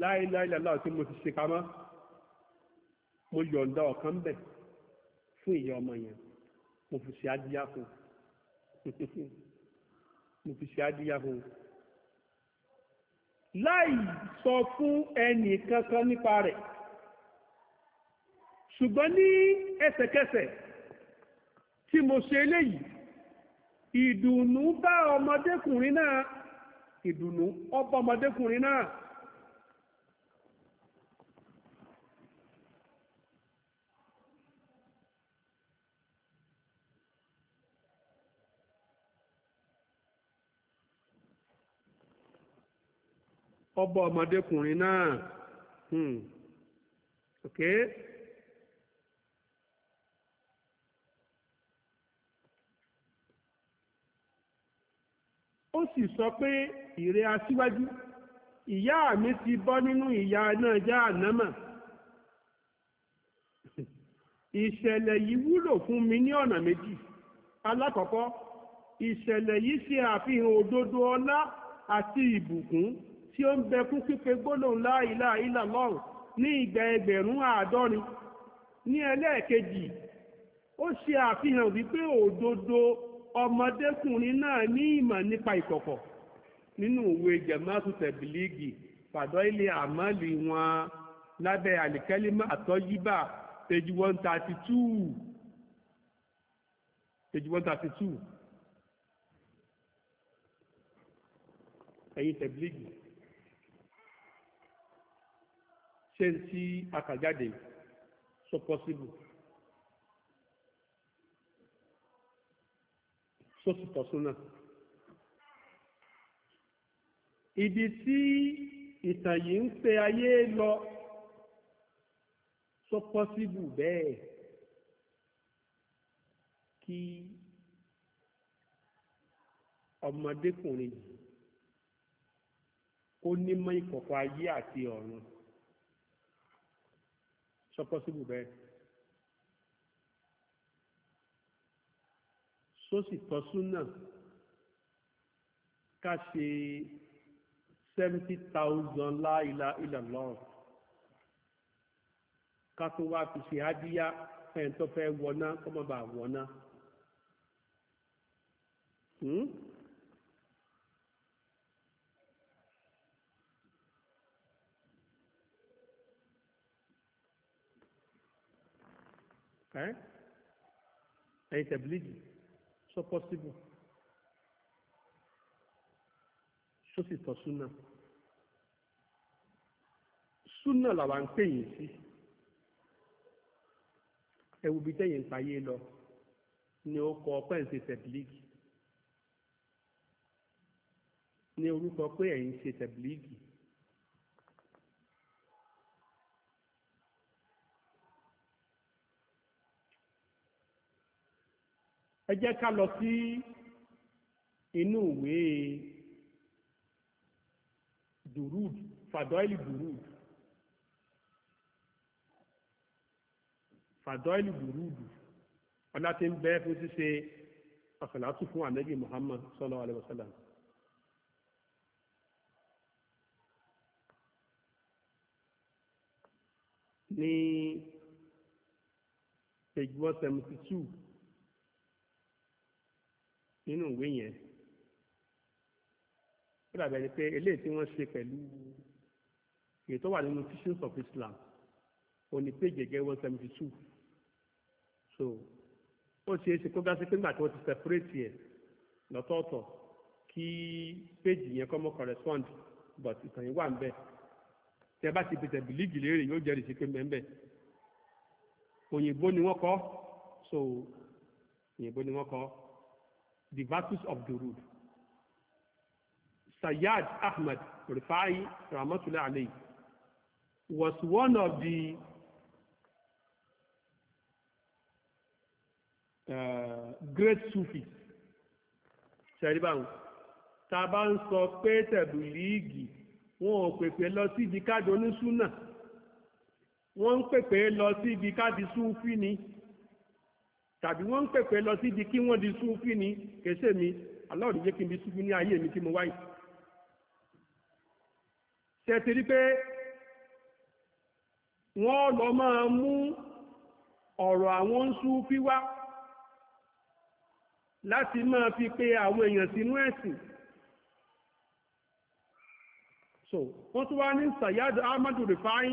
láìláìláìláì tí mo ti ṣe pamọ́ mo yọ̀ǹda ọ̀kan bẹ̀ fún ìyá ọmọ yẹn mo fi ṣe adíyá fún mo fi ṣe adíyá fún láì sọ fún ẹni kankan nípa rẹ̀ ṣùgbọ́n ní ẹsẹ̀kẹsẹ̀ tí mo ṣe eléyìí ìdùnnú bá ọmọdékùnrin náà ìdùnnú ọba ọmọdékùnrin náà ọba ọmọdékùnrin náà hmm. ok ó sì sọ pé ìrẹ aṣíwájú ìyá mi ti bọ́ nínú ìyà náà já ànámà ìṣẹ̀lẹ̀ yìí wúlò fún mi ní ọ̀nà méjì alákọ̀ọ́kọ́ ìṣẹ̀lẹ̀ yìí ṣe àfihàn òdodo ọlá àti ìbùkún tí ó ń bẹ fún pípe gbólóhùn la ilaha illallah ní ìgbà ẹgbẹ̀rún àádọ́rin ní ẹlẹ́ẹ̀kejì ó ṣe àfihàn wípé òdodo ọmọdékùnrin náà ní ìmọ̀ nípa ìkọ̀kọ̀ nínú òwe jẹ̀mátù tẹ̀bílíìgì pàdọ́ ilé àmọ́lì wọn lábẹ́ àlìkẹ́límà àtọ́yíbà page one thirty two page one thirty two ẹ̀yin tẹ̀bílíìgì. ṣé n tí a kà jáde so possible so sì tọ̀sún náà. ibi tí ìtàn yìí ń pe ayé lọ so possible bẹ́ẹ̀ kí ọmọdékùnrin yìí kó nímọ̀ ìkọ̀kọ̀ ayé àti ọ̀run sọ pọ́sibù bẹ́ẹ̀ sósì tọ́sún náà ká ṣe seventy thousand láìla ìlàlọ́ ká tó wá fi ṣe ádíyá fẹ́ẹ̀ tó fẹ́ wọná kọ́mọba wọná. Hmm? ẹ̀yìn tẹ̀bílíìgì sọ pọ́síbù sọ sì tọ́ súnà súnà làwa ń pè yín sí ẹ̀wù bíi tẹ̀yìn ń payé lọ ni ó kọ pẹ́ǹsì tẹ̀bílíìgì ní orúkọ pé ẹ̀yin ṣe tẹ̀bílíìgì ẹ jẹ́ ká lọ sí inú ìwé durud fàdọ́ìlì durud fàdọ́ìlì durud ọlá tí ń bẹ fún ṣíṣe àfàlátù fún ànábì Muhammad sallallahu alaihi ní page one nínú ìwé yẹn ó dàbí ẹni pé eléyìí tí wọ́n ṣe pẹ̀lú èyí tó wà nínú teachings of Islam ó ní page gẹ́gẹ́ one seventy two so ó ṣeé ṣe kó gásí pé nígbà tí wọ́n ti separate yẹn lọ́tọ̀ọ̀tọ̀ kí page yẹn kọ́ mọ́ correspond but ìtàn yìí wà ń bẹ̀ tẹ bá ti pèsè bìlíìgì léèrè yóò jẹ́rìí sí pé mẹ́ńbẹ́ òyìnbó ni wọ́n kọ́ so òyìnbó ni wọ́n kọ́. The Virtues of the Durud. Sayyad Ahmad Rifai Rahmatullah Alayhi was one of the uh, great Sufis. Ṣẹ̀ríbáwọn, ta bá ń sọ pé tẹ̀bùlíìgì wọn ò pèpè lọ síbi káàdì onísúnà, wọ́n ń pèpè lọ síbi káàdì Súfí ni tàbí wọ́n ń pèpè lọ síbi kí wọ́n di súnfì ni kèsè mi aláwọ̀dì jẹ́ kí n di súnfì ní ayé mi tí mo wáyé. tẹ̀sí rí pé wọ́n lọ máa mú ọ̀rọ̀ àwọn súnfì wá láti máa fi pe àwọn èèyàn sínú ẹ̀sìn so wọ́n tún wá ní sayad ahmadu rifai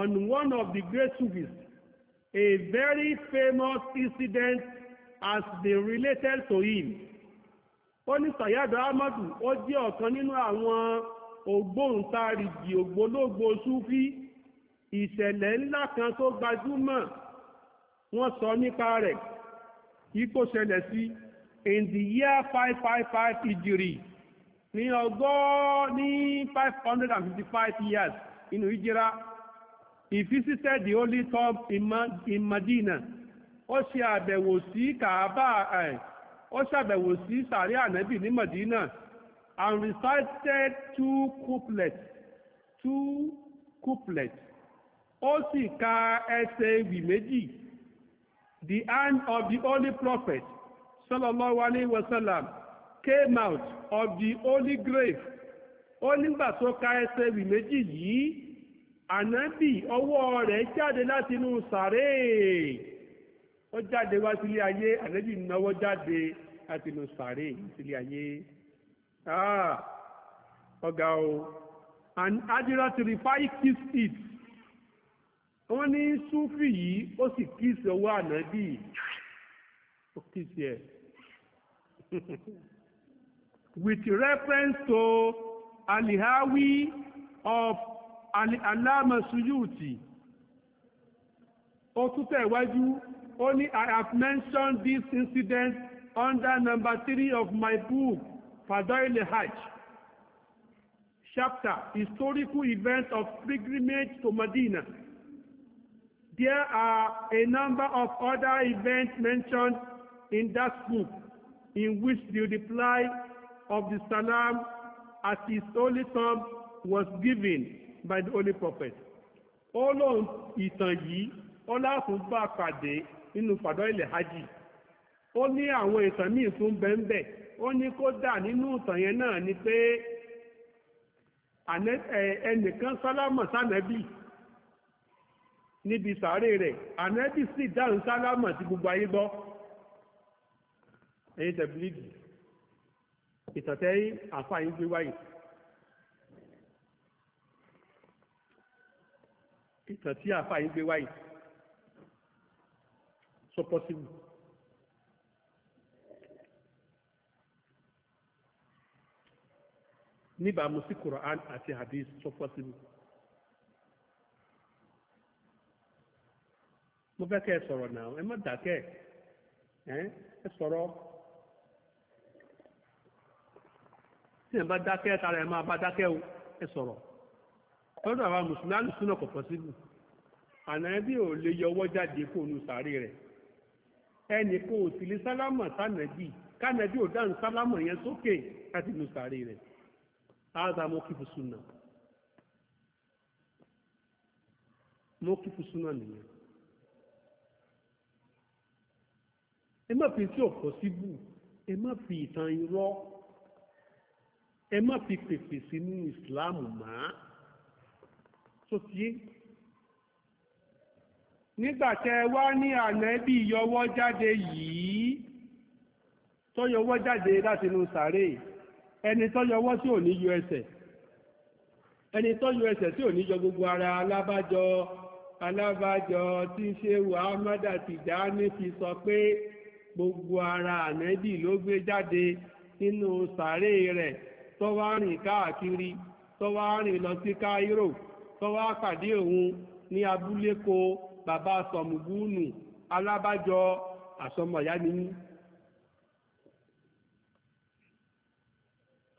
one one of the great sufis a very famous incident as they related to him. ó ní Sayad Ahmadu ó jẹ́ ọ̀kan nínú àwọn ògbóǹtarìgì ògbólógbò Súfí ìṣẹ̀lẹ̀ ńlá kan tó gbajúmọ̀ wọ́n sọ nípa rẹ̀ ipò ṣẹlẹ̀ sí in the year 555 five five ìjìrì ní ọgọ́ ní five hundred and fifty five years inú ìjìrá. He visited the holy tomb in in Medina. Ó ṣe àbẹ̀wò sí Kaaba ẹ̀. Ó ṣàbẹ̀wò sí Sàrí Ànẹ́bì ní Medina and recited two couplets. Two couplets. Ó sì ka ẹsẹ̀ ewì méjì. The hand of the holy prophet sallallahu alayhi wa sallam came out of the holy grave. Ó nígbà tó ka ẹsẹ̀ ewì méjì yìí ànábì ọwọ́ rẹ̀ jáde láti inú sàárè ó jáde wá sílé ayé ànábì náwó jáde láti inú sàárè sílé ayé ah, ọ̀gá o an adirat rifai kiss it wọ́n ní súfì yìí ó sì kíìsì ọwọ́ ànábì ó kiss ẹ̀ with reference to alihawi of aláàmà suyúùtì ó tún tẹ̀wájú ó ní i have mentioned this incident under number three of my book fadoil hajj chapter historical events of pilgrimage to medina there are a number of other events mentioned in that book in which the reply of the salam at his holy tomb was given by the holy prophet ó lóun ìtàn yìí ó láàfún bá pàdé nínú fàdọ́ ilẹ̀ hajj ó ní àwọn ìtàn míì tún bẹ́ńbẹ́ ó ní kódà nínú ìtàn yẹn náà ni pé ẹnìkan sálámọ̀ sànẹ́bì níbi sàárè rẹ̀ ànẹ́bì sì dáhùn sálámọ̀ sí gbogbo ayé gbọ́ ẹ̀yin tẹ̀bílíìgì ìtàn tẹ́yìn àfáà yín gbé wáyé ìtàn tí àáfàá yìí gbé wáyé so possible. níbàámu sí Quran àti hadith so possible. mo fẹ́ kẹ́ ẹ sọ̀rọ̀ náà ẹ má dàkẹ́ ẹ ẹ sọ̀rọ̀ tí ẹ bá dákẹ́ tara ẹ máa bá dákẹ́ ẹ sọ̀rọ̀ lọ́dọ̀ àwọn mùsùlùmí àlùsùn náà kò possible. ànábì ò lè yọwọ́ jáde kó nu sàárè rẹ̀ ẹnì kò sì lè sálámà sànàbì kánàbì ò dáhùn sálámà yẹn sókè láti nu sàárè rẹ̀ áza mo kí fùsùnà mo kí fùsùnà nìyẹn ẹ má fi tí ò pọ̀ síbù ẹ má fi ìtàn irọ́ ẹ má fi pèpè sínú ìsìláàmù mọ́ tó tiẹ́. nígbàtẹ́ wá ní ànábì yọwọ́ jáde yìí tó yọwọ́ jáde láti inú sàárè ẹni tó yọwọ́ tí ò ní yọ ẹni tó tí ò ní yọ gbogbo ara alábájọ alábájọ tí Ṣéhù Ahmad Tìjàní fi sọ pé gbogbo ara ló gbé jáde nínú sàárè rẹ̀ rìn káàkiri lọ sí pàdé òun ní abúlé bàbá sọ̀mùgúnù alábàjọ àsọmọ̀yá ni yín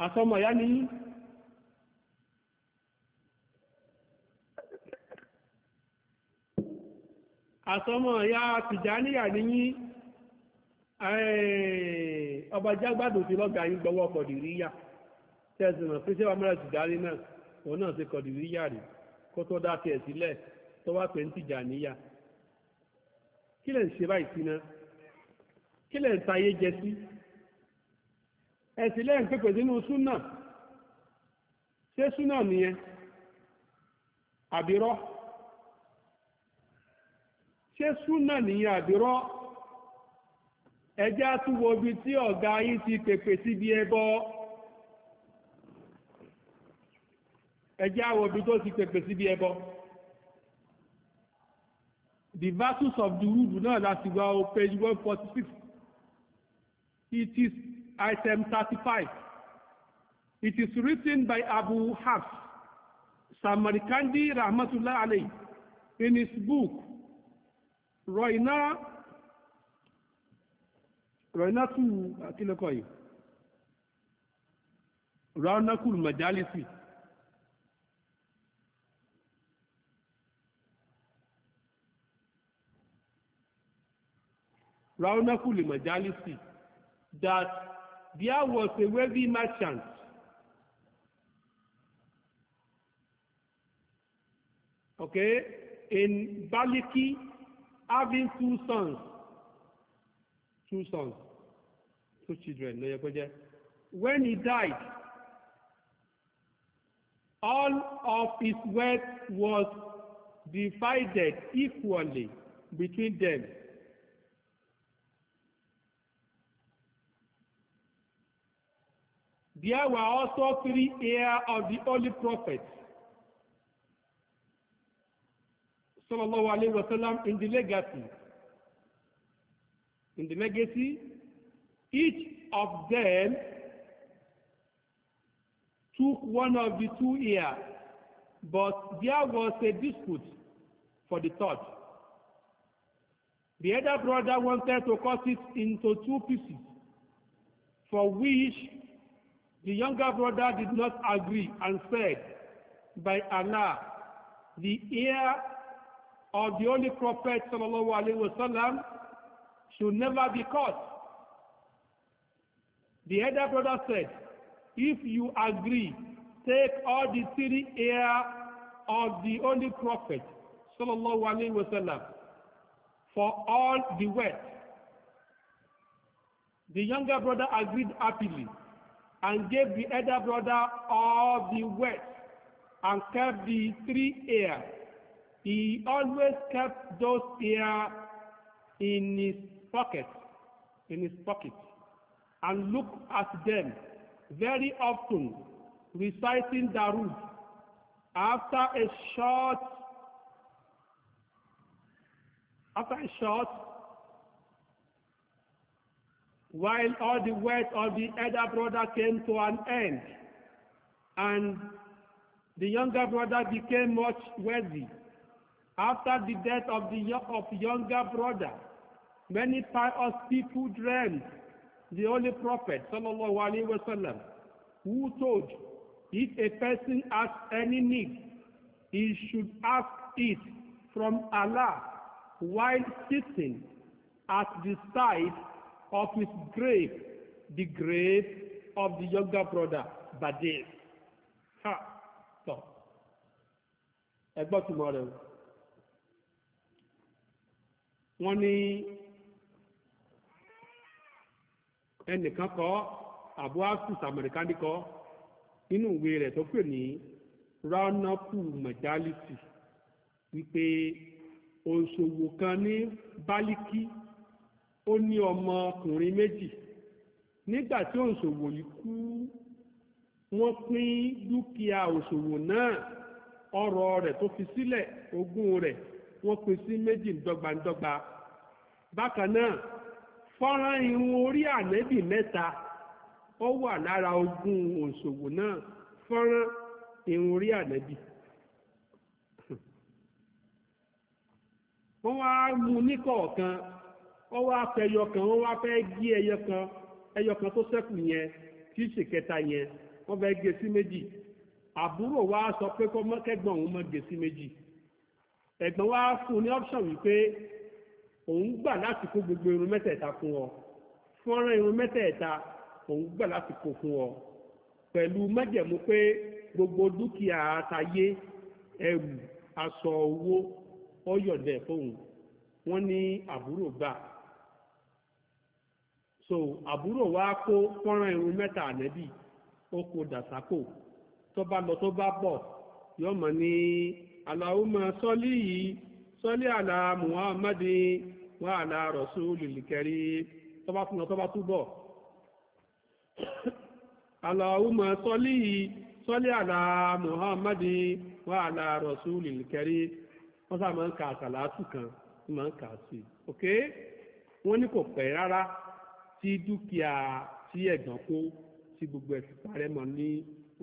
àsọmọ̀yá ni yín. àsọmọ̀ ya tìjáníyà ní yí ọba jágbádò ti lọ́gà yí gbọ́wọ́ kọ̀dìríyà tẹ́sìmọ̀ pé ṣé wàá mẹ́rẹ̀ tìjárí náà òun náà ti kọ̀dìríyà rí kó tó dá tiẹ̀ sílẹ̀ tó wá pè ń níyà kí lè ń ṣe báyìí sí kí lè ń ta ayé jẹ sí ẹ̀sìn lẹ́yìn pépè sínú súnà ṣé súnà nìyẹn àbírọ́ ṣé súnà nìyẹn àbírọ́ ẹjá túwọ́ bí tí ọ̀gá ti pèpè síbi bí tó ti pèpè síbi the virtues of the wood náà láti gba o page one forty six it is item thirty five it is written by abu hafs Samarikandi rahmatullah alayh in his book roina roinatu akilokoi roinakul majalisi. Raunaku Limajalisi that there was a wealthy merchant okay, in Baliki having two sons, two sons, two children, When he died, all of his wealth was divided equally between them. There were also three heirs of the holy prophet. Sallallahu alaihi wasallam) in the legacy. In the legacy, each of them took one of the two heirs, but there was a dispute for the third. The elder brother wanted to cut it into two pieces, for which The younger brother did not agree and said, By Allah, the heir of the only Prophet wasallam should never be caught. The elder brother said, If you agree, take all the three heir of the only Prophet wasallam for all the wealth. The younger brother agreed happily and gave the elder brother all the wealth and kept the three heirs. He always kept those heirs in his pocket, in his pocket, and looked at them very often, reciting the Darud. After a short, after a short while all the words of the elder brother came to an end, and the younger brother became much wealthy. After the death of the of younger brother, many pious people dreamed the Holy Prophet sallallahu alaihi wasallam, who told, if a person has any need, he should ask it from Allah while sitting at the side of his grave, the grave of the younger brother, Badil. Ha! Tọ́. Ẹgbọ́n tí mo rẹ̀ o. Wọ́n ní ẹnìkan kọ́ àbú asus amẹ̀ríkánì kọ́ nínú ìwé rẹ̀ tó pè ní ránápù mẹ̀dálítì wípé òṣòwò kan ní bálíkì ó ní ọmọkùnrin méjì nígbà tí òǹṣòwò yìí kú wọ́n pín dúkìá òṣòwò náà ọrọ̀ rẹ̀ tó fi sílẹ̀ ogún rẹ̀ wọ́n pín sí méjì ńdọ́gbandọ́gba bákan náà fọ́nrán irun orí ànẹ́bì mẹ́ta ó wà lára ogún òṣòwò náà fọ́nrán irun orí ànẹ́bì. wọ́n wá mú ní kọ̀ọ̀kan wọ́n wá fẹ́ ẹyọ kan wọ́n wá fẹ́ gé ẹyọ kan ẹyọ kan tó sẹ́kù yẹn tí í ṣe kẹta yẹn wọ́n fẹ́ gé sí méjì àbúrò wa sọ pé kẹ́gbọ́n òun máa gé sí méjì ẹ̀gbọ́n wa fún ní option wípé òun gbà láti kó gbogbo irun mẹ́tẹ̀ẹ̀ta fún ọ fọ́nrán irun mẹ́tẹ̀ẹ̀ta òun gbà láti kó fún ọ pẹ̀lú májẹ̀mú pé gbogbo dúkìá àtayé ẹrù aṣọ owó ọyọ̀dẹ̀ fóun wọ́n ní àbúrò gbà so àbúrò wa kó fọ́nrán irun mẹ́ta ànẹ́bì ó kó tó bá lọ tó bá bọ̀ yóò ní Allahumma sọ́lí yìí àlà Muhammadin wa àlà Rasulil Karim tó bá tún lọ tó bá yìí àlà Muhammadin wa àlà Rasulil Karim wọ́n sábà máa ń ka kan wọ́n máa ń sí i ok wọ́n ní kò tí dúkìá tí ẹ̀gàn kó tí gbogbo ẹ̀ ti parẹ́ mọ́ ní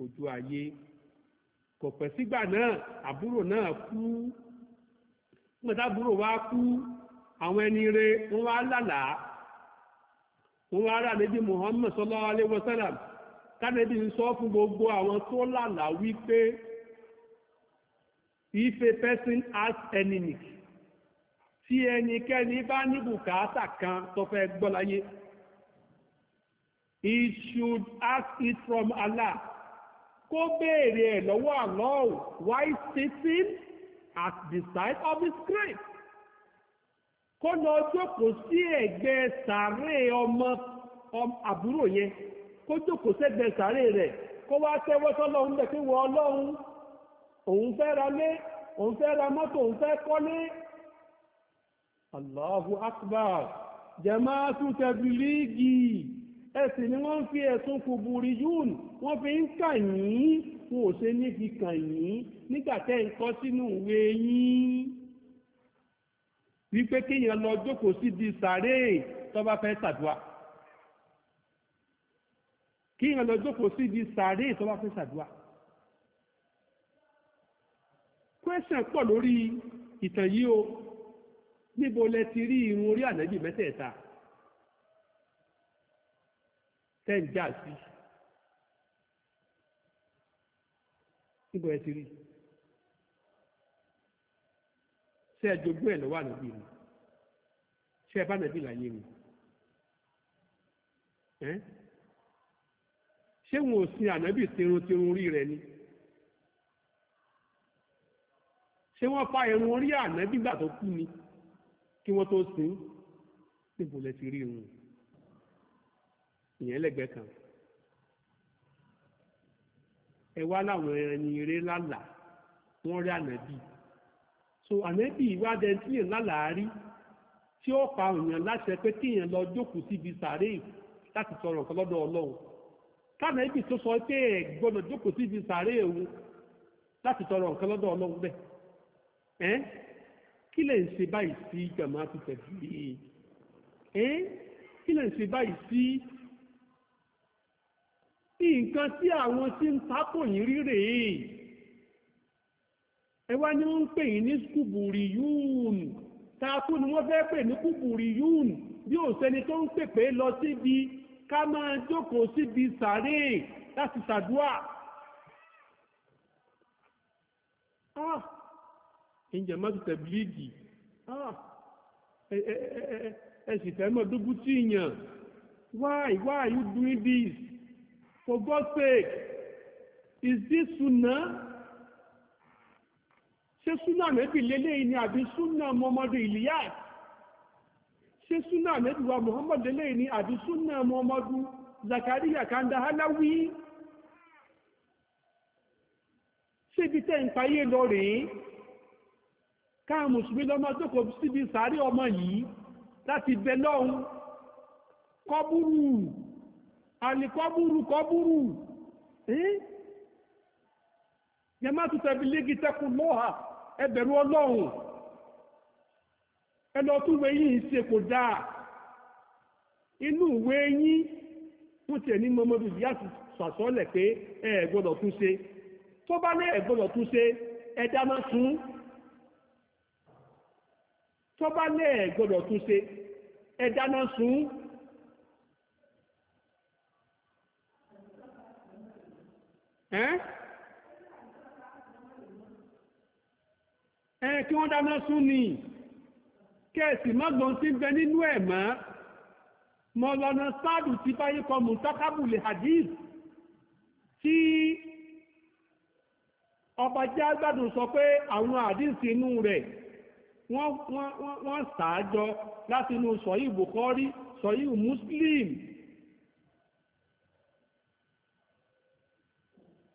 ojú ayé kò pẹ́ sígbà náà àbúrò náà kú nígbàtà àbúrò wa kú àwọn ẹni re wọ́n wá lálàá wọ́n wá rà níbi Muhammad sallallahu alaihi wasallam kánẹ́bí ń sọ fún gbogbo àwọn tó lálàá wípé if a person has enemy tí ẹnikẹ́ni bá ní bùkátà kan tó fẹ́ gbọ́ láyé he should ask it from Allah kó béèrè ẹ̀ lọ́wọ́ Allah while sitting at the side of the grave kó lọ jókòó sí ẹ̀gbẹ́ sàárè ọmọ àbúrò yẹn kó jókòó sẹ́gbẹ́ sàárè rẹ̀ kó wá tẹ́wọ́ sọ́lọ́run bẹ̀ pé wọ òun fẹ́ ra lé òun fẹ́ ra mọ́tò òun fẹ́ kọ́lé Allahu Akbar jamaatu tablighi ẹ̀sìn ni wọ́n fi ẹ̀sùn kùbùrì yún wọ́n fi ń kà yín wọn ò ṣe ní fi kàn yín nígbà tẹ́ ń kọ́ sínú ìwé yín wípé kéèyàn lọ jókòó sí di sàárè tó bá fẹ́ ṣàdúrà kéèyàn lọ jókòó sí di sàárè tó bá fẹ́ ṣàdúrà kwẹ́sàn pọ̀ lórí ìtàn yìí o níbo lẹ ti rí irun orí ànábì mẹ́tẹ̀ẹ̀ta tẹ́ ń já sí níbo ẹ ti rí ṣé ẹ jogún ẹ̀ lọ́wọ́ ànábì ni ṣé ẹ bá ànábì láyé ni ṣé wọn ò sin ànábì tiruntirun rí rẹ ni ṣé wọ́n pa irun orí ànábì gbà tó kú ni kí wọ́n tó sin níbo lẹ ti rí irun ìyẹn lẹ́gbẹ̀ẹ́ kan ẹ wá láwọn ẹni eré lálà wọ́n rí ànábì so ànábì ìwádẹ tí èèyàn lálàárí tí ó pa èèyàn láṣẹ pé kéèyàn lọ jókòó síbi sàárè láti tọrọ nǹkan lọ́dọ̀ ọlọ́run kánàbì tó sọ pé ẹ gbọ́dọ̀ jókòó síbi sàárè òun láti tọrọ nǹkan lọ́dọ̀ ọlọ́run bẹ́ẹ̀ ẹ́ kí lè ń ṣe báyìí sí jàmáà ti tẹ̀lé ẹ́ kí lè ń ṣe báyìí sí nǹkan tí àwọn tí ń tako yìí rírè ẹ wá ní wọ́n ń pè yín ní kùbùrì yún takú ni wọ́n fẹ́ pè ní kùbùrì yún bí ò sẹ́ni tó ń pèpè lọ síbi ká máa jókòó síbi sàárè láti ṣàdúà. ìjẹ́ ah! má ti tẹ̀bílíìgì ah! ẹ sì fẹ́ mọ́ dúkú tíyàn why why you doing this? For God's sake, is this sunnah? Ṣé súnà nẹ́bì lélẹ́yìn ni àbí súnà Muhammadu Ilyas? Ṣé súnà nẹ́bì wa Muhammadu lélẹ́yìn ni àbí súnà Muhammadu Zakariya Kandahalawi? Ṣé ibi tẹ́ ń payé lọ rèé? Káà Mùsùlùmí lọ́mọ tó kò síbi sàárè ọmọ yìí láti bẹ lọ́hùn. Kọ́búrú ali kọ yẹmá kọ tẹ̀bí léegi tẹ́kù lọ́ha ẹbẹ̀rù ọlọ́run ẹlọ tó wé yìí ṣe kò dáa inú ìwé yín tó tẹ̀ ní mọ́mọ́dù yá sàsọ́lẹ̀ pé ẹ gbọ́dọ̀ tún ṣe tó ẹ gbọ́dọ̀ tún ṣe ẹ dáná ẹ gbọ́dọ̀ tún sun. ẹ́ kí wọ́n dáná sún ni kẹ́ẹ̀sì mọ́gbọ́n tí ń bẹ nínú ẹ̀ mọ́ mọ́lọ́nà sáàdù ti báyé kọ mùtákábùlé hadith tí ọba jẹ́ agbádùn sọ pé àwọn hadith inú rẹ̀ wọ́n sàájọ láti inú sọ̀yí Bukhari sọ̀yí Muslim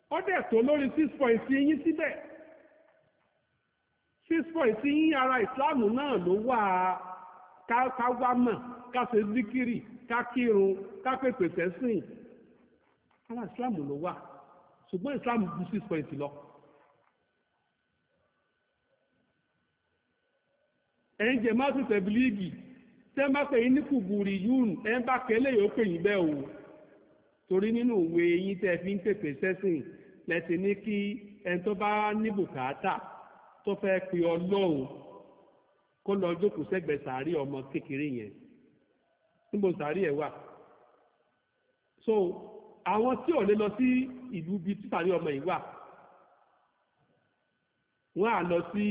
ó dẹ̀ tó lórí six point sí yín síbẹ̀ six point sí yín ara ìsìláàmù náà ló wà á ká wá mọ̀ ká ṣe díkìrì ká kírun ká pèpè sẹ́sìn ara ìsìláàmù ló wà ṣùgbọ́n ìsìláàmù ju six point lọ. ẹ̀yin jẹ́ máa tún tẹ̀bílíìgì tẹ́ ń bá pè yín ní kùbùrì yún ẹ̀ bá kẹ́lẹ́ yóò pè yín bẹ́ẹ̀ o torí nínú òwe yín tẹ́ fi ń pèpè sẹ́sìn lẹ́tì ní kí ẹni tó bá ní bùkátà tó fẹ́ pe ọlọ́run kó lọ jókòó sẹ́gbẹ̀ẹ́ sàárì ọmọ kékeré yẹn níbo sàárì ẹ̀ wà so àwọn tí ò lè lọ sí ìlú bíi tí sàárì ọmọ yìí wà wọ́n á lọ sí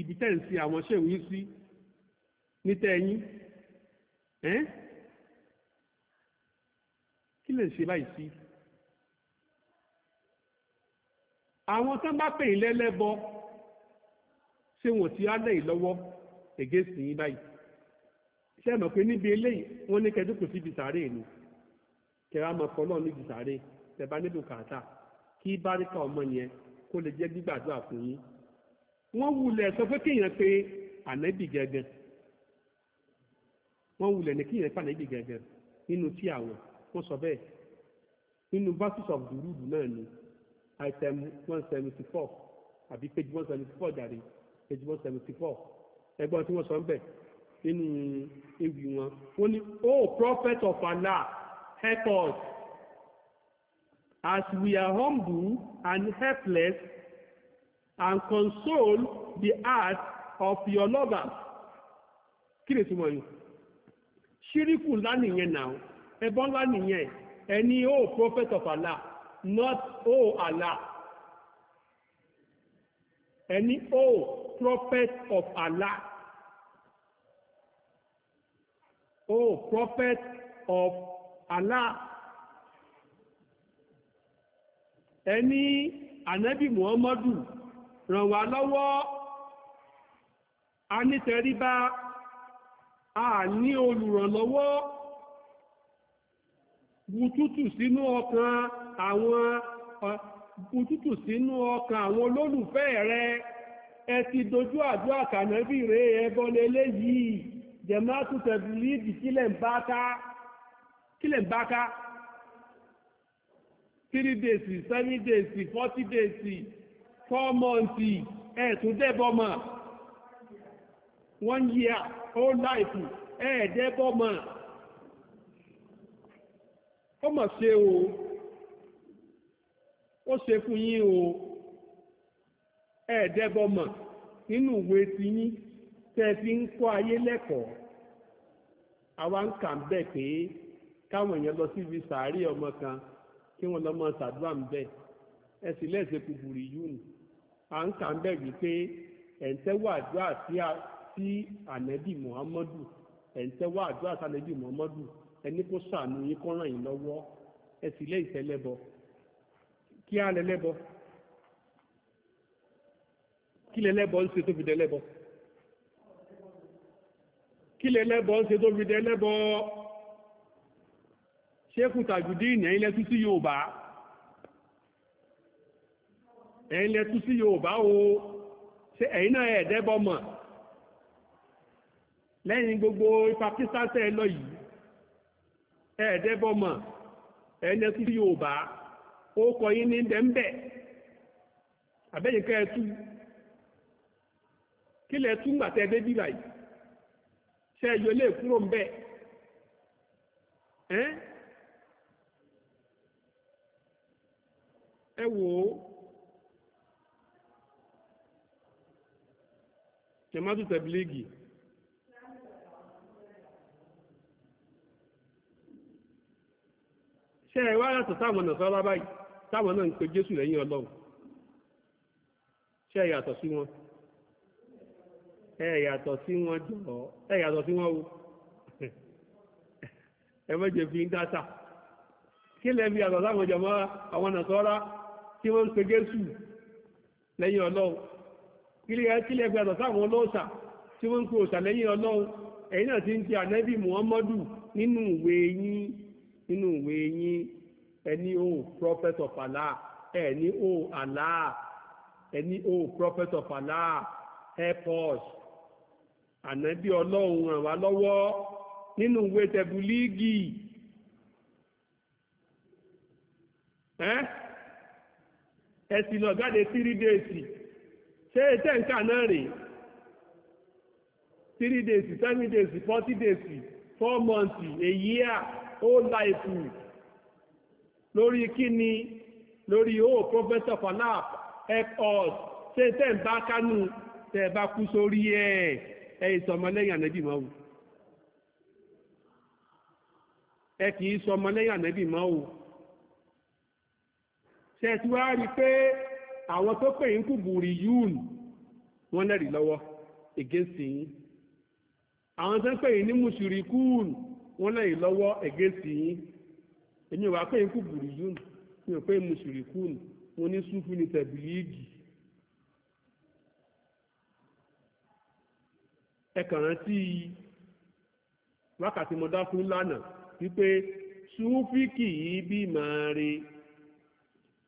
ibi tẹ́ǹsì àwọn ṣèwé sí ní tẹ́yìn Eh? kí lè ṣe báyìí sí. àwọn tán bá pè é lẹ́lẹ́bọ ṣé wọn ti á lẹ́yìn lọ́wọ́ against yín báyìí ṣé ẹ mọ̀ pé níbi eléyìí wọ́n ní kẹ́dùkù síbi sàárè ni kẹ́rẹ́ àmọ́ kọ́lọ́ níbi sàárè tẹ̀bá níbi kàtà kí báríkà ọmọ yẹn kó lè jẹ́ gbígbàdúrà fún yín wọ́n wulẹ̀ sọ pé kéèyàn pé ànábì gẹ́gẹ́ wọ́n wulẹ̀ ní kéèyàn pé gẹ́gẹ́ nínú tí àwọn ó sọ bẹ́ẹ̀ nínú verses of durudu náà ni item one seventy four àbí page one seventy four jàre page one seventy four ẹgbọ́n tí wọ́n sọ ń bẹ̀ nínú ewì wọn wọ́n ní o prophet of Allah help us as we are humble and helpless and console the heart of your lovers kí ni ìtumọ̀ yìí ṣíríkù lánìyẹn náà ẹbọ ńlá nìyẹn ẹni ó prophet of Allah not o Allah ẹni o prophet of Allah o prophet of Allah ẹni anabi Muhammadu ràn wá lọ́wọ́ a ní tẹríba a ní olùrànlọ́wọ́ bùtútù sínú ọkàn àwọn bùtútù sínú ọkàn àwọn olólùfẹ́ rẹ ẹ ti dojú àdúrà kànáfì rè ẹbọ lélẹ́yìí jẹ̀mátù tẹ̀bílíìdì kílẹ̀ ń bá ká kílẹ̀ ń bá ká three days seven days forty days four months ẹ̀tún dẹ́bọ̀ mọ̀ one year whole life ẹ̀ẹ́dẹ́bọ̀ mọ̀ ó mà ṣe o ó ṣe fún yín o ẹ̀ẹ́dẹ́gbọ́mọ̀ nínú ìwé ti yín tẹ́ fi ń kọ́ ayé lẹ́kọ̀ọ́ àwa ń kà ń bẹ̀ pé káwọn èèyàn lọ síbi sàárè ọmọ kan kí wọ́n lọ́mọ sàdúrà ń bẹ̀ ẹ sì lẹ́sẹ̀ kùbùrì yún à ń kà ń bẹ̀ wípé ẹ̀ǹtẹ́wọ́ sí ànẹ́bì Muhammadu ẹ̀ǹtẹ́wọ́ sí ànẹ́bì Muhammadu ẹni kó sàánú yín kó ràn yín lọ́wọ́ ẹ sì lé ìtẹ́lẹ́bọ kí á lẹ́lẹ́bọ kí lẹ́lẹ́bọ ń ṣe tó fi dẹ́lẹ́bọ kí lẹ́lẹ́bọ ń ṣe tó fi dẹ́lẹ́bọ ṣékù tàjùdí ìyẹn ilẹ̀ tún sí Yorùbá ẹ̀yin lẹ́tú sí Yorùbá o ṣe ẹ̀yin náà ẹ̀ẹ́dẹ́bọ mọ̀ lẹ́yìn gbogbo ipa kísáṣẹ́ lọ yìí ẹ̀ẹ́dẹ́bọ̀mọ̀ ẹ̀ẹ́nẹ́ tún sí Yorùbá ó kọ yín ní dẹ́ńbẹ̀ àbẹ́yìnká ẹtú kí lẹ tún gbà tẹ́ débí báyìí ṣe ẹ̀yọ lè kúrò ń bẹ̀ ẹ́ ẹ wò ó jẹ́mátù tẹ̀bílígì. ṣe ẹ wá yàtọ̀ táwọn náà sọ́ra báyìí táwọn náà ń pe Jésù lẹ́yìn Ọlọ́run ṣe ẹ sí wọn ẹ sí wọn jọ ẹ sí wọn o ẹ fi ń dáta kí táwọn àwọn tí wọ́n ń Jésù lẹ́yìn Ọlọ́run kí táwọn tí wọ́n nínú ìwé yín ẹni ohun prophet of Allah ẹni ohun Allah ẹni ohun prophet of Allah help us ànábì ọlọ́run ràn wá lọ́wọ́ nínú ìwé tẹ̀bùlíìgì ẹ̀sìn lọ jáde tírí days ṣé ètẹ́ nǹkan náà rè three days seven days forty days four months a year ó la ìfù lórí kíni lórí ó professor fanap help us ṣe tẹ́ ń bá kánú tẹ́ bá kú sórí ẹ̀ ẹ ìsọmọlẹ́yìn ànẹ́bì mọ́ o ẹ kì í sọmọlẹ́yìn ànẹ́bì mọ́ o ṣe ti wá rí pé àwọn tó pè ń yún lẹ́rìí lọ́wọ́ against yín àwọn tó pè wọ́n lẹ́yìn lọ́wọ́ ẹ̀gẹ́sì yín èmi wà pé ikú bùrù yún mi ò pé mùsùlùkùn mo ní súnfún ní tẹ̀bílíìgì ẹ kàn rántí wákàtí mo dá fún lánàá wípé súnfí kì í bí màá re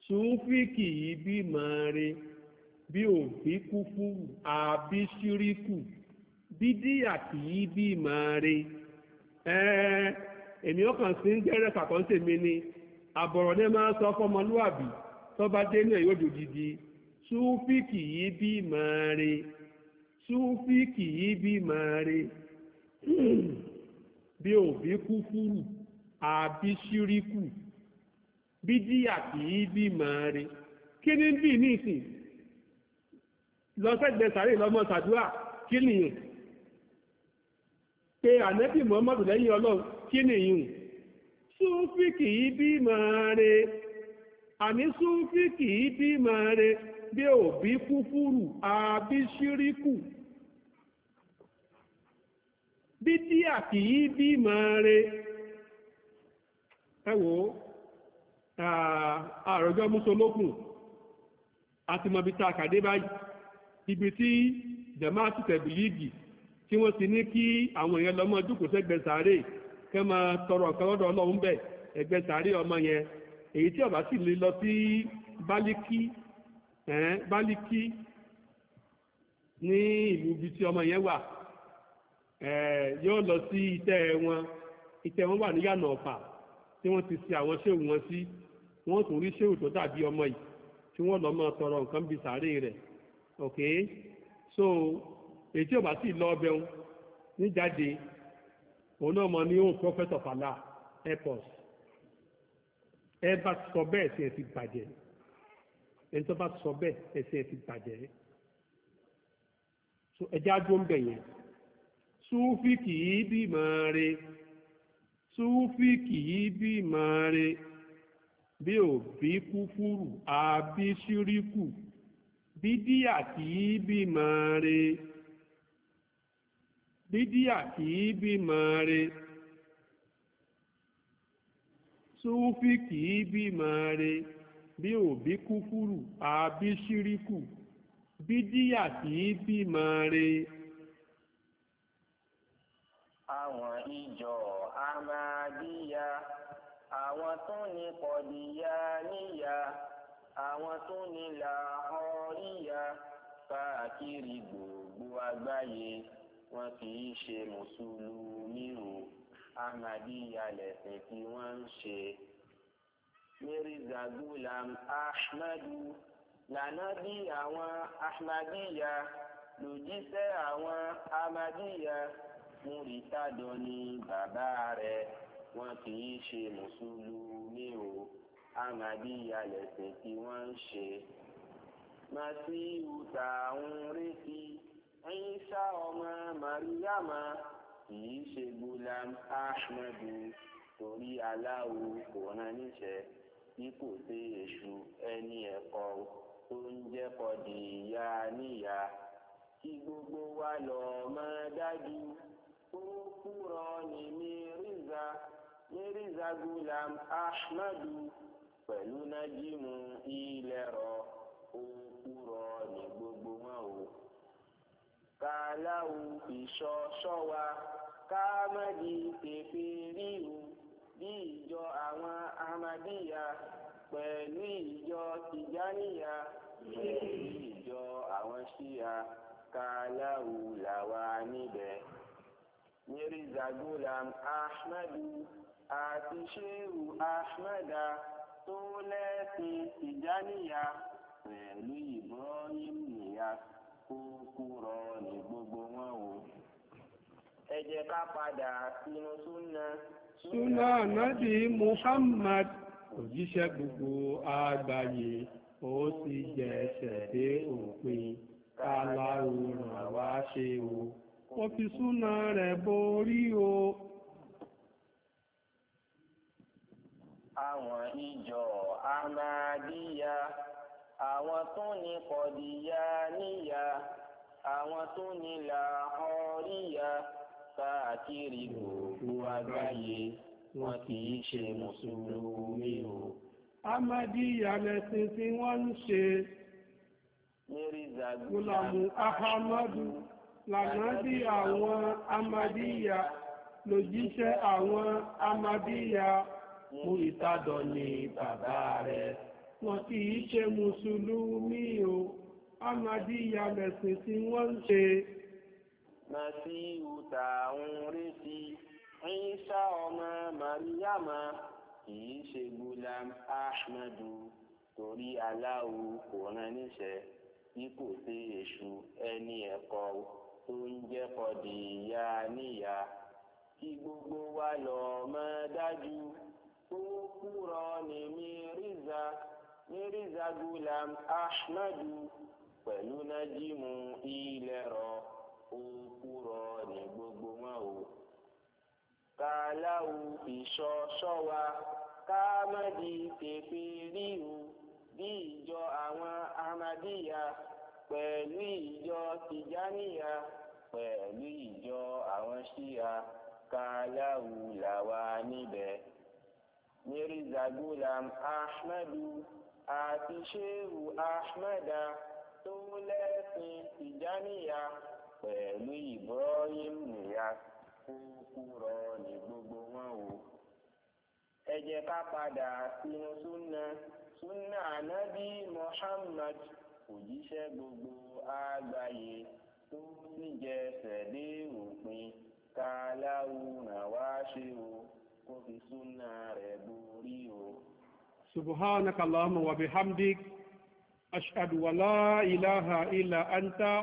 súnfí kì í bí màá re bí òbí kúfú àbí ṣíríkù bídíà kì í bí màá re. ẹ̀ẹ́ èmi ó sí ń jẹ́rẹ́ mi ni àbọ̀rọ̀ ní máa sọ fọmọlúàbí tó bá dé náà yóò dòdìdì súfì kì bí màá re súfì kì bí màá re bí òbí àbí ṣíríkù kì í bí kí ni bí lọ sàárè pé ànẹ́bì Muhammadu lẹ́yìn ọlọ́run kí ni ìyún súnfì kì í bí máa re àní súnfì kì í bí máa re bí ò bí kúfúrù àbí ṣíríkù bídíà kì í bí máa re ẹ wò ó àròjọ musolókun àti mọ̀bí ta báyìí ibi tí dẹ̀máàtì tẹ̀bìlì yìí tí wọ́n ti ní kí àwọn èèyàn lọ́mọ jókòó sẹ́gbẹ̀ẹ́ sàárè kẹ́ máa tọrọ ọ̀kan lọ́dọ̀ ọlọ́run bẹ̀ ẹgbẹ́ sàárè ọmọ yẹn èyí tí ọ̀bá sì lè lọ sí bálíkí bálíkí ní ìlú ibi tí ọmọ yẹn wà yóò lọ sí itẹ́ wọn itẹ́ wọn wà ní yànà ọ̀fà tí wọ́n ti ṣe àwọn ṣéwù wọn sí wọ́n tún rí ṣéwù tó dàbí ọmọ yìí tí wọ́n lọ́ tọrọ nǹkan bíi sàárè rẹ̀ so èyí tí ò bá sì lọ ọbẹ̀ òun níjáde òun náà mọ ní òun prophet of Allah airport ẹ bá sọ bẹ́ẹ̀ ẹ̀sìn ẹ̀ ti bàjẹ́ ẹni tó bá sọ bẹ́ẹ̀ ẹ̀sìn ti bàjẹ́ so ẹjẹ́ adó ń bẹ̀ yẹn súfì kì í bí màá re súfì kì í bí màá re bí ò bí kúkúrú àbí ṣíríkù bídíà kì í bí màá bídíà kìí bímọ re súfì kìí bímọ re bí òbí kúfúrù àbí ṣíríkù bídíà kìí bímọ re. àwọn ìjọ Ahmadiyya àwọn tó ní kọ̀díyà níyà àwọn tó ní làhọ́ríyà káàkiri gbogbo àgbáyé wọn kì í ṣe mùsùlùmí o ahmadiyya lẹ̀sìn tí wọ́n ń ṣe. mirza gulam ahmadu lànábì àwọn ahmadiyya lòjíṣẹ́ àwọn ahmadiyya múritádọ ni bàbá rẹ̀ wọn kì í ṣe mùsùlùmí o ahmadiyya lẹ̀sìn tí wọ́n ń ṣe. màsíù tààrùn rétí. Ìsá ọmọ Màríyàmá kìí ṣe Gulam Ahmadu torí aláwo kò rán níṣẹ́ bí kò sí èṣù ẹni ẹ̀kọ́ tó ń jẹ́kọ̀ di ìyá níyà kí gbogbo wa lọ mọ̀ dájú ó kúrọ ní Mírízà Mírízà Gulam Ahmadu pẹ̀lú nájímù ilẹ̀ rọ ó kúrọ ní gbogbo wọn o kàláwù ìṣọ ṣọwa káàmọ́dì pèpè ríru bí ìjọ àwọn ahmadíyà pẹ̀lú ìjọ tìjáníyà pẹ̀lú ìjọ àwọn ṣíyà kàláwù làwà níbẹ̀. Mirza zagulam Ahmadu àti Shehu Ahmada tó lẹ́sìn tìjáníyà pẹ̀lú Ibrahim Niyas kúkúrọ ní gbogbo wọn o. ẹ jẹ́ ká padà sínú súnà. súnà nábì Muhammad òjíṣẹ́ gbogbo àgbáyé ó sì jẹ́sẹ̀ dé òpin kálárò ràn wá ṣe o ó fi súnà rẹ̀ borí o. àwọn ìjọ ahmadiyya àwọn tó ní kọ̀díyà níyà àwọn tó ní làhọ́ríyà káàkiri gbogbo àgbáyé wọn kì í ṣe mùsùlùmí o. Ahmadiyya lẹ́sìn tí wọ́n ń ṣe. Gùlàmù Ahamadu lànàbí àwọn Ahmadiyya lòjíṣẹ́ àwọn Ahmadiyya mú ìtàdọ̀ ní bàbá rẹ̀ wọn kì í ṣe mùsùlùmí o amadiya lẹ̀sìn tí wọ́n ń ṣe. màsíù tá ń retí Ìsá ọmọ màríyàmá kì í ṣe gulam ahmadu torí aláwo kò rán níṣẹ́ bí kò sí èṣù ẹni ẹ̀kọ́ tó ń jẹ́ kọ́dì ìyá níyà kí gbogbo wa lọ́ọ́ mọ̀ dájú tó kúrò ní mírízà mírízà gulam ahmadu pẹ̀lú nájímù ilẹ̀rọ òkúrọ̀ ní gbogbo wọn o. kàláwù ìṣọ́ ṣọ́wa káàmádì tèpé ríru bí ìjọ àwọn amadíyà pẹ̀lú ìjọ tìjáníyà pẹ̀lú ìjọ àwọn ṣíya kàláwù làwa níbẹ̀. mírízà gulam ahmadu àti ṣéhù ahmeda tó lẹ́sìn tìjáníyà pẹ̀lú ibrahim nìyà kó kúrọ ní gbogbo wọn o. ẹ ká padà sínú súnà súnà ànábì muhammad òjíṣẹ́ gbogbo àgbáyé tó sì jẹsẹ̀ dé òpin ká láwùrán wá ṣe o kó fi súnà rẹ̀ borí o. سبحانك اللهم وبحمدك أشهد ولا إله إلا أنت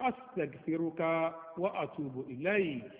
أستغفرك وأتوب إليك